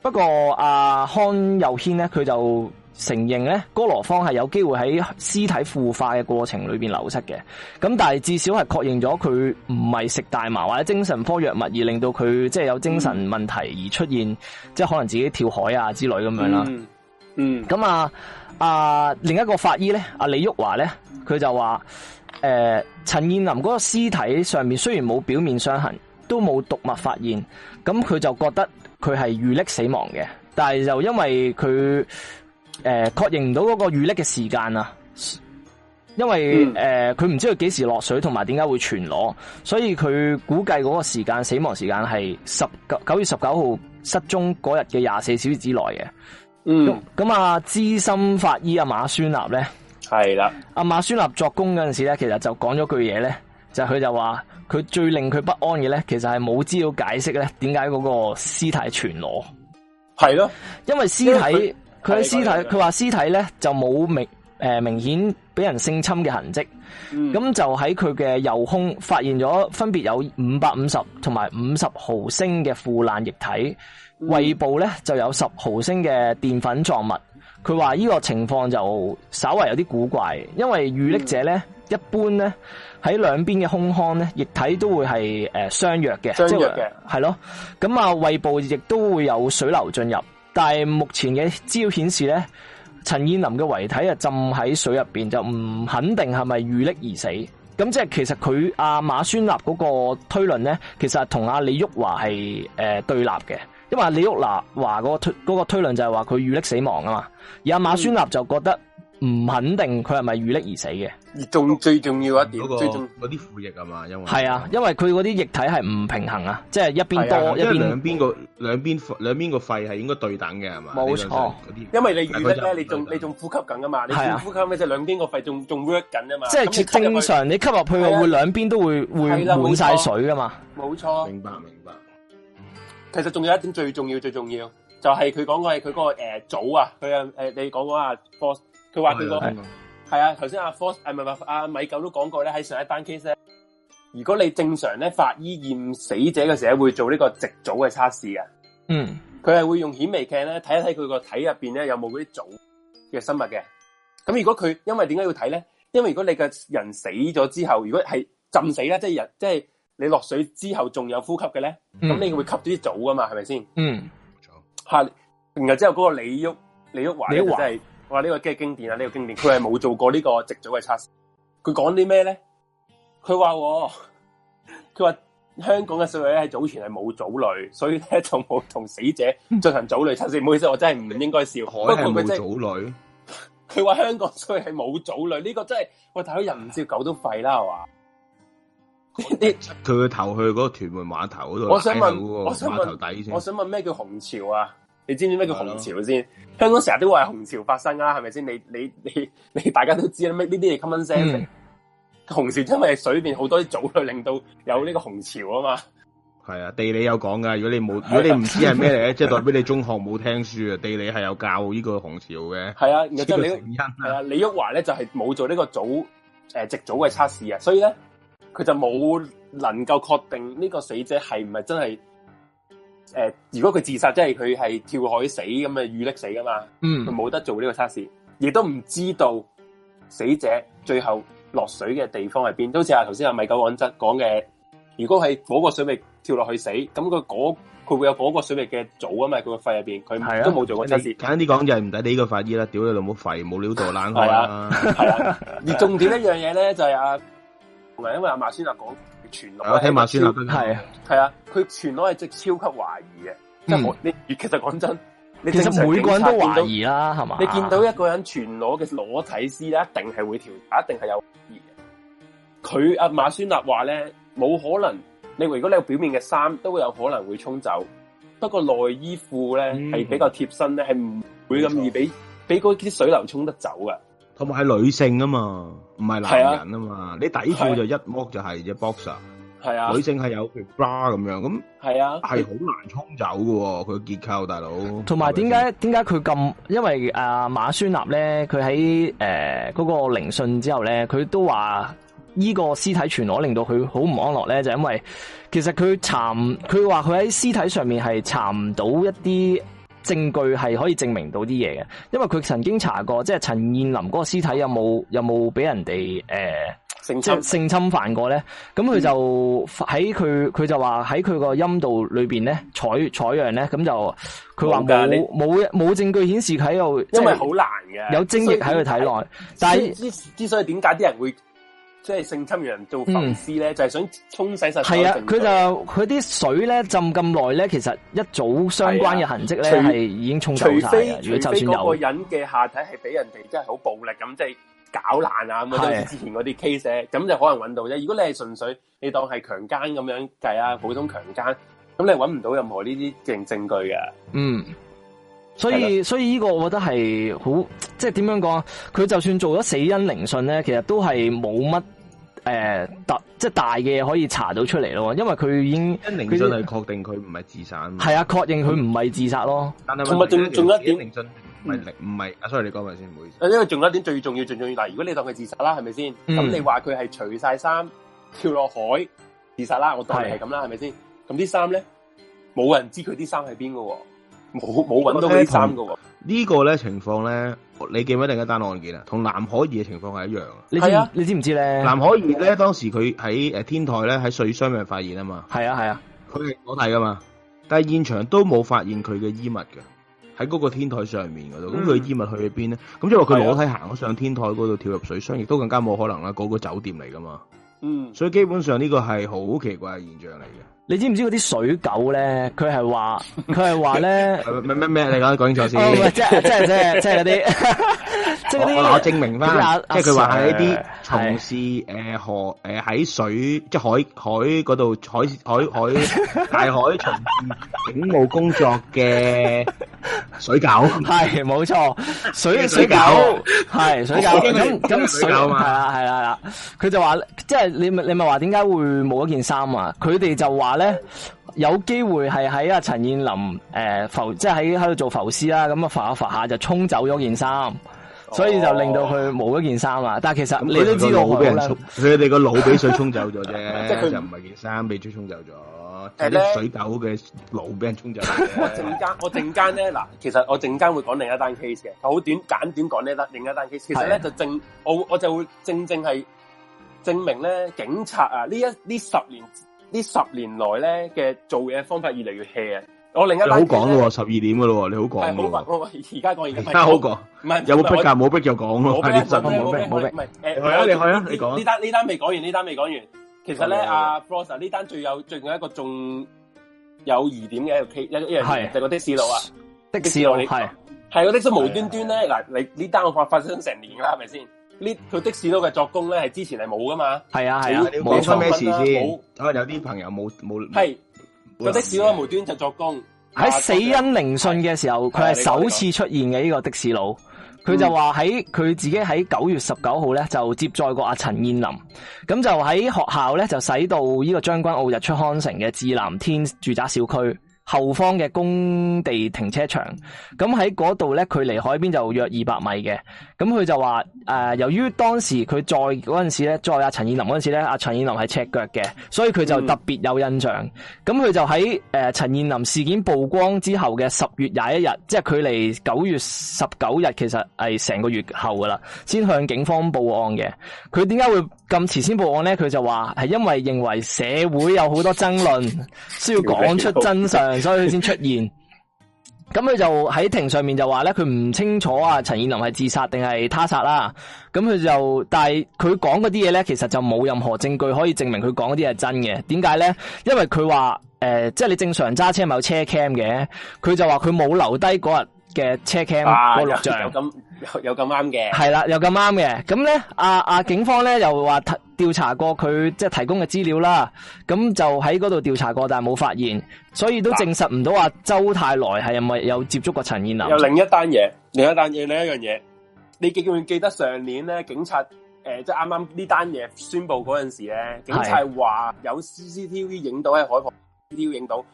不過阿康有謙咧，佢就承認咧，哥羅芳係有機會喺屍體腐化嘅過程裏邊流失嘅。咁但係至少係確認咗佢唔係食大麻或者精神科藥物而令到佢即係有精神問題而出現，嗯、即係可能自己跳海啊之類咁樣啦。嗯，咁啊。啊，另一個法醫咧，阿、啊、李旭華咧，佢就話：，誒、呃，陳彥霖嗰個屍體上面雖然冇表面傷痕，都冇毒物發現，咁佢就覺得佢係遇溺死亡嘅，但係就因為佢，誒、呃，確認唔到嗰個遇溺嘅時間啊，因為誒，佢唔、嗯呃、知佢幾時落水，同埋點解會全裸，所以佢估計嗰個時間死亡時間係十九九月十九號失蹤嗰日嘅廿四小時之內嘅。嗯，咁啊，資深法醫阿馬宣立咧，係啦的，阿馬宣立作供嗰陣時咧，其實就講咗句嘢咧，就佢、是、就話，佢最令佢不安嘅咧，其實係冇資料解釋咧，點解嗰個屍體全裸，係咯，因為屍體，佢喺屍體，佢話屍體咧就冇明誒、呃、明顯俾人性侵嘅痕跡，咁、嗯、就喺佢嘅右胸發現咗分別有五百五十同埋五十毫升嘅腐爛液體。胃部咧就有十毫升嘅澱粉狀物，佢話呢個情況就稍為有啲古怪，因為遇溺者咧、嗯、一般咧喺兩邊嘅胸腔咧液體都會係誒、呃、相若嘅，即係係咯，咁啊胃部亦都會有水流進入，但係目前嘅資料顯示咧，陳彥霖嘅遺體啊浸喺水入邊，就唔肯定係咪遇溺而死，咁即係其實佢阿、啊、馬宣立嗰個推論咧，其實同阿、啊、李旭華係誒對立嘅。因為李玉娜話嗰個推嗰個推論就係話佢遇溺死亡啊嘛，而阿馬宣立就覺得唔肯定佢係咪遇溺而死嘅。仲最重要一點，嗰啲副液啊嘛？因為係啊，因為佢嗰啲液體係唔平衡啊，即係一邊多一邊。兩邊個兩邊個肺係應該對等嘅係嘛？冇錯，因為你遇溺咧，你仲你仲呼吸緊噶嘛？你呼吸緊就兩邊個肺仲仲 work 緊啊嘛？即係正常，你吸入去會兩邊都會會滿晒水噶嘛？冇錯，明白明白。其實仲有一點最重要最重要，就係佢講過係佢個誒藻、呃、啊，佢、呃、啊你講講啊，Fox 佢話佢個係啊頭先阿 Fox 唔係唔米狗都講過咧，喺上一單 case 咧，如果你正常咧，法醫驗死者嘅時候會做呢個矽藻嘅測試啊，嗯，佢係會用顯微鏡咧睇一睇佢個體入面咧有冇嗰啲藻嘅生物嘅，咁如果佢因為點解要睇咧？因為如果你嘅人死咗之後，如果係浸死呢，嗯、即係人即係。你落水之後仲有呼吸嘅咧，咁、嗯、你會吸咗啲藻噶嘛？係咪先？嗯，係、啊。然後之後嗰個李旭，李旭華咧，真係，話呢、這個幾經典啊，呢、這個經典。佢係冇做過個直早 [LAUGHS] 呢個植藻嘅測試。佢講啲咩咧？佢話佢話香港嘅水咧係早前係冇藻類，所以咧就冇同死者進行藻類測試。唔 [LAUGHS] 好意思，我真係唔應該笑。海係冇藻類。佢話香港水係冇藻類，呢、這個真係，喂，大佬人唔笑狗都吠啦，係嘛？佢會 [LAUGHS] 你投去嗰個屯門碼頭嗰度，我想問，我想問底先，我想問咩叫紅潮啊？你知唔知咩叫紅潮先？ [LAUGHS] 香港成日都話紅潮發生啊，係咪先？你你你你大家都知啦咩？呢啲嘢 common sense。紅潮因為水面好多啲藻類，令到有呢個紅潮啊嘛。係啊，地理有講噶。如果你冇，如果你唔知係咩嚟咧，即係 [LAUGHS] 代表你中學冇聽書啊。地理係有教呢個紅潮嘅。係啊，又即係你，係啊,啊，李旭華咧就係冇做呢個藻誒、呃，直藻嘅測試啊，所以咧。佢就冇能夠確定呢個死者係唔係真係誒、呃，如果佢自殺，即係佢係跳海死咁嘅遇溺死噶嘛？嗯，佢冇得做呢個測試，亦都唔知道死者最後落水嘅地方係邊。好似阿頭先阿米狗講質講嘅，如果係嗰個水域跳落去死，咁佢嗰，佢會有嗰個水域嘅組啊嘛，佢個肺入面，佢都冇做過測試。簡單啲講就係唔抵你呢個法醫啦，屌你老母肺，冇料到懶係啊！係 [LAUGHS] 啊！啊 [LAUGHS] 而重點一樣嘢咧就係，係啊同埋，因為阿馬宣立講全裸，聽馬宣立講係啊，係啊，佢全裸係即超級懷疑嘅，嗯、即係我你其實講真，你其實每個人都懷疑啦，係嘛？你見到一個人全裸嘅裸體屍咧，一定係會調查，一定係有疑嘅。佢阿馬宣立話咧，冇可能。你如果你有表面嘅衫都會有可能會沖走，不過內衣褲咧係比較貼身咧，係唔、嗯、會咁易俾俾嗰啲水流沖得走噶。同埋係女性啊嘛。唔係男人啊嘛，啊你底褲就一剝就係只 boxer。啊，女性係有條 bra 咁樣，咁係啊，係好難沖走㗎喎，佢結構大佬。同埋點解點解，佢咁？因為阿馬宣納咧，佢喺誒嗰個聆訊之後咧，佢都話依個屍體全裸令到佢好唔安樂咧，就係、因為其實佢查，佢話佢喺屍體上面係查唔到一啲。證據係可以證明到啲嘢嘅，因為佢曾經查過，即係陳彥霖嗰個屍體有冇有冇俾人哋誒，即、呃、係性，侵 性侵犯過咧。咁佢就喺佢佢就話喺佢個陰道裏邊咧採採樣咧，咁就佢話冇冇冇證據顯示佢喺度，因為好難嘅，有精液喺佢體內。但係之之所以點解啲人會？即係性侵嘅人做浮屍咧，嗯、就係想沖洗晒所有嘅證據係、嗯、啊，佢就佢啲水咧浸咁耐咧，其實一早相關嘅痕迹咧係已經沖洗就除非如果就算有除非嗰個人嘅下體係俾人哋真係好暴力咁，即係搞爛啊咁樣、嗯、之前嗰啲 case 咁、啊、就可能搵到啫。如果你係純粹你當係強姦咁樣計啊，普通強姦咁你搵唔到任何呢啲證證據嘅。嗯，所以的所以呢個我覺得係好即係點樣講啊？佢就算做咗死因聆訊咧，其實都係冇乜。誒，特即係大嘅可以查到出嚟咯，因為佢已經林俊係確定佢唔係自殺，係啊，確認佢唔係自殺咯。但係，仲有仲有一點林俊唔係，唔係，sorry，你講埋先，唔好意思。因為仲有一點最重要，最重要，嗱，如果你當佢自殺啦，係咪先？咁你話佢係除晒衫跳落海自殺啦，我當係咁啦，係咪先？咁啲衫咧，冇人知佢啲衫喺邊噶，冇冇揾到佢啲衫噶。呢個咧情況咧。你記唔記得另一單案件啊？同藍可兒嘅情況係一樣，你知啊？你知唔知咧？藍可兒咧，當時佢喺誒，天台咧，喺水箱入面發現啊嘛。係啊係啊，佢係、啊、裸體噶嘛，但係現場都冇發現佢嘅衣物嘅，喺嗰個天台上面嗰度。咁佢、嗯、衣物去咗邊咧？咁因為佢裸體行咗上天台嗰度跳入水箱，亦都、啊、更加冇可能啦。嗰、嗰個酒店嚟噶嘛。嗯。所以基本上呢個係好奇怪嘅現象嚟嘅。你知唔知嗰啲水狗咧？佢係話，佢係話咧，咩咩咩？你講講清楚先。即係即係即係即係嗰啲，即係嗰啲我證明翻，即係佢話係一啲從事誒河誒喺水即係海海嗰度海海海大海從事警務工作嘅水狗。係冇錯，水水狗係水狗。咁咁水係啦係啦係啦，佢就話即係你咪你咪話點解會冇一件衫啊？佢哋就話。咧有機會係喺阿陳彥霖誒浮，即係喺喺度做浮屍啦，咁啊浮下浮下就沖走咗件衫，oh. 所以就令到佢冇咗件衫啦，但係其實你都知道，冇佢哋個腦俾水沖走咗啫， [LAUGHS] 即他就唔係件衫俾水沖走咗，係啲 [LAUGHS] 水狗嘅腦俾人沖走 [LAUGHS] 我間。我陣間我陣間咧嗱，其實我陣間會講另一單 case 嘅，好短簡短講呢一單另一單 case，其實咧的就正我我就會正正係證明咧警察啊呢一呢十年，呢十年來咧嘅做嘢方法越嚟越 hea，我另一單好講喎，十二點嘅咯，你好講嘅喎。我問，我而家講，而家好講。唔係有冇逼噶？冇逼就講咯。冇逼，冇逼，冇逼。唔係，啊，你去啊，你講。呢單呢單未講完，呢單未講完。其實咧，阿 Fox 呢單最有最近一個仲有疑點嘅一個 case，一一樣嘢就嗰啲的士佬啊，的士佬你講。係我啲都無端端咧，嗱，你呢單案發發生成年噶啦，係咪先？呢佢的士佬嘅作工咧，係之前係冇噶嘛？係啊係啊，冇出咩事先。有啲朋友冇冇。係是没的士佬無端就作工。喺死因聆訊嘅時候，佢係是首次出現嘅呢個的士佬。佢、啊、就話喺佢自己喺九月十九號咧，就接載過阿陳彥霖。咁、嗯、就喺學校咧，就駛到呢個將軍澳日出康城嘅智南天住宅小區後方嘅工地停車場。咁喺嗰度咧，距離海邊就約二百米嘅。咁佢就話誒、呃，由於當時佢喺嗰陣時咧，喺阿陳彥霖嗰陣時咧，阿陳彥霖係赤腳嘅，所以佢就特別有印象。咁佢、嗯、就喺誒陳彥霖事件曝光之後嘅十月廿一日，即係距離九月十九日其實係成個月後噶啦，先向警方報案嘅。佢點解會咁遲先報案咧？佢就話係因為認為社會有好多爭論， [LAUGHS] 需要講出真相，所以佢先出現。 [LAUGHS] 咁佢就喺庭上面就話咧，佢唔清楚啊，陳彥霖係自殺定係他殺啦、啊。咁佢就，但係佢講嗰啲嘢咧，其實就冇任何證據可以證明佢講嗰啲係真嘅。點解咧？因為佢話誒、即、呃、係、就是、你正常揸車咪有車 cam 嘅，佢就話佢冇留低嗰日。嘅車 cam 個錄像有咁有咁啱嘅係啦，有咁啱嘅咁咧，阿阿、啊啊、警方咧又話調查過佢即係提供嘅資料啦，咁就喺嗰度調查過，但係冇發現，所以都證實唔到話周泰來係有冇有接觸過陳彥霖。又另一單嘢，另一單嘢，另一樣嘢。你記唔記得上年咧、呃，警察誒即係啱啱呢單嘢宣佈嗰陣時咧，警察話有 CCTV 影到喺海旁影到。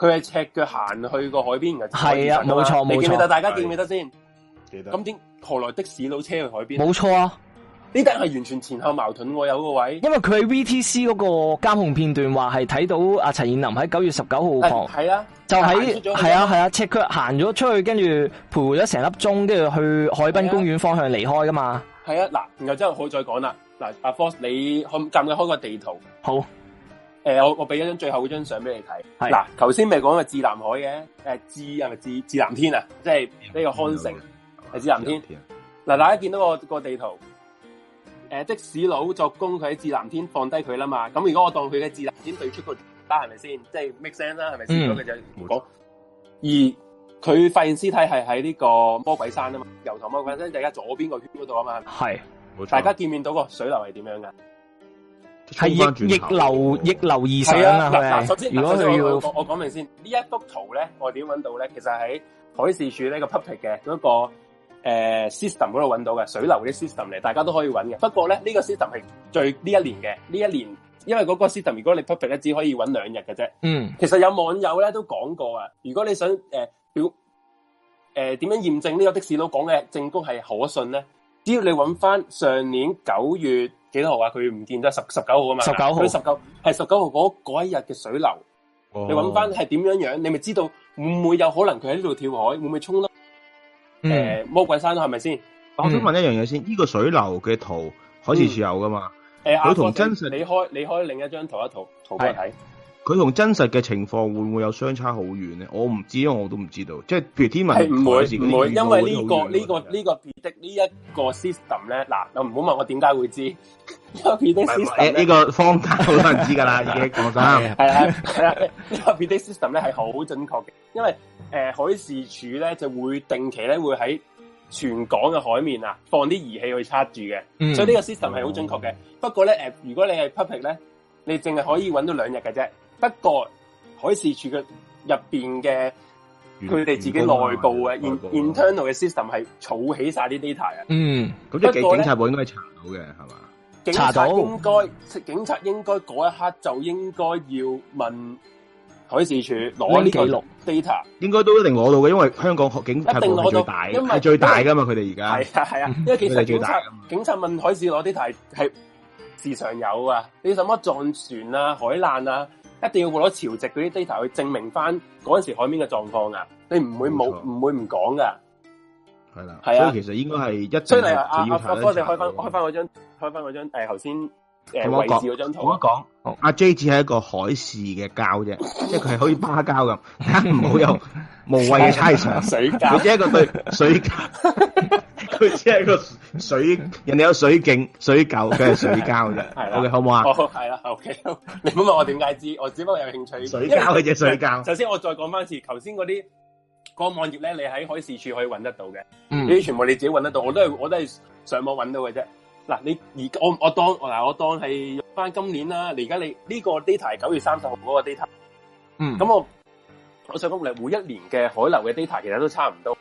佢係赤腳行去個海邊噶，係啊，冇錯冇錯。錯你得對大家記唔記得先？記得對。咁點何來的士佬車去海邊？冇錯啊！呢單係完全前後矛盾，有個位。因為佢喺 V T C 嗰個監控片段話係睇到阿陳彥霖喺九月十九號傍，係啊，就喺在係啊係啊，啊，赤腳行咗出去，跟住徘徊咗成粒鐘，跟住去海濱公園方向離開噶嘛。係啊，嗱，然後之後可以再講啦。嗱、啊，阿 Fox，你開撳唔撳開個地圖？好。誒、呃，我我俾一張最後嗰張相俾你睇。係嗱是，頭先咪講咪志南海嘅，誒志係咪志志南天啊？即係呢個康城係志南天。嗱，大家見到個個地圖，誒的士佬作供佢喺志南天放低佢啦嘛。咁如果我當佢嘅志南天對出個圖啦，係咪先？即係 make sense 啦，係咪先？咁佢就講。而佢發現屍體係喺呢個魔鬼山啊嘛，油塘魔鬼山大家左邊個圈嗰度啊嘛。係，冇錯。大家見面到個水流係點樣噶？係逆逆流逆、哦、流而上啊！係咪是？首先如果要我講明先，這一呢一幅圖咧，我點搵到咧？其實喺海事處呢、那個 public 嘅嗰個誒 system 嗰度搵到嘅水流啲 system 嚟，大家都可以搵嘅。不過咧，呢、這個 system 係最呢一年嘅，呢一年因為嗰個 system 如果你 public 咧，只可以搵兩日嘅啫。嗯，其實有網友咧都講過啊，如果你想誒、呃、表誒點、呃、樣驗證呢個的士佬講嘅證供係可信咧，只要你搵翻上年九月。幾多號啊？佢唔見得十十九號啊嘛，佢十九係十九號嗰嗰一日嘅水流，oh. 你揾翻係點樣樣，你咪知道唔會有可能佢喺呢度跳海，會唔會沖到誒魔鬼山咯？係咪先？Mm. 我想問一樣嘢先，呢、這個水流嘅圖海事處有噶嘛？誒，佢同真實，你開你開另一張圖一圖，圖俾我睇。佢同真實嘅情況會唔會有相差好遠咧？我唔知，我都唔知道。即係譬如天文，係唔會唔會，這個這個這個會，因為系統系統呢個呢 [LAUGHS] [LAUGHS] [LAUGHS] 個系統系統呢個 p d 呢一個 system 咧，嗱，唔好問我點解會知。呢個 p d system 呢個方法好多人知噶啦，已經講曬。係啊係啊，呢個 p d system 咧係好準確嘅，因為誒、呃、海事處咧就會定期咧會喺全港嘅海面啊放啲儀器去測住嘅，嗯、所以呢個 system 係好準確嘅。嗯、不過咧、呃、如果你係 public 咧，你淨係可以揾到兩日嘅啫。不過海事處嘅入邊嘅佢哋自己內部嘅 internal 嘅 system 係儲起晒啲 data 啊，嗯，咁即係警察部應該係查到嘅係嘛？是吧，查到應該警察應該嗰、嗯、一刻就應該要問海事處攞呢個 data，應該都一定攞到嘅，因為香港警警察部最大，係因為最大噶嘛，佢哋而家係啊係啊，因為警察最大，警察問海事攞 data 係時常有啊，你什麼撞船啊、海難啊。一定要攞潮汐嗰啲 data 去證明翻嗰陣時海面嘅狀況啊！你唔會冇，唔錯會唔講噶，係啦了，係是啊，其實應該係一，所以你阿阿哥，你開翻開翻嗰張，開翻嗰張誒頭先。欸誒，我講嗰張圖，我講阿 J 只係一個海事嘅膠啫，即係佢係可以巴膠咁，唔好有無謂嘅猜想，水膠，佢只係一個對水膠，佢只係個水，人哋有水鏡、水膠，佢係水膠啫，係，OK，好唔好啊？係啦，OK，你唔好問我點解知，我只不過有興趣水膠佢就水膠。首先我再講翻一次，頭先嗰啲個網頁咧，你喺海事處可以揾得到嘅，呢啲全部你自己揾得到，我都係我都係上網揾到嘅啫。嗱，你而我我當嗱，我當係翻今年啦。你而家你呢個 data 九月三十號嗰個 data，嗯，咁我我想講嘅每一年嘅海流嘅 data 其實都差唔多。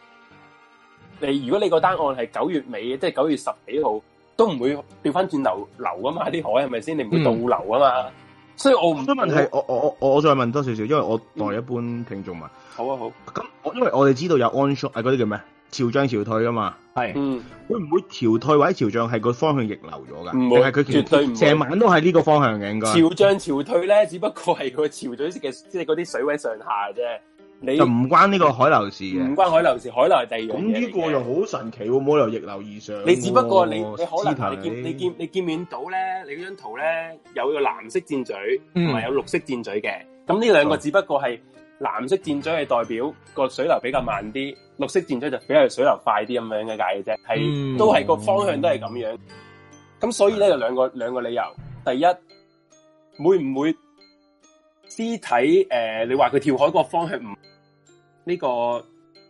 你如果你個單案係九月尾，即係九月十幾號，都唔會掉翻轉流流啊嘛，啲海係咪先？你唔會倒流啊嘛。嗯、所以我唔得問題，我我我我再問多少少，因為我代一般聽眾嘛。好啊好，咁我因為我哋知道有 onshore 嗰啲叫咩？潮漲潮退啊嘛，係是，佢唔、嗯、會潮退或者潮漲，係個方向逆流咗嘅，唔係佢，絕對唔，成晚都係呢個方向嘅應該。潮漲潮退咧，只不過係個潮水嘅，即係嗰啲水位上下啫。你就唔關呢個海流事，嘅，唔關海流事，海流係地嘅。咁呢個又好神奇喎、啊，冇理由逆流而上、啊。你只不過你，你可能你見你見你見面到咧，你嗰張圖咧有個藍色箭嘴，同埋有綠色箭嘴嘅。咁呢、嗯、兩個只不過係。藍色箭嘴係代表個水流比較慢啲，綠色箭嘴就比較水流快啲咁樣嘅解嘅啫，係、嗯、都係個方向都係咁樣。咁所以咧有兩個兩個理由，第一會唔會屍體誒、呃？你話佢跳海嗰個方向唔、這個，呢個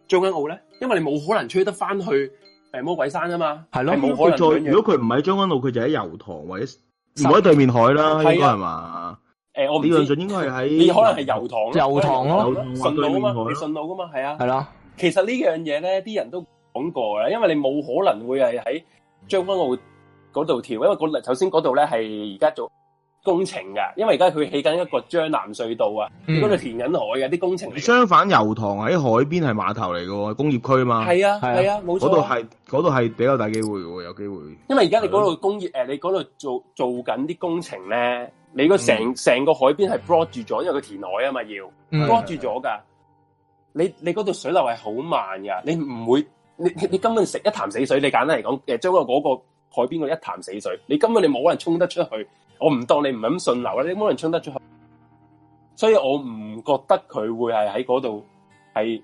將軍澳咧？因為你冇可能吹得翻去誒、呃、魔鬼山啊嘛，係咯吧？冇可能他。如果佢唔喺將軍澳，佢就喺油塘或者唔喺對面海啦，是的應該係嘛？是誒，我呢樣應該係喺你可能係油塘，油塘咯，順路啊嘛，你順路噶嘛，係啊，係咯。其實呢樣嘢咧，啲人都講過啦，因為你冇可能會係喺將軍澳嗰度跳，因為首先嗰度咧係而家做工程噶，因為而家佢起緊一個江南隧道啊，嗰度填緊海啊，啲工程。相反，油塘喺海邊係碼頭嚟嘅，工業區啊嘛。係啊，係啊，冇錯。嗰度係嗰度係比較大機會嘅，有機會。因為而家你嗰度工業誒，你嗰度做做緊啲工程咧。你個成成個海邊係 block 住咗，因為個填海啊嘛，要、嗯、block 住咗噶。你你嗰度水流係好慢噶，你唔會，你你根本食一潭死水。你簡單嚟講，誒，將個嗰個海邊一潭死水，你根本你冇可能沖得出去。我唔當你唔咁順流呀，你冇可能冲得出去。所以我唔覺得佢會係喺嗰度係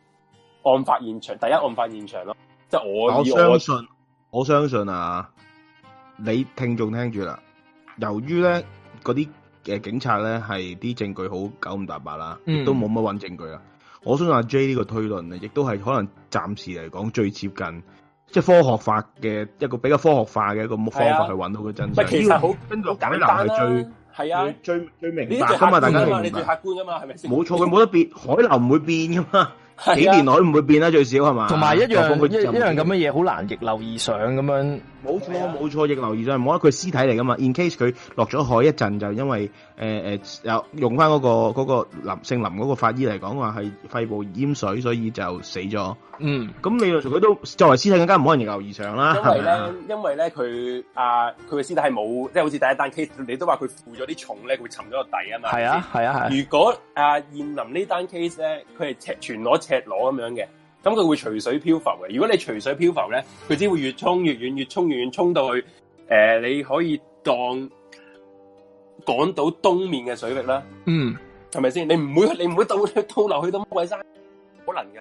案發現場，第一案發現場咯。即、就、係、是、我我,我相信，我相信啊，你聽眾聽住啦、啊。由於咧。嗰啲誒警察咧係啲證據好九唔搭八啦，亦都冇乜揾證據啊！我相信阿 J 呢個推論啊，亦都係可能暫時嚟講最接近，即係科學化嘅一個比較科學化嘅一個方法去揾到個真相。咪其實好跟住海流係最係啊，最最明白㗎嘛，啊、大家明白？你最客觀㗎、啊、嘛，係咪先？冇錯，佢冇得變，海流唔會變㗎嘛。幾年內唔會變得、啊、最少係嘛？同埋一樣一一樣咁嘅嘢，好難逆流而上咁樣。冇錯冇錯，逆流而上，冇得佢屍體嚟噶嘛。In case 佢落咗海一陣，就因為。誒有、呃、用翻嗰、嗰個嗰、嗰個林姓林嗰個法醫嚟講話係肺部淹水，所以就死咗。嗯，咁你佢都作為屍體更加唔可能逆流而上啦。因為呢，吧因為咧，佢啊，佢嘅屍體係冇即係好似第一單 case，你都話佢負咗啲重咧，會沉咗個底啊嘛。係啊，係啊，啊如果啊，燕林呢單 case 咧，佢係赤全裸赤裸咁樣嘅，咁佢會隨水漂浮嘅。如果你隨水漂浮咧，佢只會越衝越遠，越衝越遠，衝到去誒、呃，你可以當。趕到東面嘅水域啦，嗯，係咪先？你唔會，你唔會倒倒流去到魔鬼山？可能嘅，呢、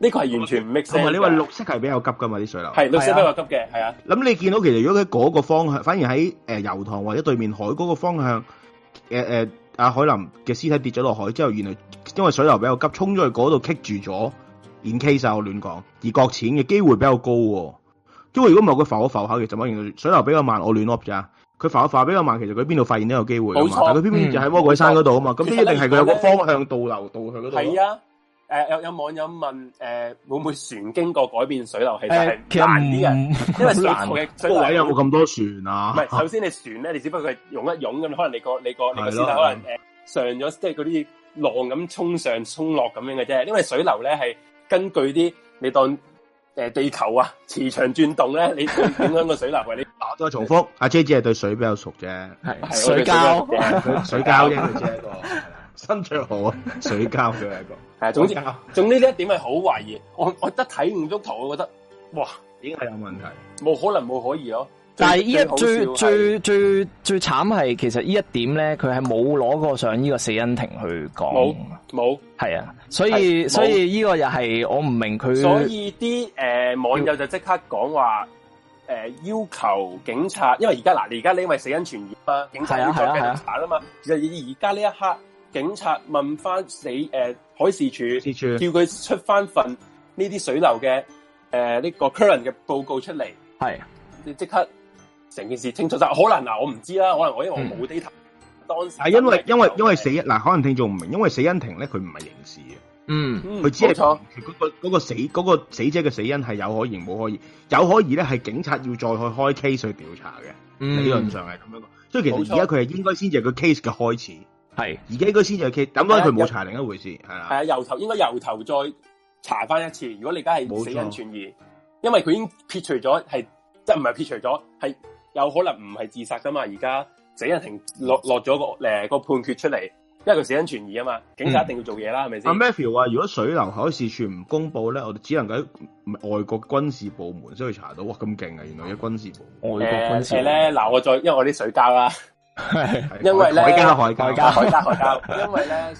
這個係完全唔 make sense。同埋你話綠色係比較急㗎嘛，啲水流係綠色比較急嘅，係啊。咁、啊、你見到其實如果喺嗰個方向，反而喺誒、呃、油塘或者對面海嗰個方向，誒、呃、誒，阿、呃、海林嘅屍體跌咗落海之後，原來因為水流比較急，衝咗去嗰度棘住咗，淹 K 晒我亂講，而擱淺嘅機會比較高喎、啊。因為如果唔係佢浮下浮口其實我認為水流比較慢，我亂 lock 咋。佢浮一浮比較慢，其實佢邊度發現都有機會啊嘛。但佢偏偏就喺魔鬼山嗰度啊嘛。咁呢，一定係佢有個方向導流到去嗰度。係啊，誒有有網友問，誒會唔會船經過改變水流係難啲啊？因為水嗰位有冇咁多船啊？唔係，首先你船咧，你只不過係湧一湧咁，可能你個你個你個先頭可能誒上咗，即係嗰啲浪咁沖上沖落咁樣嘅啫。因為水流咧係根據啲你當。誒，地球啊，磁場轉動咧，你點樣個水流？方、 [LAUGHS] 啊？你打都係重複。阿 J 只係對水比較熟啫，係水膠水， [LAUGHS] 水膠啫，佢一個身長好啊，水膠佢一個係啊。總之，膠總呢一點係好懷疑。我我得睇唔足圖我覺得哇，已經係有問題，冇可能冇可疑咯。但係依一最最最係最慘係，其實呢一點咧，佢係冇攞過上呢個死因庭去講，冇，冇，係啊，所以所以依個又係我唔明佢，所以啲誒、呃、網友就即刻講話，誒、呃、要求警察，因為而家嗱，呃、你而家呢因為死因傳染啊，警察呢個嘅警查啊嘛，啊啊啊其實而家呢一刻，警察問翻死誒、呃、海事處，處叫佢出翻份呢啲水流嘅誒呢個 current 嘅報告出嚟，係、啊，你即刻。成件事清楚晒，可能嗱我唔知啦，可能我因為我冇 detail 當時。係因為因為因為死嗱，可能聽眾唔明，因為死因庭咧佢唔係刑事嘅，嗯，佢只係嗰個個死個死者嘅死因係有可疑，冇可疑，有可疑咧係警察要再去開 case 去調查嘅，理論上係咁樣，所以其實而家佢係應該先至係個 case 嘅開始，係而家應該先至係 case，咁當佢冇查另一回事，係啦。係啊，由頭應該由頭再查翻一次。如果你而家係死因存疑，因為佢已經撇除咗係，即係唔係撇除咗係。有可能唔係自殺噶嘛？而家死因庭落落咗個誒、呃、個判決出嚟，因為佢死因存疑啊嘛。警察一定要做嘢啦，係咪先？阿 Matthew 話：如果水流海事處唔公佈咧，我哋只能夠喺外國軍事部門先去查到。哇，咁勁啊！原來有軍事部門外國軍事咧，嗱、呃、我再因為我啲水膠啦， [LAUGHS] 因為咧海膠海膠海膠海膠，因為咧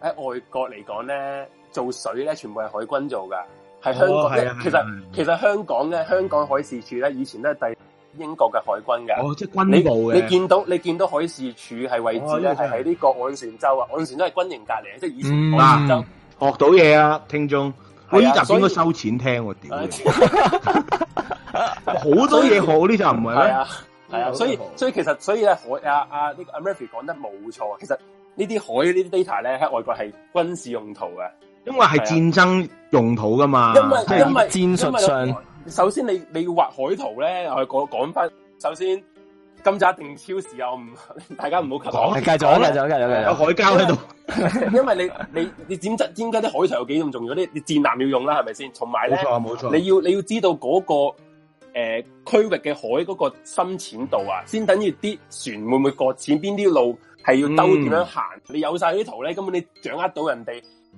喺外國嚟講咧，做水咧全部係海軍做噶，係香港、哦啊、其實、啊、其實香港咧，香港海事處咧，以前都係第。英國嘅海軍嘅，哦，即係軍部嘅，你你見到你見到海事處係位置咧，係喺呢個昂船洲啊，昂船洲係軍營隔籬，即係以前昂船洲學到嘢啊，聽眾，我呢集應該收錢聽喎，屌，好多嘢學呢集唔係咩？係啊，所以所以其實所以咧海啊啊呢個 America 講得冇錯，其實呢啲海呢啲 data 咧喺外國係軍事用途嘅，因為係戰爭用途噶嘛，即係戰術上。首先你你要畫海圖咧，我講講翻。首先今集一定超時啊！我唔，大家唔好及講，繼續，繼吧續，繼為續，有海交喺度，因為， [LAUGHS] 因為你你你點知點解啲海圖有幾咁重要咧？你戰艦要用啦，係咪先？同埋咧，冇錯，你要你要知道嗰、那個誒區、呃、域嘅海嗰個深淺度啊，先等於啲船會唔會擱淺？邊啲路係要兜？點、嗯、樣行？你有晒啲圖咧，根本你掌握到人哋。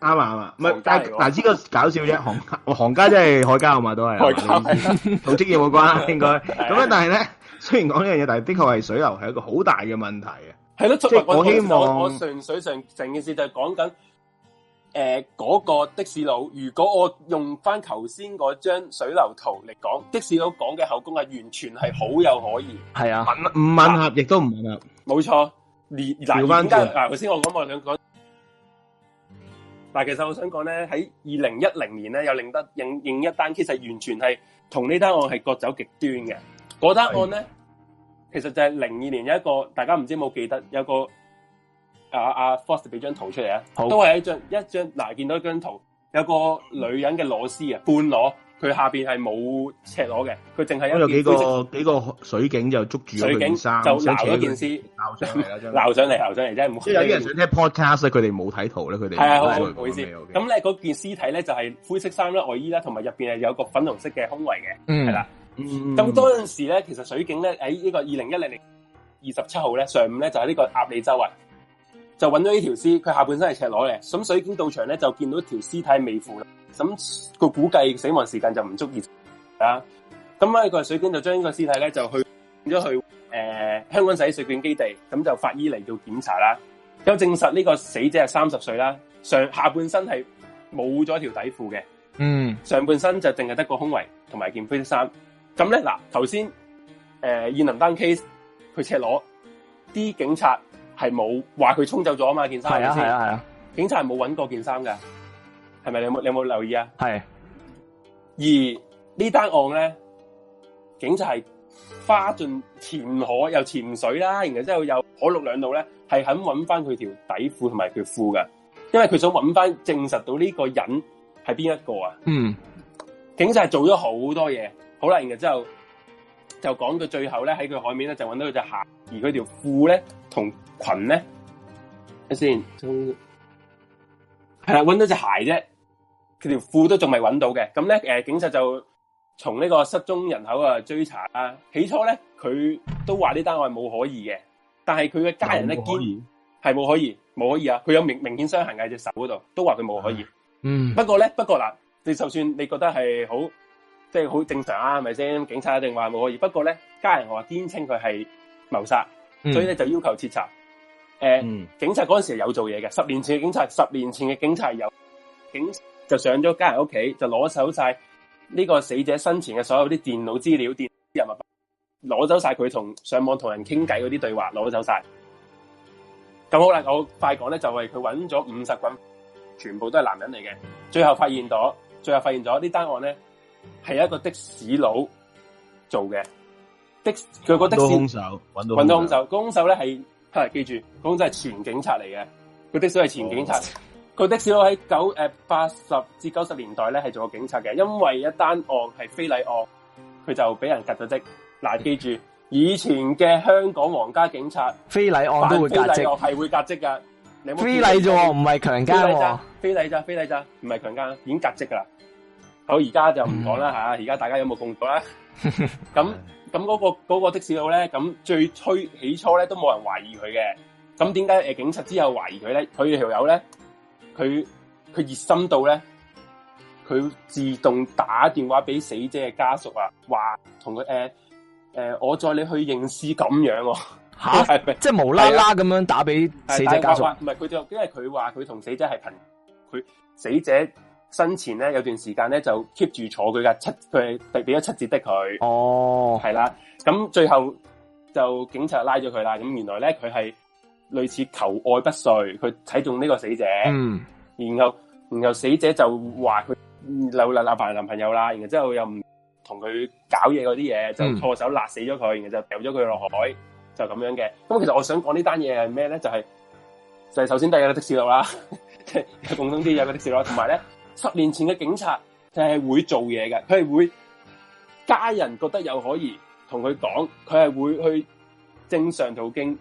啱啊，啱唔係，但但係呢個搞笑啫，行行家即係海家啊嘛，都係同職業冇關，應該咁啊。但係咧，雖然講呢樣嘢，但係的確係水流係一個好大嘅問題啊。係咯，我希望我純粹上成件事就係講緊誒嗰個的士佬。如果我用翻頭先嗰張水流圖嚟講，的士佬講嘅口供係，完全係好有可疑。係啊，唔吻合，亦都唔吻合。冇錯，調翻頭先我講，我想講。但其實我想講咧，喺二零一零年咧，又令得認認一單，其實完全係同呢單案係各走極端嘅。嗰單案咧，是的其實就係零二年有一個，大家唔知道有冇記得，有個阿阿 Fox 俾張圖出嚟啊，好都係一張一張，嗱、啊、見到一張圖，有個女人嘅裸屍啊，半裸。佢下邊係，冇赤裸嘅，佢淨係有幾個幾個水警就捉住咗佢件衫，就撈咗件屍撈上嚟啦，撈上嚟，撈上嚟真係。即係有啲人想聽 podcast，佢哋冇睇圖咧，佢哋係啊，好，唔好意思。咁咧，件屍體咧就係灰色衫啦，外衣啦，同埋入邊係有個粉紅色嘅胸圍嘅，係啦，咁多陣時咧，其實水警咧喺呢個二零一零年二十七號咧上午咧就喺呢個鴨脷洲啊，就搵到呢條屍，佢下半身係赤裸嘅，咁水警到場咧就見到條屍體未腐。咁個估計死亡時間就唔足以。啊！咁咧個水警就將呢個屍體咧就去咗去誒、呃、香港仔水警基地，咁就法醫嚟做檢查啦。有證實呢個死者係三十歲啦，上下半身係冇咗條底褲嘅，嗯，上半身就淨係得個胸圍同埋件灰色衫。咁咧嗱，頭先誒彥霖單 case 佢赤裸，啲警察係冇話佢沖走咗啊嘛件衫，係啊係啊係啊，啊啊警察係冇揾過件衫嘅。係咪你有冇你有冇留意啊？係是。而這呢單案咧，警察係花盡潛河又潛水啦，然之後又海陸兩度咧，係肯揾翻佢條底褲同埋佢褲噶，因為佢想揾翻證實到呢個人係邊一個啊？嗯，警察係做咗好多嘢，好啦，然之後就講到最後咧，喺佢海面咧就揾到佢隻鞋，而佢條褲咧同裙咧，一先，係啦，揾到隻鞋啫。佢條褲都仲未揾到嘅，咁咧，誒、呃，警察就從呢個失蹤人口啊追查啦。起初咧，佢都話呢單案冇可疑嘅，但係佢嘅家人咧堅係冇可疑冇可，可疑啊！佢有明明顯傷痕喺隻手嗰度，都話佢冇可疑。嗯，不呢，不過咧，不過嗱，你就算你覺得係好，即係好正常啊，係咪先？警察一定話冇可疑，不過咧，家人話話堅稱佢係謀殺，嗯、所以咧就要求徹查。誒、呃嗯，警察嗰陣時係有做嘢嘅，十年前嘅警察，十年前嘅警察有警。就上咗家人屋企，就攞走晒呢個死者生前嘅所有啲電腦資料、電話簿。攞走晒佢同上網同人傾偈嗰啲對話，攞走晒。咁好啦，我快講咧，就係佢揾咗五十棍，全部都係男人嚟嘅。最後發現咗，最後發現咗呢單案咧係一個的士佬做嘅的，佢個的士佬揾到兇手，揾到兇手，兇手咧係，係記住，兇手係前警察嚟嘅，佢的士係前警察。哦個的士佬喺九誒八十至九十年代咧係做過警察嘅，因為一單案係非禮案，佢就俾人革咗職。嗱、啊，記住以前嘅香港皇家警察，非禮案都會革職，係會革職噶。非禮咋？唔係強姦非禮咋？非禮咋？唔係強姦，已經革職噶啦。好，而家就唔講啦吓，而家、嗯、大家有冇共過啦？咁咁嗰個、那個的士佬咧，咁最，最初起初咧都冇人懷疑佢嘅，咁點解誒警察之後懷疑佢咧？佢條友咧？佢佢熱心到咧，佢自動打電話俾死者嘅家屬啊，話同佢誒誒，我載你去認屍咁樣，吓，即係無啦啦咁樣打俾死者家屬，唔係佢就因為佢話佢同死者係朋，佢死者生前咧有段時間咧就 keep 住坐佢嘅七，佢係俾咗七折的佢，哦，係啦，咁最後就警察拉咗佢啦，咁原來咧佢係。類似求愛不遂，佢睇中呢個死者，嗯、然後然後死者就話佢有啦，鬧煩男朋友啦，然後之後又唔同佢搞嘢嗰啲嘢，嗯、就錯手辣死咗佢，然後就掉咗佢落海，就咁樣嘅。咁其實我想講呢單嘢係咩咧？就係、是、就係、是、首先第一個的士佬啦，係 [LAUGHS] 共通啲有個的士佬，同埋咧十年前嘅警察就係會做嘢嘅，佢係會家人覺得有可疑同佢講，佢係會去正常途徑。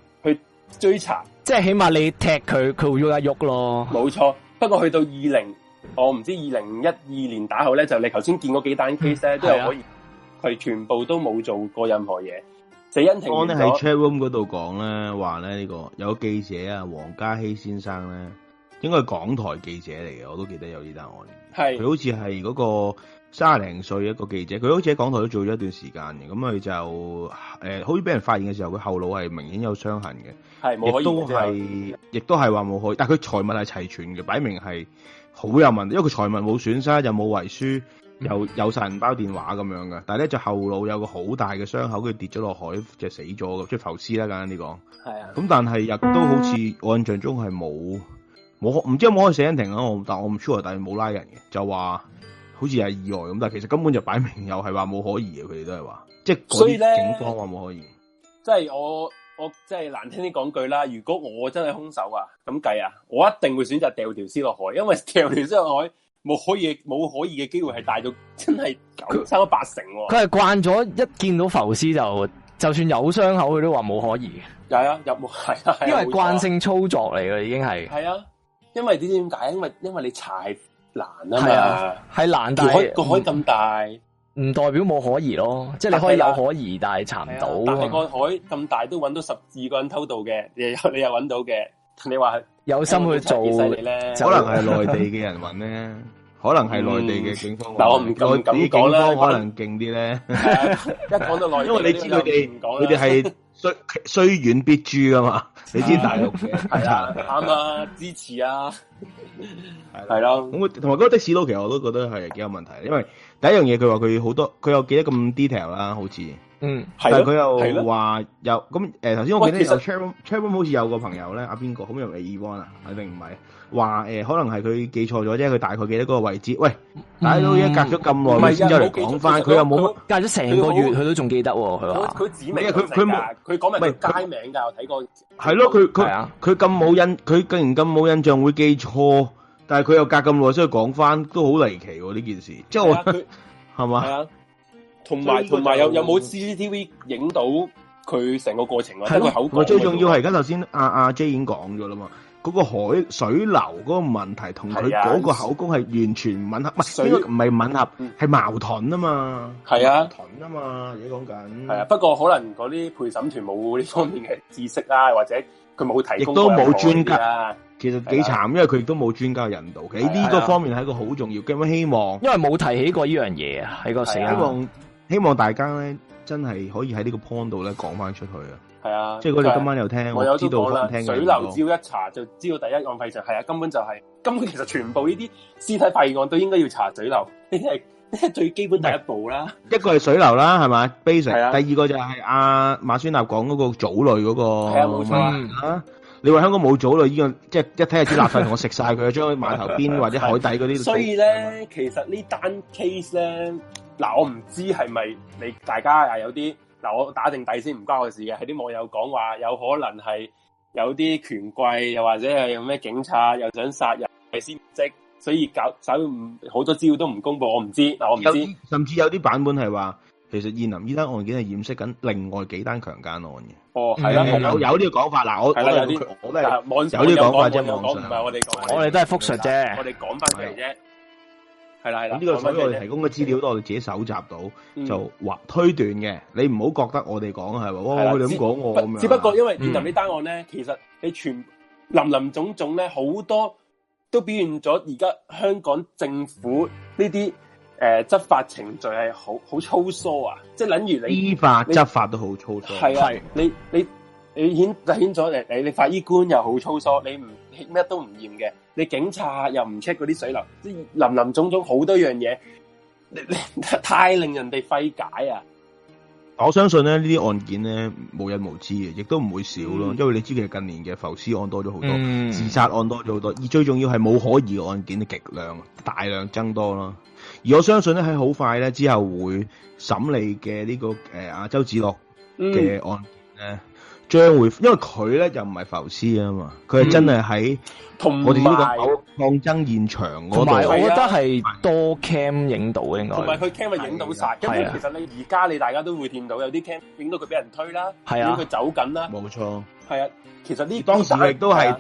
追查，即係起碼你踢佢，佢會喐一喐咯。冇錯，不過去到二零，我唔知二零一二年打後咧，就你頭先見過幾單 case 咧，嗯、都係可以，佢、啊、全部都冇做過任何嘢。死因庭咧喺 chat room 嗰度講咧，話咧呢、這個有記者啊，黃家熙先生咧，應該係港台記者嚟嘅，我都記得有呢單案。係佢是好似係嗰個。三廿零歲一個記者，佢好似喺港台都做咗一段時間嘅，咁佢就誒、呃，好似俾人發現嘅時候，佢後腦係明顯有傷痕嘅，係冇亦都係，亦都係話冇去。但係佢財物係齊全嘅，擺明係好有問題，因為佢財物冇損失，又冇遺書，又有晒銀包、電話咁樣嘅，但係咧就後腦有個好大嘅傷口，佢跌咗落海就死咗，即係浮屍啦，簡單啲講。係啊，咁的但係亦都好似我印象中係冇冇，唔知道有冇可以死因庭啊？我，但我唔出嚟，但係冇拉人嘅，就話。好似係意外咁，但係其實根本就擺明又係話冇可疑嘅，佢哋都係話，即係嗰啲警方話冇可疑。即係以我我即係難聽啲講句啦，如果我真係凶手啊，咁計啊，我一定會選擇掉條屍落海，因為掉條屍落海冇可以冇可疑嘅機會係大到真係他差唔多八成，啊。佢係慣咗一見到浮屍就，就算有傷口佢都話冇可疑。係啊， [LAUGHS] 有冇係啊？因為慣性操作嚟嘅已經係。係啊，因為點點解？因為因為你踩。難啊嘛，係難，但係個海咁大，唔代表冇可疑咯。即係你可以有可疑，但係查唔到。但係個海咁大都搵到十二個人偷渡嘅，你又你又搵到嘅。你話有心去做，可能係內地嘅人搵咧，可能係內地嘅警方。但我唔敢咁講啦，可能勁啲咧。一講到內地，因為你知佢哋唔講，佢哋係。雖遠必誅啊嘛，你知大陸，嘅係，啊啱啊。 [LAUGHS] 支持啊，係係咯，咁同埋嗰個的士佬其實我都覺得係幾有問題，因為第一樣嘢佢話佢好多，佢有記得咁 detail 啦，好似。嗯，但係佢又話有咁誒，頭先我記得其實 Cherwin，Cherwin 好似有個朋友咧，阿邊個，好唔好又係 Ewan 啊，係定唔係？話誒，可能係佢記錯咗啫，佢大概記得嗰個位置。喂，大家都已經隔咗咁耐先再嚟講翻，佢又冇隔咗成個月，佢都仲記得喎，佢話，即係佢佢冇，佢講明係街名噶，我睇過。係咯，佢佢佢咁冇印，佢竟然咁冇印象會記錯，但係佢又隔咁耐，所以講翻都好離奇呢件事。即係我，係嘛？同埋同埋有有冇 CCTV 影到佢成個過程啊？係咯，我最重要係而家頭先阿阿 J 已經講咗啦嘛，嗰個海水流嗰個問題同佢嗰個口供係完全吻合，唔係唔係吻合，係矛盾啊嘛。係啊，矛盾啊嘛，而家講緊係啊。不過可能嗰啲陪審團冇呢方面嘅知識啦，或者佢冇提供亦都冇專家。其實幾慘，因為佢亦都冇專家人道。嘅呢個方面係一個好重要，咁希望。因為冇提起過呢樣嘢啊，喺個死。希望。希望大家咧，真係可以喺呢個 point 度咧講翻出去啊！係啊，即係如果你今晚又聽，我知道我聽嘅。水流只要一查就知道第一案費就係啊，根本就係根本其實全部呢啲屍體發現案都應該要查水流，呢啲係最基本第一步啦。一個係水流啦，係咪 basic？第二個就係阿馬孫納講嗰個藻類嗰個，係冇錯啊！你話香港冇藻類，呢個即係一睇下知垃圾同我食晒佢，將佢碼頭邊或者海底嗰啲。所以咧，其實呢單 case 咧。嗱，我唔知係咪你大家啊有啲嗱，我打定底先唔關我的事嘅，係啲網友講話有可能係有啲權貴又或者係有咩警察又想殺人係先職，即所以搞手唔好多資料都唔公布，我唔知嗱，我唔知道些甚至有啲版本係話，其實彥霖呢單案件係掩飾緊另外幾單強姦案嘅。哦，係啦，有些有呢個講法嗱，是是我有我都係有呢個講法啫，是的我唔係我哋講，我哋都係復述啫，我哋講翻嚟啫。 [LAUGHS] [LAUGHS] 係啦，咁呢個所以我哋提供嘅資料都我哋自己搜集到，嗯、就話推斷嘅。你唔好覺得我哋講係喎，佢咁講我咁樣。只不過因為你你單呢家啲答案咧，嗯、其實你全林林總總咧，好多都表現咗而家香港政府呢啲誒執法程序係好好粗疏啊！即係等於你依法你你執法都好粗疏。你你。你你顯顯咗，嚟，你你法醫官又好粗疏，你唔咩都唔驗嘅，你警察又唔 check 嗰啲水流，即係林林總總好多樣嘢，太令人哋費解啊！我相信咧呢啲案件咧無影無蹤嘅，亦都唔會少咯。嗯、因為你知其實近年嘅浮屍案多咗好多，嗯、自殺案多咗好多，而最重要係冇可疑嘅案件嘅極量大量增多咯。而我相信咧喺好快咧之後會審理嘅、這個呃、呢個誒阿周梓樂嘅案咧。嗯將會因為佢咧就唔係浮屍啊嘛，佢係真係喺同我哋呢個抗爭現場。同埋我覺得係多 cam 影到嘅，應該唔係佢 cam 咪影到晒，根本其實你而家你大家都會見到有啲 cam 影到佢俾人推啦，影佢走緊啦。冇錯，係啊。其實呢當時亦都係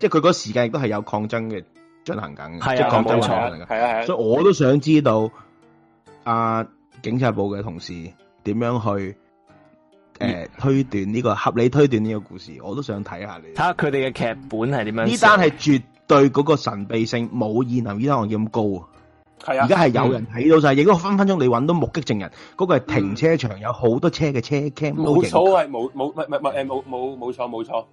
即係佢嗰時間亦都係有抗爭嘅進行緊嘅，即係抗爭運動嚟嘅。係啊，係所以我都想知道阿警察部嘅同事點樣去。誒、呃，推斷呢、這個合理推斷呢個故事，我都想睇下你。睇下佢哋嘅劇本係點樣。呢單係絕對嗰個神秘性冇異能，異能王咁高是啊！係啊，而家係有人睇到晒，亦都、嗯、分分鐘你搵到目擊證人，嗰、那個係停車場、嗯、有好多車嘅車 cam 冇錯，係冇冇，係係，誒，冇冇冇錯，冇錯。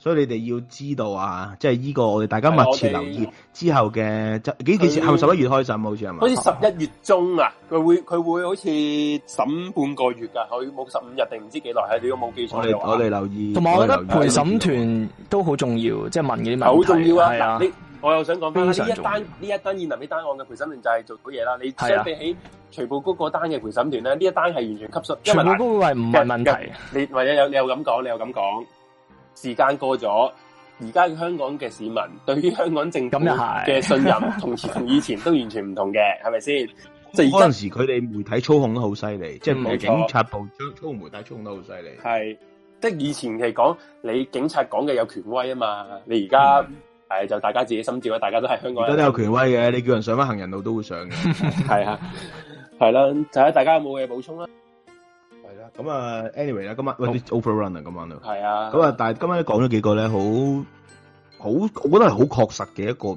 所以你哋要知道啊，即係呢個我哋大家密切留意之後嘅幾時候，十一月開審好似係咪？好似十一月中啊，佢會佢會好似審半個月噶，佢冇十五日定唔知幾耐？係如果冇記錯嘅話。我哋我哋留意。同埋我覺得陪審團都好重要，即係問嘅啲問題好重要啊！嗱，你我又想講翻啦，呢一單呢一單疑難啲單案嘅陪審團就係做到嘢啦。你相比起徐步高個單嘅陪審團咧，呢一單係完全吸收，全部都會為唔係問題。你或者有你又咁講，你又咁講。時間過咗，而家香港嘅市民對於香港政府嘅信任同同以前都完全唔同嘅，係咪先？即係嗰陣時佢哋媒體操控都好犀利，錯即係冇警察部操控媒體操控得好犀利。係，即係以前嚟講，你警察講嘅有權威啊嘛。你而家誒，就大家自己心照啦。大家都係香港人，都都有權威嘅。你叫人上返行人路都會上嘅。係 [LAUGHS] 啊，係啦，就睇大家有冇嘢補充啦。咁啊、嗯、anyway 啦好，今晚喂啲 overrun 啊，啊今晚啊，係啊，咁啊，但係今晚咧講咗幾個咧，好好，我覺得係好確實嘅一個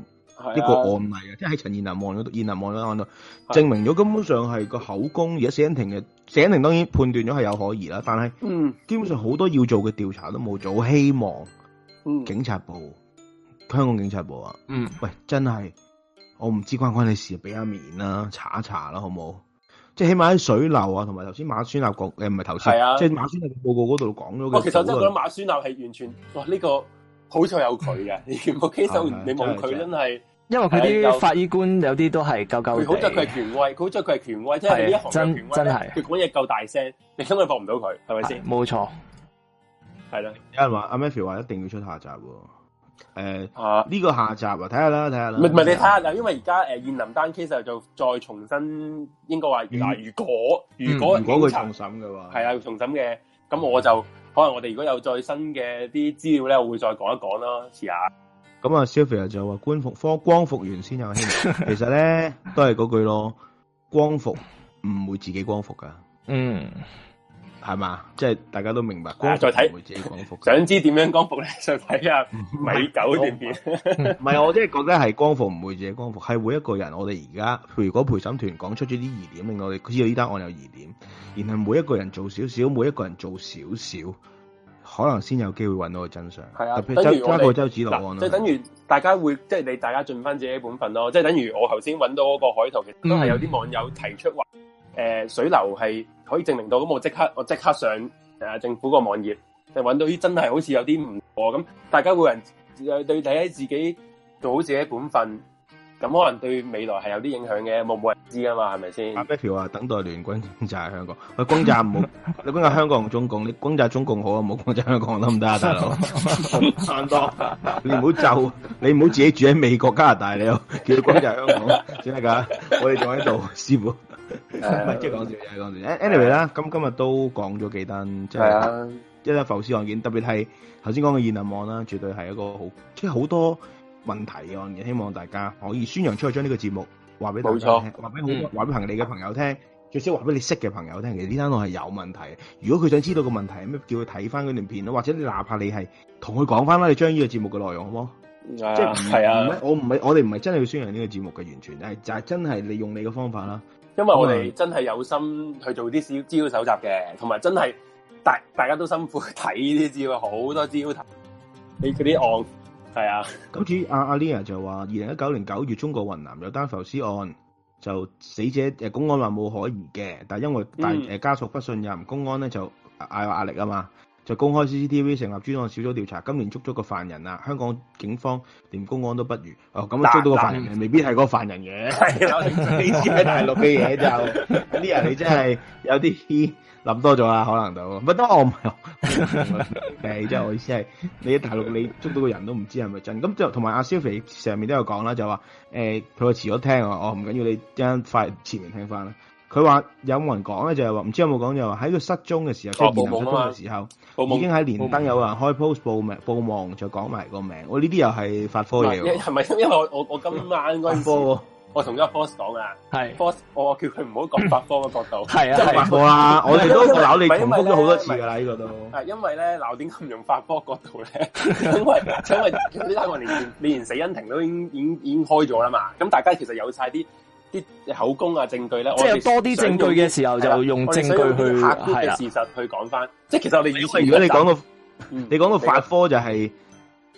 一、啊、個案例啊，即係陳彥霖望咗，彥霖望咗，度到、啊、證明咗根本上係個口供，而家死因庭嘅死因庭當然判斷咗係有可疑啦，但係嗯，基本上好多要做嘅調查都冇做，希望警察部、嗯、香港警察部啊，嗯，喂，真係我唔知關關你事，俾下面啦，查一查啦，好冇？即係起碼喺水流剛才剛才啊，同埋頭先馬宣立講誒，唔係頭先，即係馬宣立報告嗰度講咗嘅。其實我真係覺得馬宣立係完全，哇呢、這個好彩有佢嘅，你部機手你冇佢真係。真是的因為佢啲法醫官有啲都係夠夠嘅。佢好在佢係權威，佢好在佢係權威，即係呢一行的權威呢是的真真係，佢講嘢夠大聲，你根本駁唔到佢，係咪先？冇錯，係啦。有人話阿 Matthew 話一定要出下集。誒、呃、啊，呢個下集啊，睇下啦，睇下啦。唔係是吧你睇下啦，因為而家誒燕林丹其 a 就再重新，應該如果重的話，嗱如果如果如果佢重審嘅話，係啊，要重審嘅。咁我就可能我哋如果有最新嘅啲資料咧，我會再講一講啦。遲下，咁啊，Sophie 就話官復光光復完先啊，希望。 [LAUGHS] 其實咧都係嗰句咯，光復唔會自己光復噶。嗯。係嘛，即係大家都明白。再睇唔會自己光復，想知點樣光復咧，就睇下米狗點點。唔係，我真係覺得係光復唔會自己光復，係每一個人我。我哋而家，如果陪審團講出咗啲疑點，令我哋知道呢單案有疑點，然後每一個人做少少，每一個人做少少，可能先有機會搵到個真相。係啊，周，周梓樂我哋，即係等於大家會，即係你大家盡翻自己本分咯。即係等於我頭先搵到嗰個海圖，其實都係有啲網友提出話，誒、呃，水流係。可以證明到，咁我即刻我即刻上誒政府個網頁，就揾到啲真係好似有啲唔妥咁，大家會人對睇下自己做好自己本分。咁可能對未來係有啲影響嘅，冇冇人知啊嘛，係咪先？阿 Peter 話等待聯軍轟炸香港，我轟炸唔好，你攻下香港同中共，你轟炸中共好啊，唔好轟炸香港得唔得啊，大佬？山多，你唔好就，你唔好自己住喺美國加拿大，你又叫佢轟炸香港，真係㗎？我哋仲喺度，師傅，唔係即係講笑啫，講笑。Anyway 啦，咁今日都講咗幾單，即係一單浮屍案件，特別係頭先講嘅彥霖案啦，絕對係一個好，即係好多。問題嘅希望大家可以宣揚出去，將呢個節目話俾大家聽，話俾話俾朋你嘅朋友聽，至少話俾你識嘅朋友聽。其實呢單案係有問題，如果佢想知道個問題，咩叫佢睇翻嗰段片咯，或者你哪怕你係同佢講翻啦，你將呢個節目嘅內容好冇？即係係啊！啊我唔係我哋唔係真係要宣揚呢個節目嘅，完全但係就係、是、真係利用你嘅方法啦。因為我哋麼真係有心去做啲資料搜集嘅，同埋真係大大家都辛苦睇呢啲資料，好多資料睇你啲案。係啊，咁至於那那阿阿 Lena 就話，二零一九年九月，中國雲南有單浮屍案，就死者誒，公安話冇可疑嘅，但因為大誒、嗯、家屬不信任公安咧，就嗌有壓力啊嘛，就公開 CCTV 成立專案小組調查，今年捉咗個犯人啊，香港警方連公安都不如，哦咁捉到個犯人，但未必係個犯人嘅， [LAUGHS] 你知喺大陸嘅嘢就，啲人你真係有啲。諗多咗啦，可能、 [LAUGHS] 欸、就。不得我唔係，即係我意思係，你喺大陸你捉到個人都唔知係咪真，咁就同埋阿 Sophie 上面都有講啦，就話、是，誒、欸，佢遲咗聽我唔、哦、緊要，你將快前面聽翻啦，佢話有冇人講咧，就係、是、話，唔知有冇講就話喺佢失蹤嘅時候，即係人失蹤嘅時候，啊、已經喺連登有人開 post 報名報忘就講埋個名，我呢啲又係發科嘢，係咪因為我我今晚嗰陣播。我同咗 Fox 講啊，係 Fox，我叫佢唔好講法科嘅角度，係啊，即係法科啦，我哋都我鬧你重複咗好多次㗎啦，呢個都係因為咧鬧點解唔用法科角度咧？因為因為因為三萬年前，你連死因庭都已經已經已經開咗啦嘛。咁大家其實有晒啲啲口供啊證據咧，即係多啲證據嘅時候就用證據去係事實去講翻。即係其實我哋如果如果你講到你講到法科就係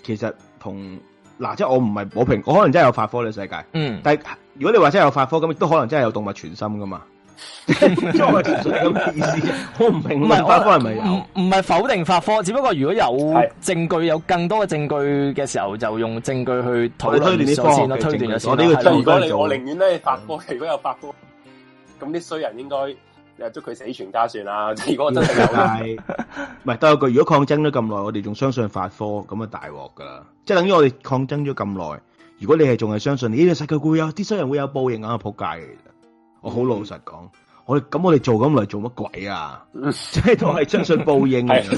其實同嗱，即係我唔係冇評，我可能真係有法科嘅世界，嗯，但係如果你話真係有法科，咁亦都可能真係有動物傳心噶嘛？咁意思我唔明，唔係法科係咪有？唔係否定法科，只不過如果有證據，有更多嘅證據嘅時候，就用證據去推斷啲科。推斷咗先，你我寧願法科，如果有法科，咁啲衰人應該捉佢死全家算啦。如果真係有，唔係都係。如果抗爭咗咁耐，我哋仲相信法科，咁啊大鑊噶啦！即係等於我哋抗爭咗咁耐。如果你係仲係相信呢個世界會有啲衰人會有報應，我、嗯、我我啊，仆街嚟！我好老實講，我哋咁我哋做咁嚟做乜鬼啊？即係都係相信報應嘅。 [LAUGHS] 其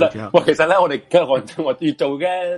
實咧，我哋今日我我要做嘅。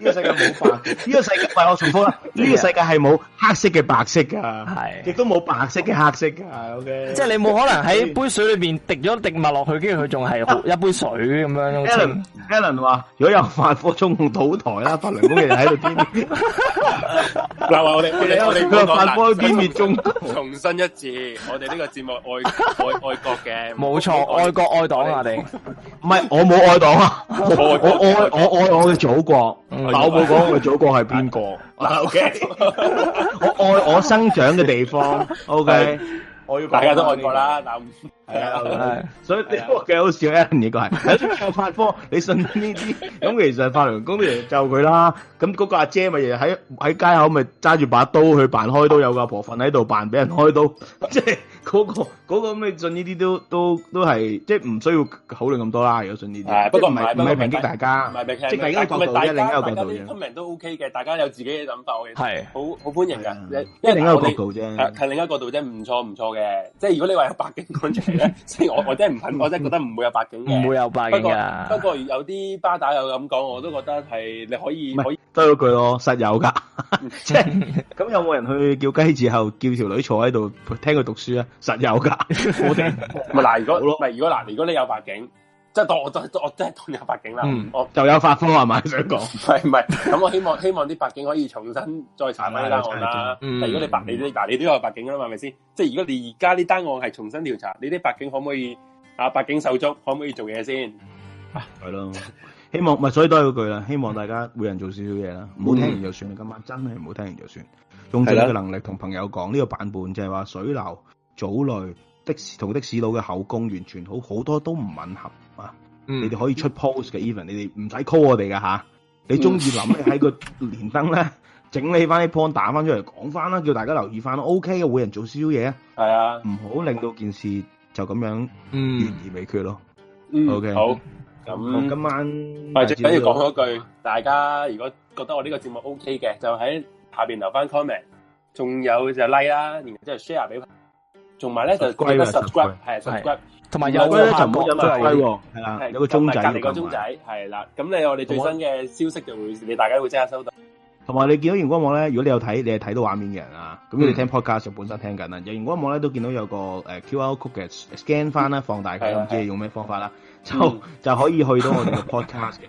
呢個世界冇法，呢個世界我重複啦。呢個世界係冇黑色嘅白色噶，亦都冇白色嘅黑色噶。O K，即係你冇可能喺杯水裏面滴咗滴墨落去，跟住佢仲係一杯水咁樣咯。Alan Alan 話，如果有反方中倒台啦，法梁公爺就喺度癲。嗱，我哋我哋我個反方殲滅中，重新一次，我哋呢個節目愛愛愛國嘅，冇錯，愛國愛黨啊！我哋唔係我冇愛黨啊，我我我愛我嘅祖國。 [LAUGHS] 我冇講我嘅祖國係邊個？OK？我愛我生長嘅地方，OK？我要大家都愛我啦，嗱、這個。 [LAUGHS] 係啊，所以你都幾好笑啊！呢個係，有啲教法科，你信呢啲咁，其實法輪功都嚟救佢啦。咁嗰個阿姐咪日日喺喺街口咪揸住把刀去扮開刀，有個阿婆瞓喺度扮俾人開刀，即係嗰個嗰個咩信呢啲都都都係即係唔需要考慮咁多啦。如果信呢啲，不過唔係唔係抨擊大家，唔係抨擊，即係另一角度啫。另一角度嘅 comment 都 OK 嘅，大家有自己嘅諗法嘅，係好好歡迎嘅。因為另一角度啫，係另一角度啫，唔錯唔錯嘅。即係如果你話有百幾觀即係我，我真係唔肯，我真係覺得唔會有白景，唔會有白景啊！不過有啲巴打又咁講，我都覺得係你可以，可以。得到佢咯，實有噶。即係咁有冇人去叫雞之後，叫條女坐喺度聽佢讀書啊？實有噶，我哋咪嗱，如果如果嗱，如果你有白景。即係我真我真係當有白警啦，我就有發科，係咪想講，唔係唔係咁我希望希望啲白警可以重新再查翻呢單案啦。嗯，如果你白你都白你都有白警啦，係咪先？即係如果你而家呢單案係重新調查，你啲白警可唔可以啊？白警手足可唔可以做嘢先？係咯，希望咪所以都係嗰句啦，希望大家每人做少少嘢啦，唔好聽完就算啦。今晚真係唔好聽完就算，用自己嘅能力同朋友講呢個版本就係話水流、組類的士同的士佬嘅口供完全好好多都唔吻合。啊！嗯、你哋可以出 post 嘅 even，你哋唔使 call 我哋噶吓。你中意諗咧喺個連登咧，整理翻啲 point 打翻出嚟講翻啦，叫大家留意翻 OK 嘅，每人做宵嘢啊。係啊，唔好令到件事就咁樣懸而未決咯。嗯、OK、嗯、好咁今晚，或者緊要講嗰句，大家如果覺得我呢個節目 OK 嘅，就喺下邊留翻 comment，仲有就 like 啦、啊，然之後 share 俾。同埋咧就係個 subscribe，係 subscribe，同埋有咧就冇咗個雞喎，係啦，有個鐘仔，隔離個鐘仔，係啦，咁你我哋最新嘅消息就會，你大家會即刻收到。同埋你見到螢光網咧，如果你有睇，你係睇到畫面嘅人啊，咁你聽 podcast 本身聽緊啦。螢、嗯、光網咧都見到有個 QR code 嘅 scan 翻啦，放大咁，唔知係用咩方法啦？ [LAUGHS] 就就可以去到我哋嘅 podcast 嘅。 [LAUGHS]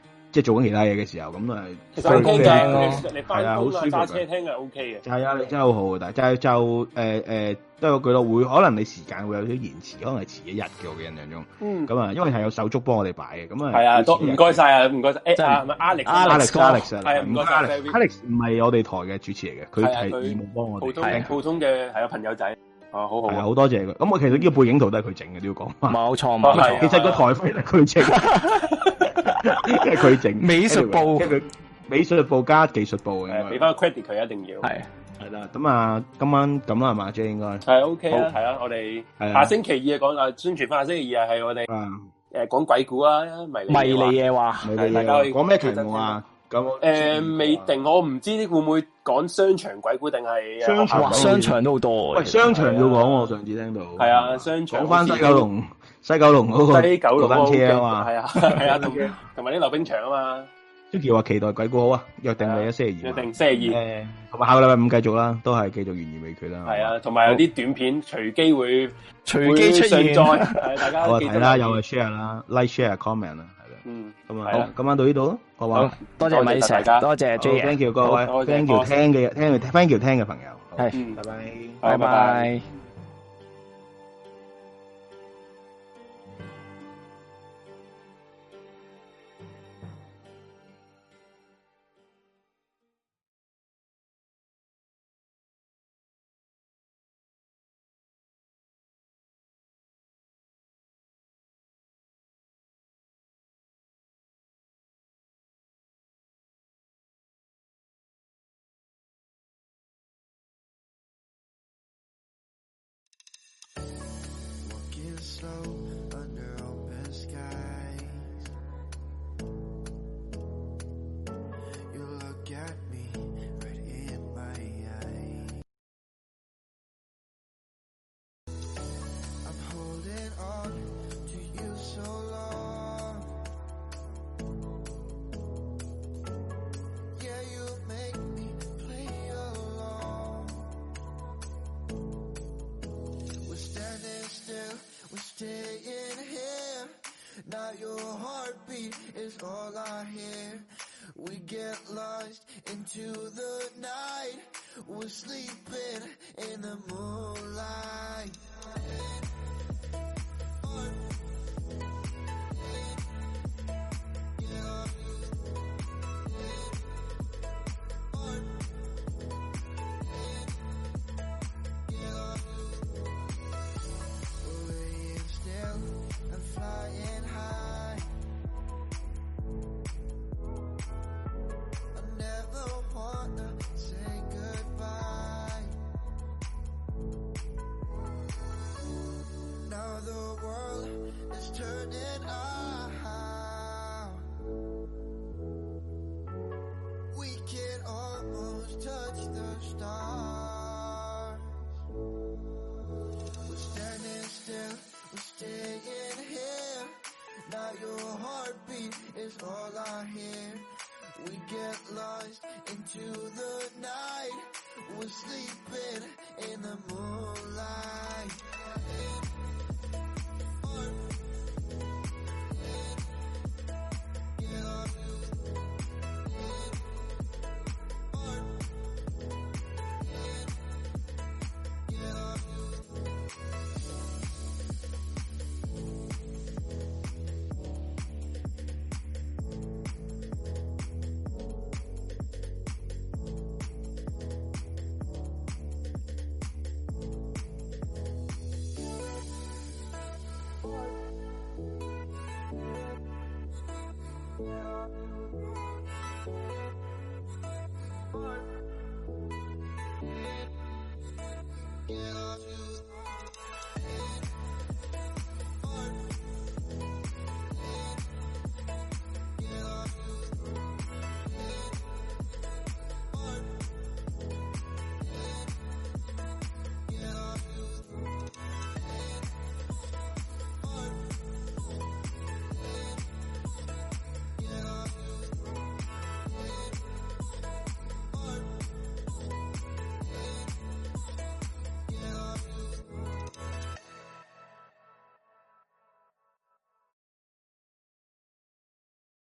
即係做緊其他嘢嘅時候，咁都係坐公仔咯。係啊，好舒服。揸車聽係 OK 嘅。係啊，真係好好嘅，但係就誒誒都有攰到會可能你時間會有啲延遲，可能係遲一日嘅，我嘅印象中。咁啊，因為係有手足幫我哋擺嘅。咁啊。係啊，多唔該晒啊，唔該晒。誒，Alex，Alex，Alex，唔該 Alex 唔係我哋台嘅主持嚟嘅，佢係義務幫我哋。普通嘅係個朋友仔。好好。係啊，好多謝佢。咁我其實啲背景圖都係佢整嘅，都要講。冇錯冇錯，其實個台費佢整。即係佢整美術部，美術部加技術部嘅，俾翻個 credit 佢一定要係係啦。咁啊，今晚咁啊，係嘛，即係應該係 OK 啦。係啦，我哋下星期二啊，講啊宣傳翻下星期二啊，係我哋誒講鬼故啊，迷迷嘢話，係大家可以講咩題目啊？咁誒未定，我唔知會唔會講商場鬼故，定係商場商場都好多。喂，商場要講，我上次聽到係啊，商場講翻《西遊龍》。西九龍嗰個嗰班車啊嘛，係啊，係啊，同埋啲溜冰場啊嘛。Joey 話期待鬼故啊，約定你星期二，約定星期二。同埋下個禮拜五繼續啦，都係繼續懸疑未決啦。係啊，同埋有啲短片隨機會隨機出現在大家。好啊，睇啦，有啊，share 啦，like share comment 啦，係啦。嗯，咁啊，好，今晚到呢度，各位多謝米 Sir，多謝 J，多謝 thank you 各位，thank you 聽嘅聽，thank you 聽嘅朋友，係，拜拜，拜拜。